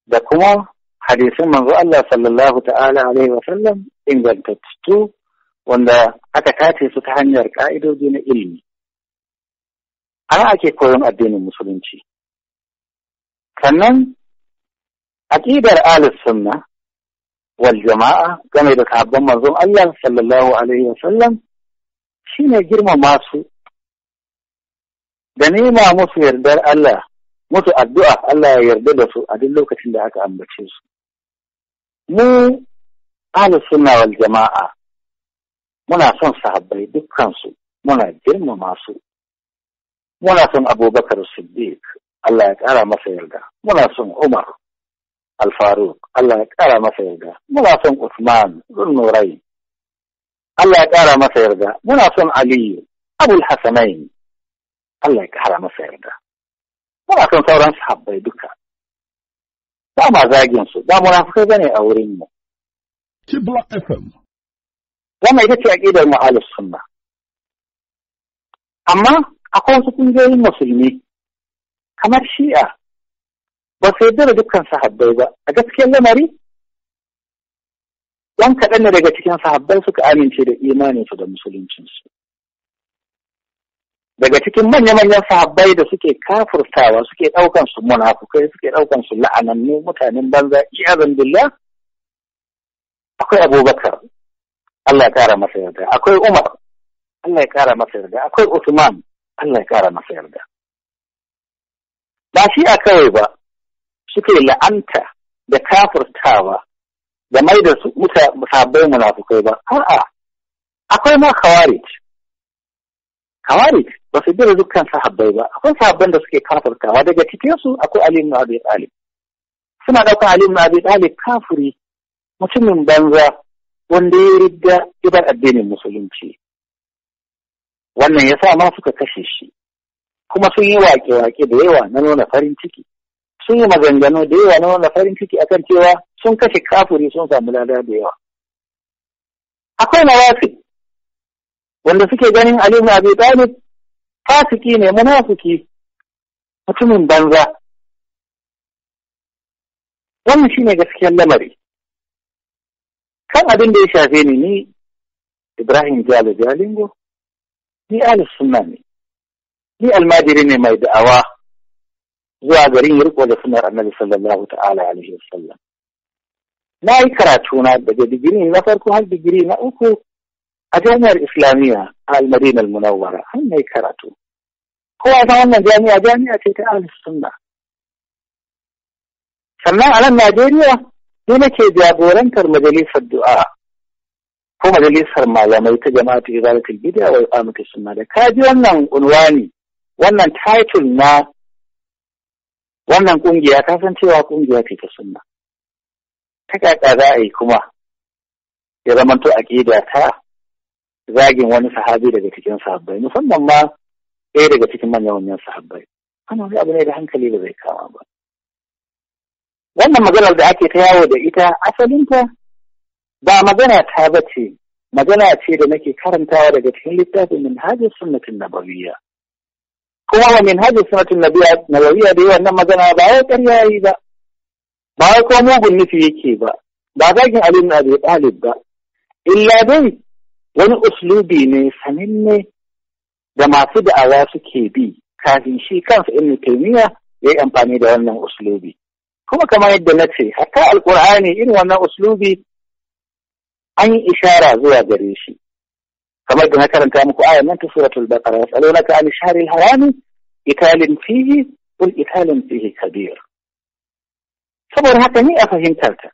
Da kuma hadisin manzo Allah sallallahu ta'ala alaihi wa sallam ingantattu wanda aka tace su ta hanyar ƙa'idoji na ilimi. An ake koyon addinin musulunci. Sannan, aƙidar Alis Sunna wal jama'a game da sahabban manzon Allah sallallahu Alaihi wasallam shi ne girmama su da nema musu yardar Allah, musu addu'a Allah ya yarda da su a duk lokacin da aka ambace su. Mu Alis Sunna wal jama'a munaasan sahabbai dukkansu muna girmamaasu munaasan abubakar sidiq allah ya kara masa yarda munaasan umar alfaruq allah ya kara masa yarda munaasan usman zunnurain allah ya kara masa yarda munaasan aliyu abulhasanain allah ya kara masa yarda munaasan sauran sahabbai duka ba ma zagin su ba munafikai bane a wurin mu wannan ita ce aƙidar mu sunna amma akwai wasu ƙungiyoyin musulmi kamar shi'a ba su yarda da dukkan sahabbai ba a gaskiyar lamari ɗan kaɗan ne daga cikin sahabbai suka amince da imaninsu da musuluncinsu daga cikin manya-manyan sahabbai da suke kafurtawa suke ɗaukan su munafukai suke ɗaukan su la'anannu mutanen banza iyazan billah akwai abubakar Allah ya kara masa yarda akwai Umar Allah ya kara masa yarda akwai Usman Allah ya kara masa yarda ba shi a kawai ba suke la'anta da kafurtawa da mai da su sabbin munafukai ba a'a akwai ma khawarij khawarij ba su bira dukkan sahabbai ba akwai sahabban da suke kafurtawa daga cikin su akwai Ali ibn Abi Talib suna ɗaukar Ali ibn Abi Talib kafiri mutumin banza wanda ya ya bar addinin musulunci wannan ya sa ma suka kashe shi kuma sun yi wake-wake da yawa na nuna farin ciki sun yi maganganu da yawa na nuna farin ciki akan cewa sun kashe kafuri sun samu lada da yawa akwai nawafi wanda suke ganin Ali ibn Abi Talib fasiki ne munafiki mutumin banza wannan shi ne gaskiyar lamari kan abin da ya shafe ni ni Ibrahim Jalo Jalingo ni alif Sunna ne ni almajiri ne mai da'awa zuwa garin riko da sunar Annabi sallallahu ta'ala alaihi wasallam na yi karatu na daga digiri na farko har digiri na uku a jami'ar Islamiyya a Al-Madina an na yi karatu kowa ta wannan jami'a jami'a ce ta alif Sunna sannan a nan Najeriya Ni nake jagorantar majalisar du'a ko majalisar malamai ta jama'a ta izalatul bid'a wa iqamati sunna da kaji wannan unwani wannan title na wannan kungiya ta san cewa kungiya ce ta sunna ta kaka za a yi kuma ya zamanto gida ta zagin wani sahabi daga cikin sahabbai musamman ma ɗaya daga cikin manyan manyan sahabbai wannan abu ne da hankali ba zai kama ba wannan maganar da ake ta yawo da ita asalinta ba magana ta bace magana ce da nake karantawa daga cikin littafin minhajus sunnatin nabawiyya kuma wa minhajus sunnatin nabawiyya da wannan magana ba ya ƙarya yi ba ba ya ko mugun nufi yake ba ba zagin abin na bai ɗalib ba illa dai wani uslubi ne sananne da masu da'awa suke bi kafin shi kansa ibn Taymiyyah ya yi amfani da wannan uslubi kuma kamar yadda na ce hatta alkur'ani in wannan uslubi an yi ishara zuwa gare shi kamar da na karanta muku aya, nan ta suratul baqara yasalunaka an shahril haram italin fihi kul italin fihi kabir saboda haka ni a fahimtar ta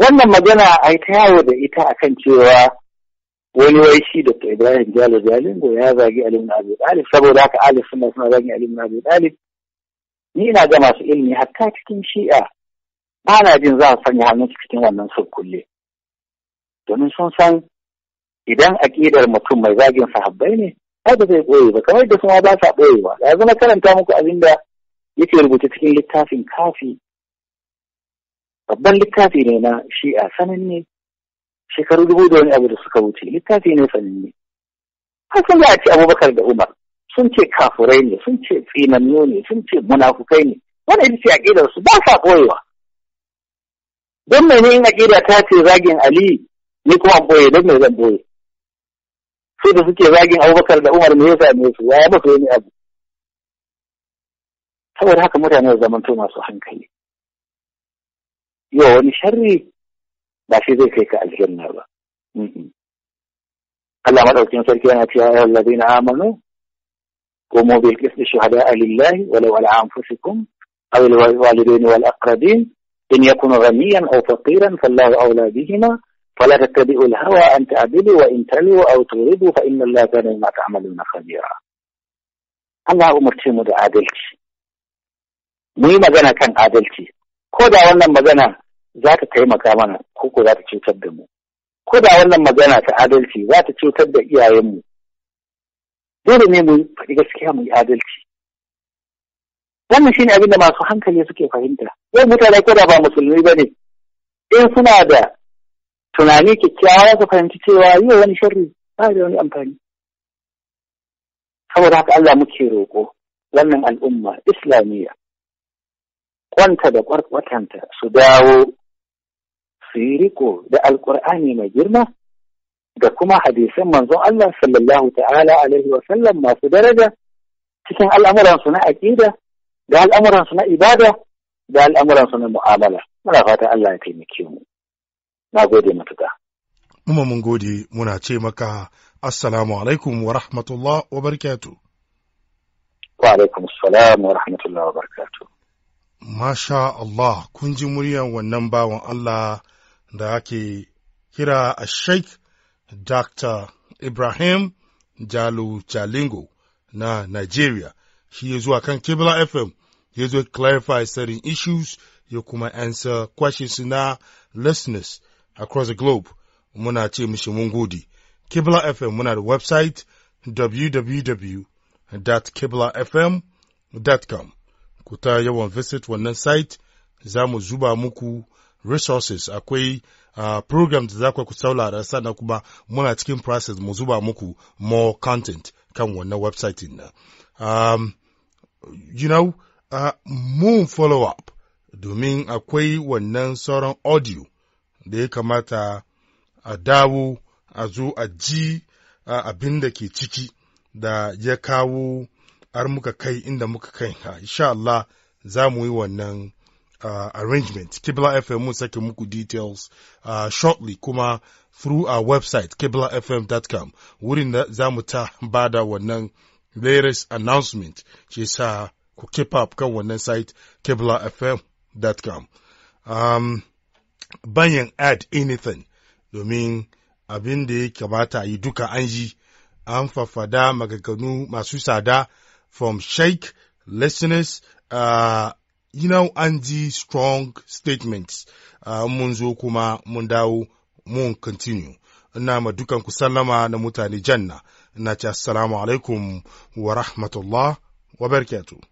wannan magana a ta yawo da ita akan cewa wani wai shi da Ibrahim Jalo Jalingo ya zagi Ali ibn Talib saboda haka Ali suna suna zagi Ali ibn Talib ni ina ga masu ilimi hatta cikin shi'a ba na jin za a sanya hannunsu cikin wannan surkulle domin sun san idan aƙidar mutum mai zagin sahabbai ne ai ba zai ɓoye ba kamar da suma ba sa ba. zama zama karanta muku abin da yake rubuta cikin littafin kafi babban littafi ne na shi'a sananne shekaru dubu da wani abu da suka wuce littafi ne sananne har sun za a ci abubakar da umar sun ce kafurai ne sun ce tsinannu ne sun ce munafukai ne wani ita ce aƙidar su ba sa ɓoyewa don mene in aƙida ta ce zagin ali ni kuma ɓoye don me zan ɓoye sai da suke zagin abubakar da umar me yasa ne su ya ba su wani abu saboda haka mutane zamanto masu hankali yau wani sharri ba shi zai kai ka aljanna ba Allah madaukin sarki yana cewa ayyuhal ladina amanu قوموا بالقسط شهداء لله ولو على انفسكم او الوالدين والاقربين ان يكن غنيا او فقيرا فالله اولى بهما فلا تتبعوا الهوى ان تعبدوا وان تلوا او تغلبوا فان الله كان ما تعملون خبيرا. الله امرتي مدى عادلتي. مي مزنا كان عادلتي. كودا وانا مزنا ذات تيمة كامانا كوكو ذات تشوتب مو. كودا وانا مزنا تعادلتي ذات تشوتب يا يمو. dole ne mu faɗi gaskiya mu yi adalci wannan shine abin da masu hankali suke fahimta yau mutane ko da ba musulmi ba ne in suna da tunani kyakkyawa su fahimci cewa yi wa wani sharri ba da wani amfani saboda haka Allah muke roƙo wannan al'umma islamiyya kwanta da kwarkwatanta su dawo su yi riko da alkur'ani mai girma da kuma hadisan manzon Allah sallallahu ta'ala alaihi wa sallam masu daraja cikin al'amuransu na aƙida da al'amuransu na ibada da al'amuransu na mu'amala muna fata Allah ya taimake mu na gode matuƙa kuma mun gode muna ce maka assalamu alaikum wa rahmatullah wa barakatuh wa alaikum assalam wa rahmatullah wa barakatuh Masha Allah, kun ji muryar wannan bawan Allah da ake kira a Sheikh Dr. Ibrahim Jalo Jalingo na Nigeria shi ya zuwa kan Kibla FM ya zo clarify certain issues ya kuma answer questions na listeners across the globe. Muna ce mishi mun gode. Kibla FM muna da website www.kiblafm.com. Ku ta yawan visit wannan site za mu zuba muku resources akwai uh, program da za ku saurara sannan kuma muna cikin process mu zuba muku more content kan wannan website na. Um, you know, uh, mun follow up domin akwai wannan sauran audio da ya kamata a dawo a zo a ji a uh, abin da ke ciki da ya kawo har muka kai inda muka kai. Insha Allah za mu yi wannan uh, arrangement. Kibla FM mun sake muku details uh, shortly kuma through our website kiblafm.com wurin da za ta bada wannan latest announcement shi sa ku keep up kan wannan site kiblafm.com. Um, bayan add anything domin abin da ya kamata yi duka an ji an fafada magaganu masu sada from sheikh listeners uh, you know, an ji strong statements uh, mun zo kuma mun dawo mun continue. Ina ma dukan ku sallama na mutane janna, ina ce assalamu alaikum wa rahmatullah wa barakatuh.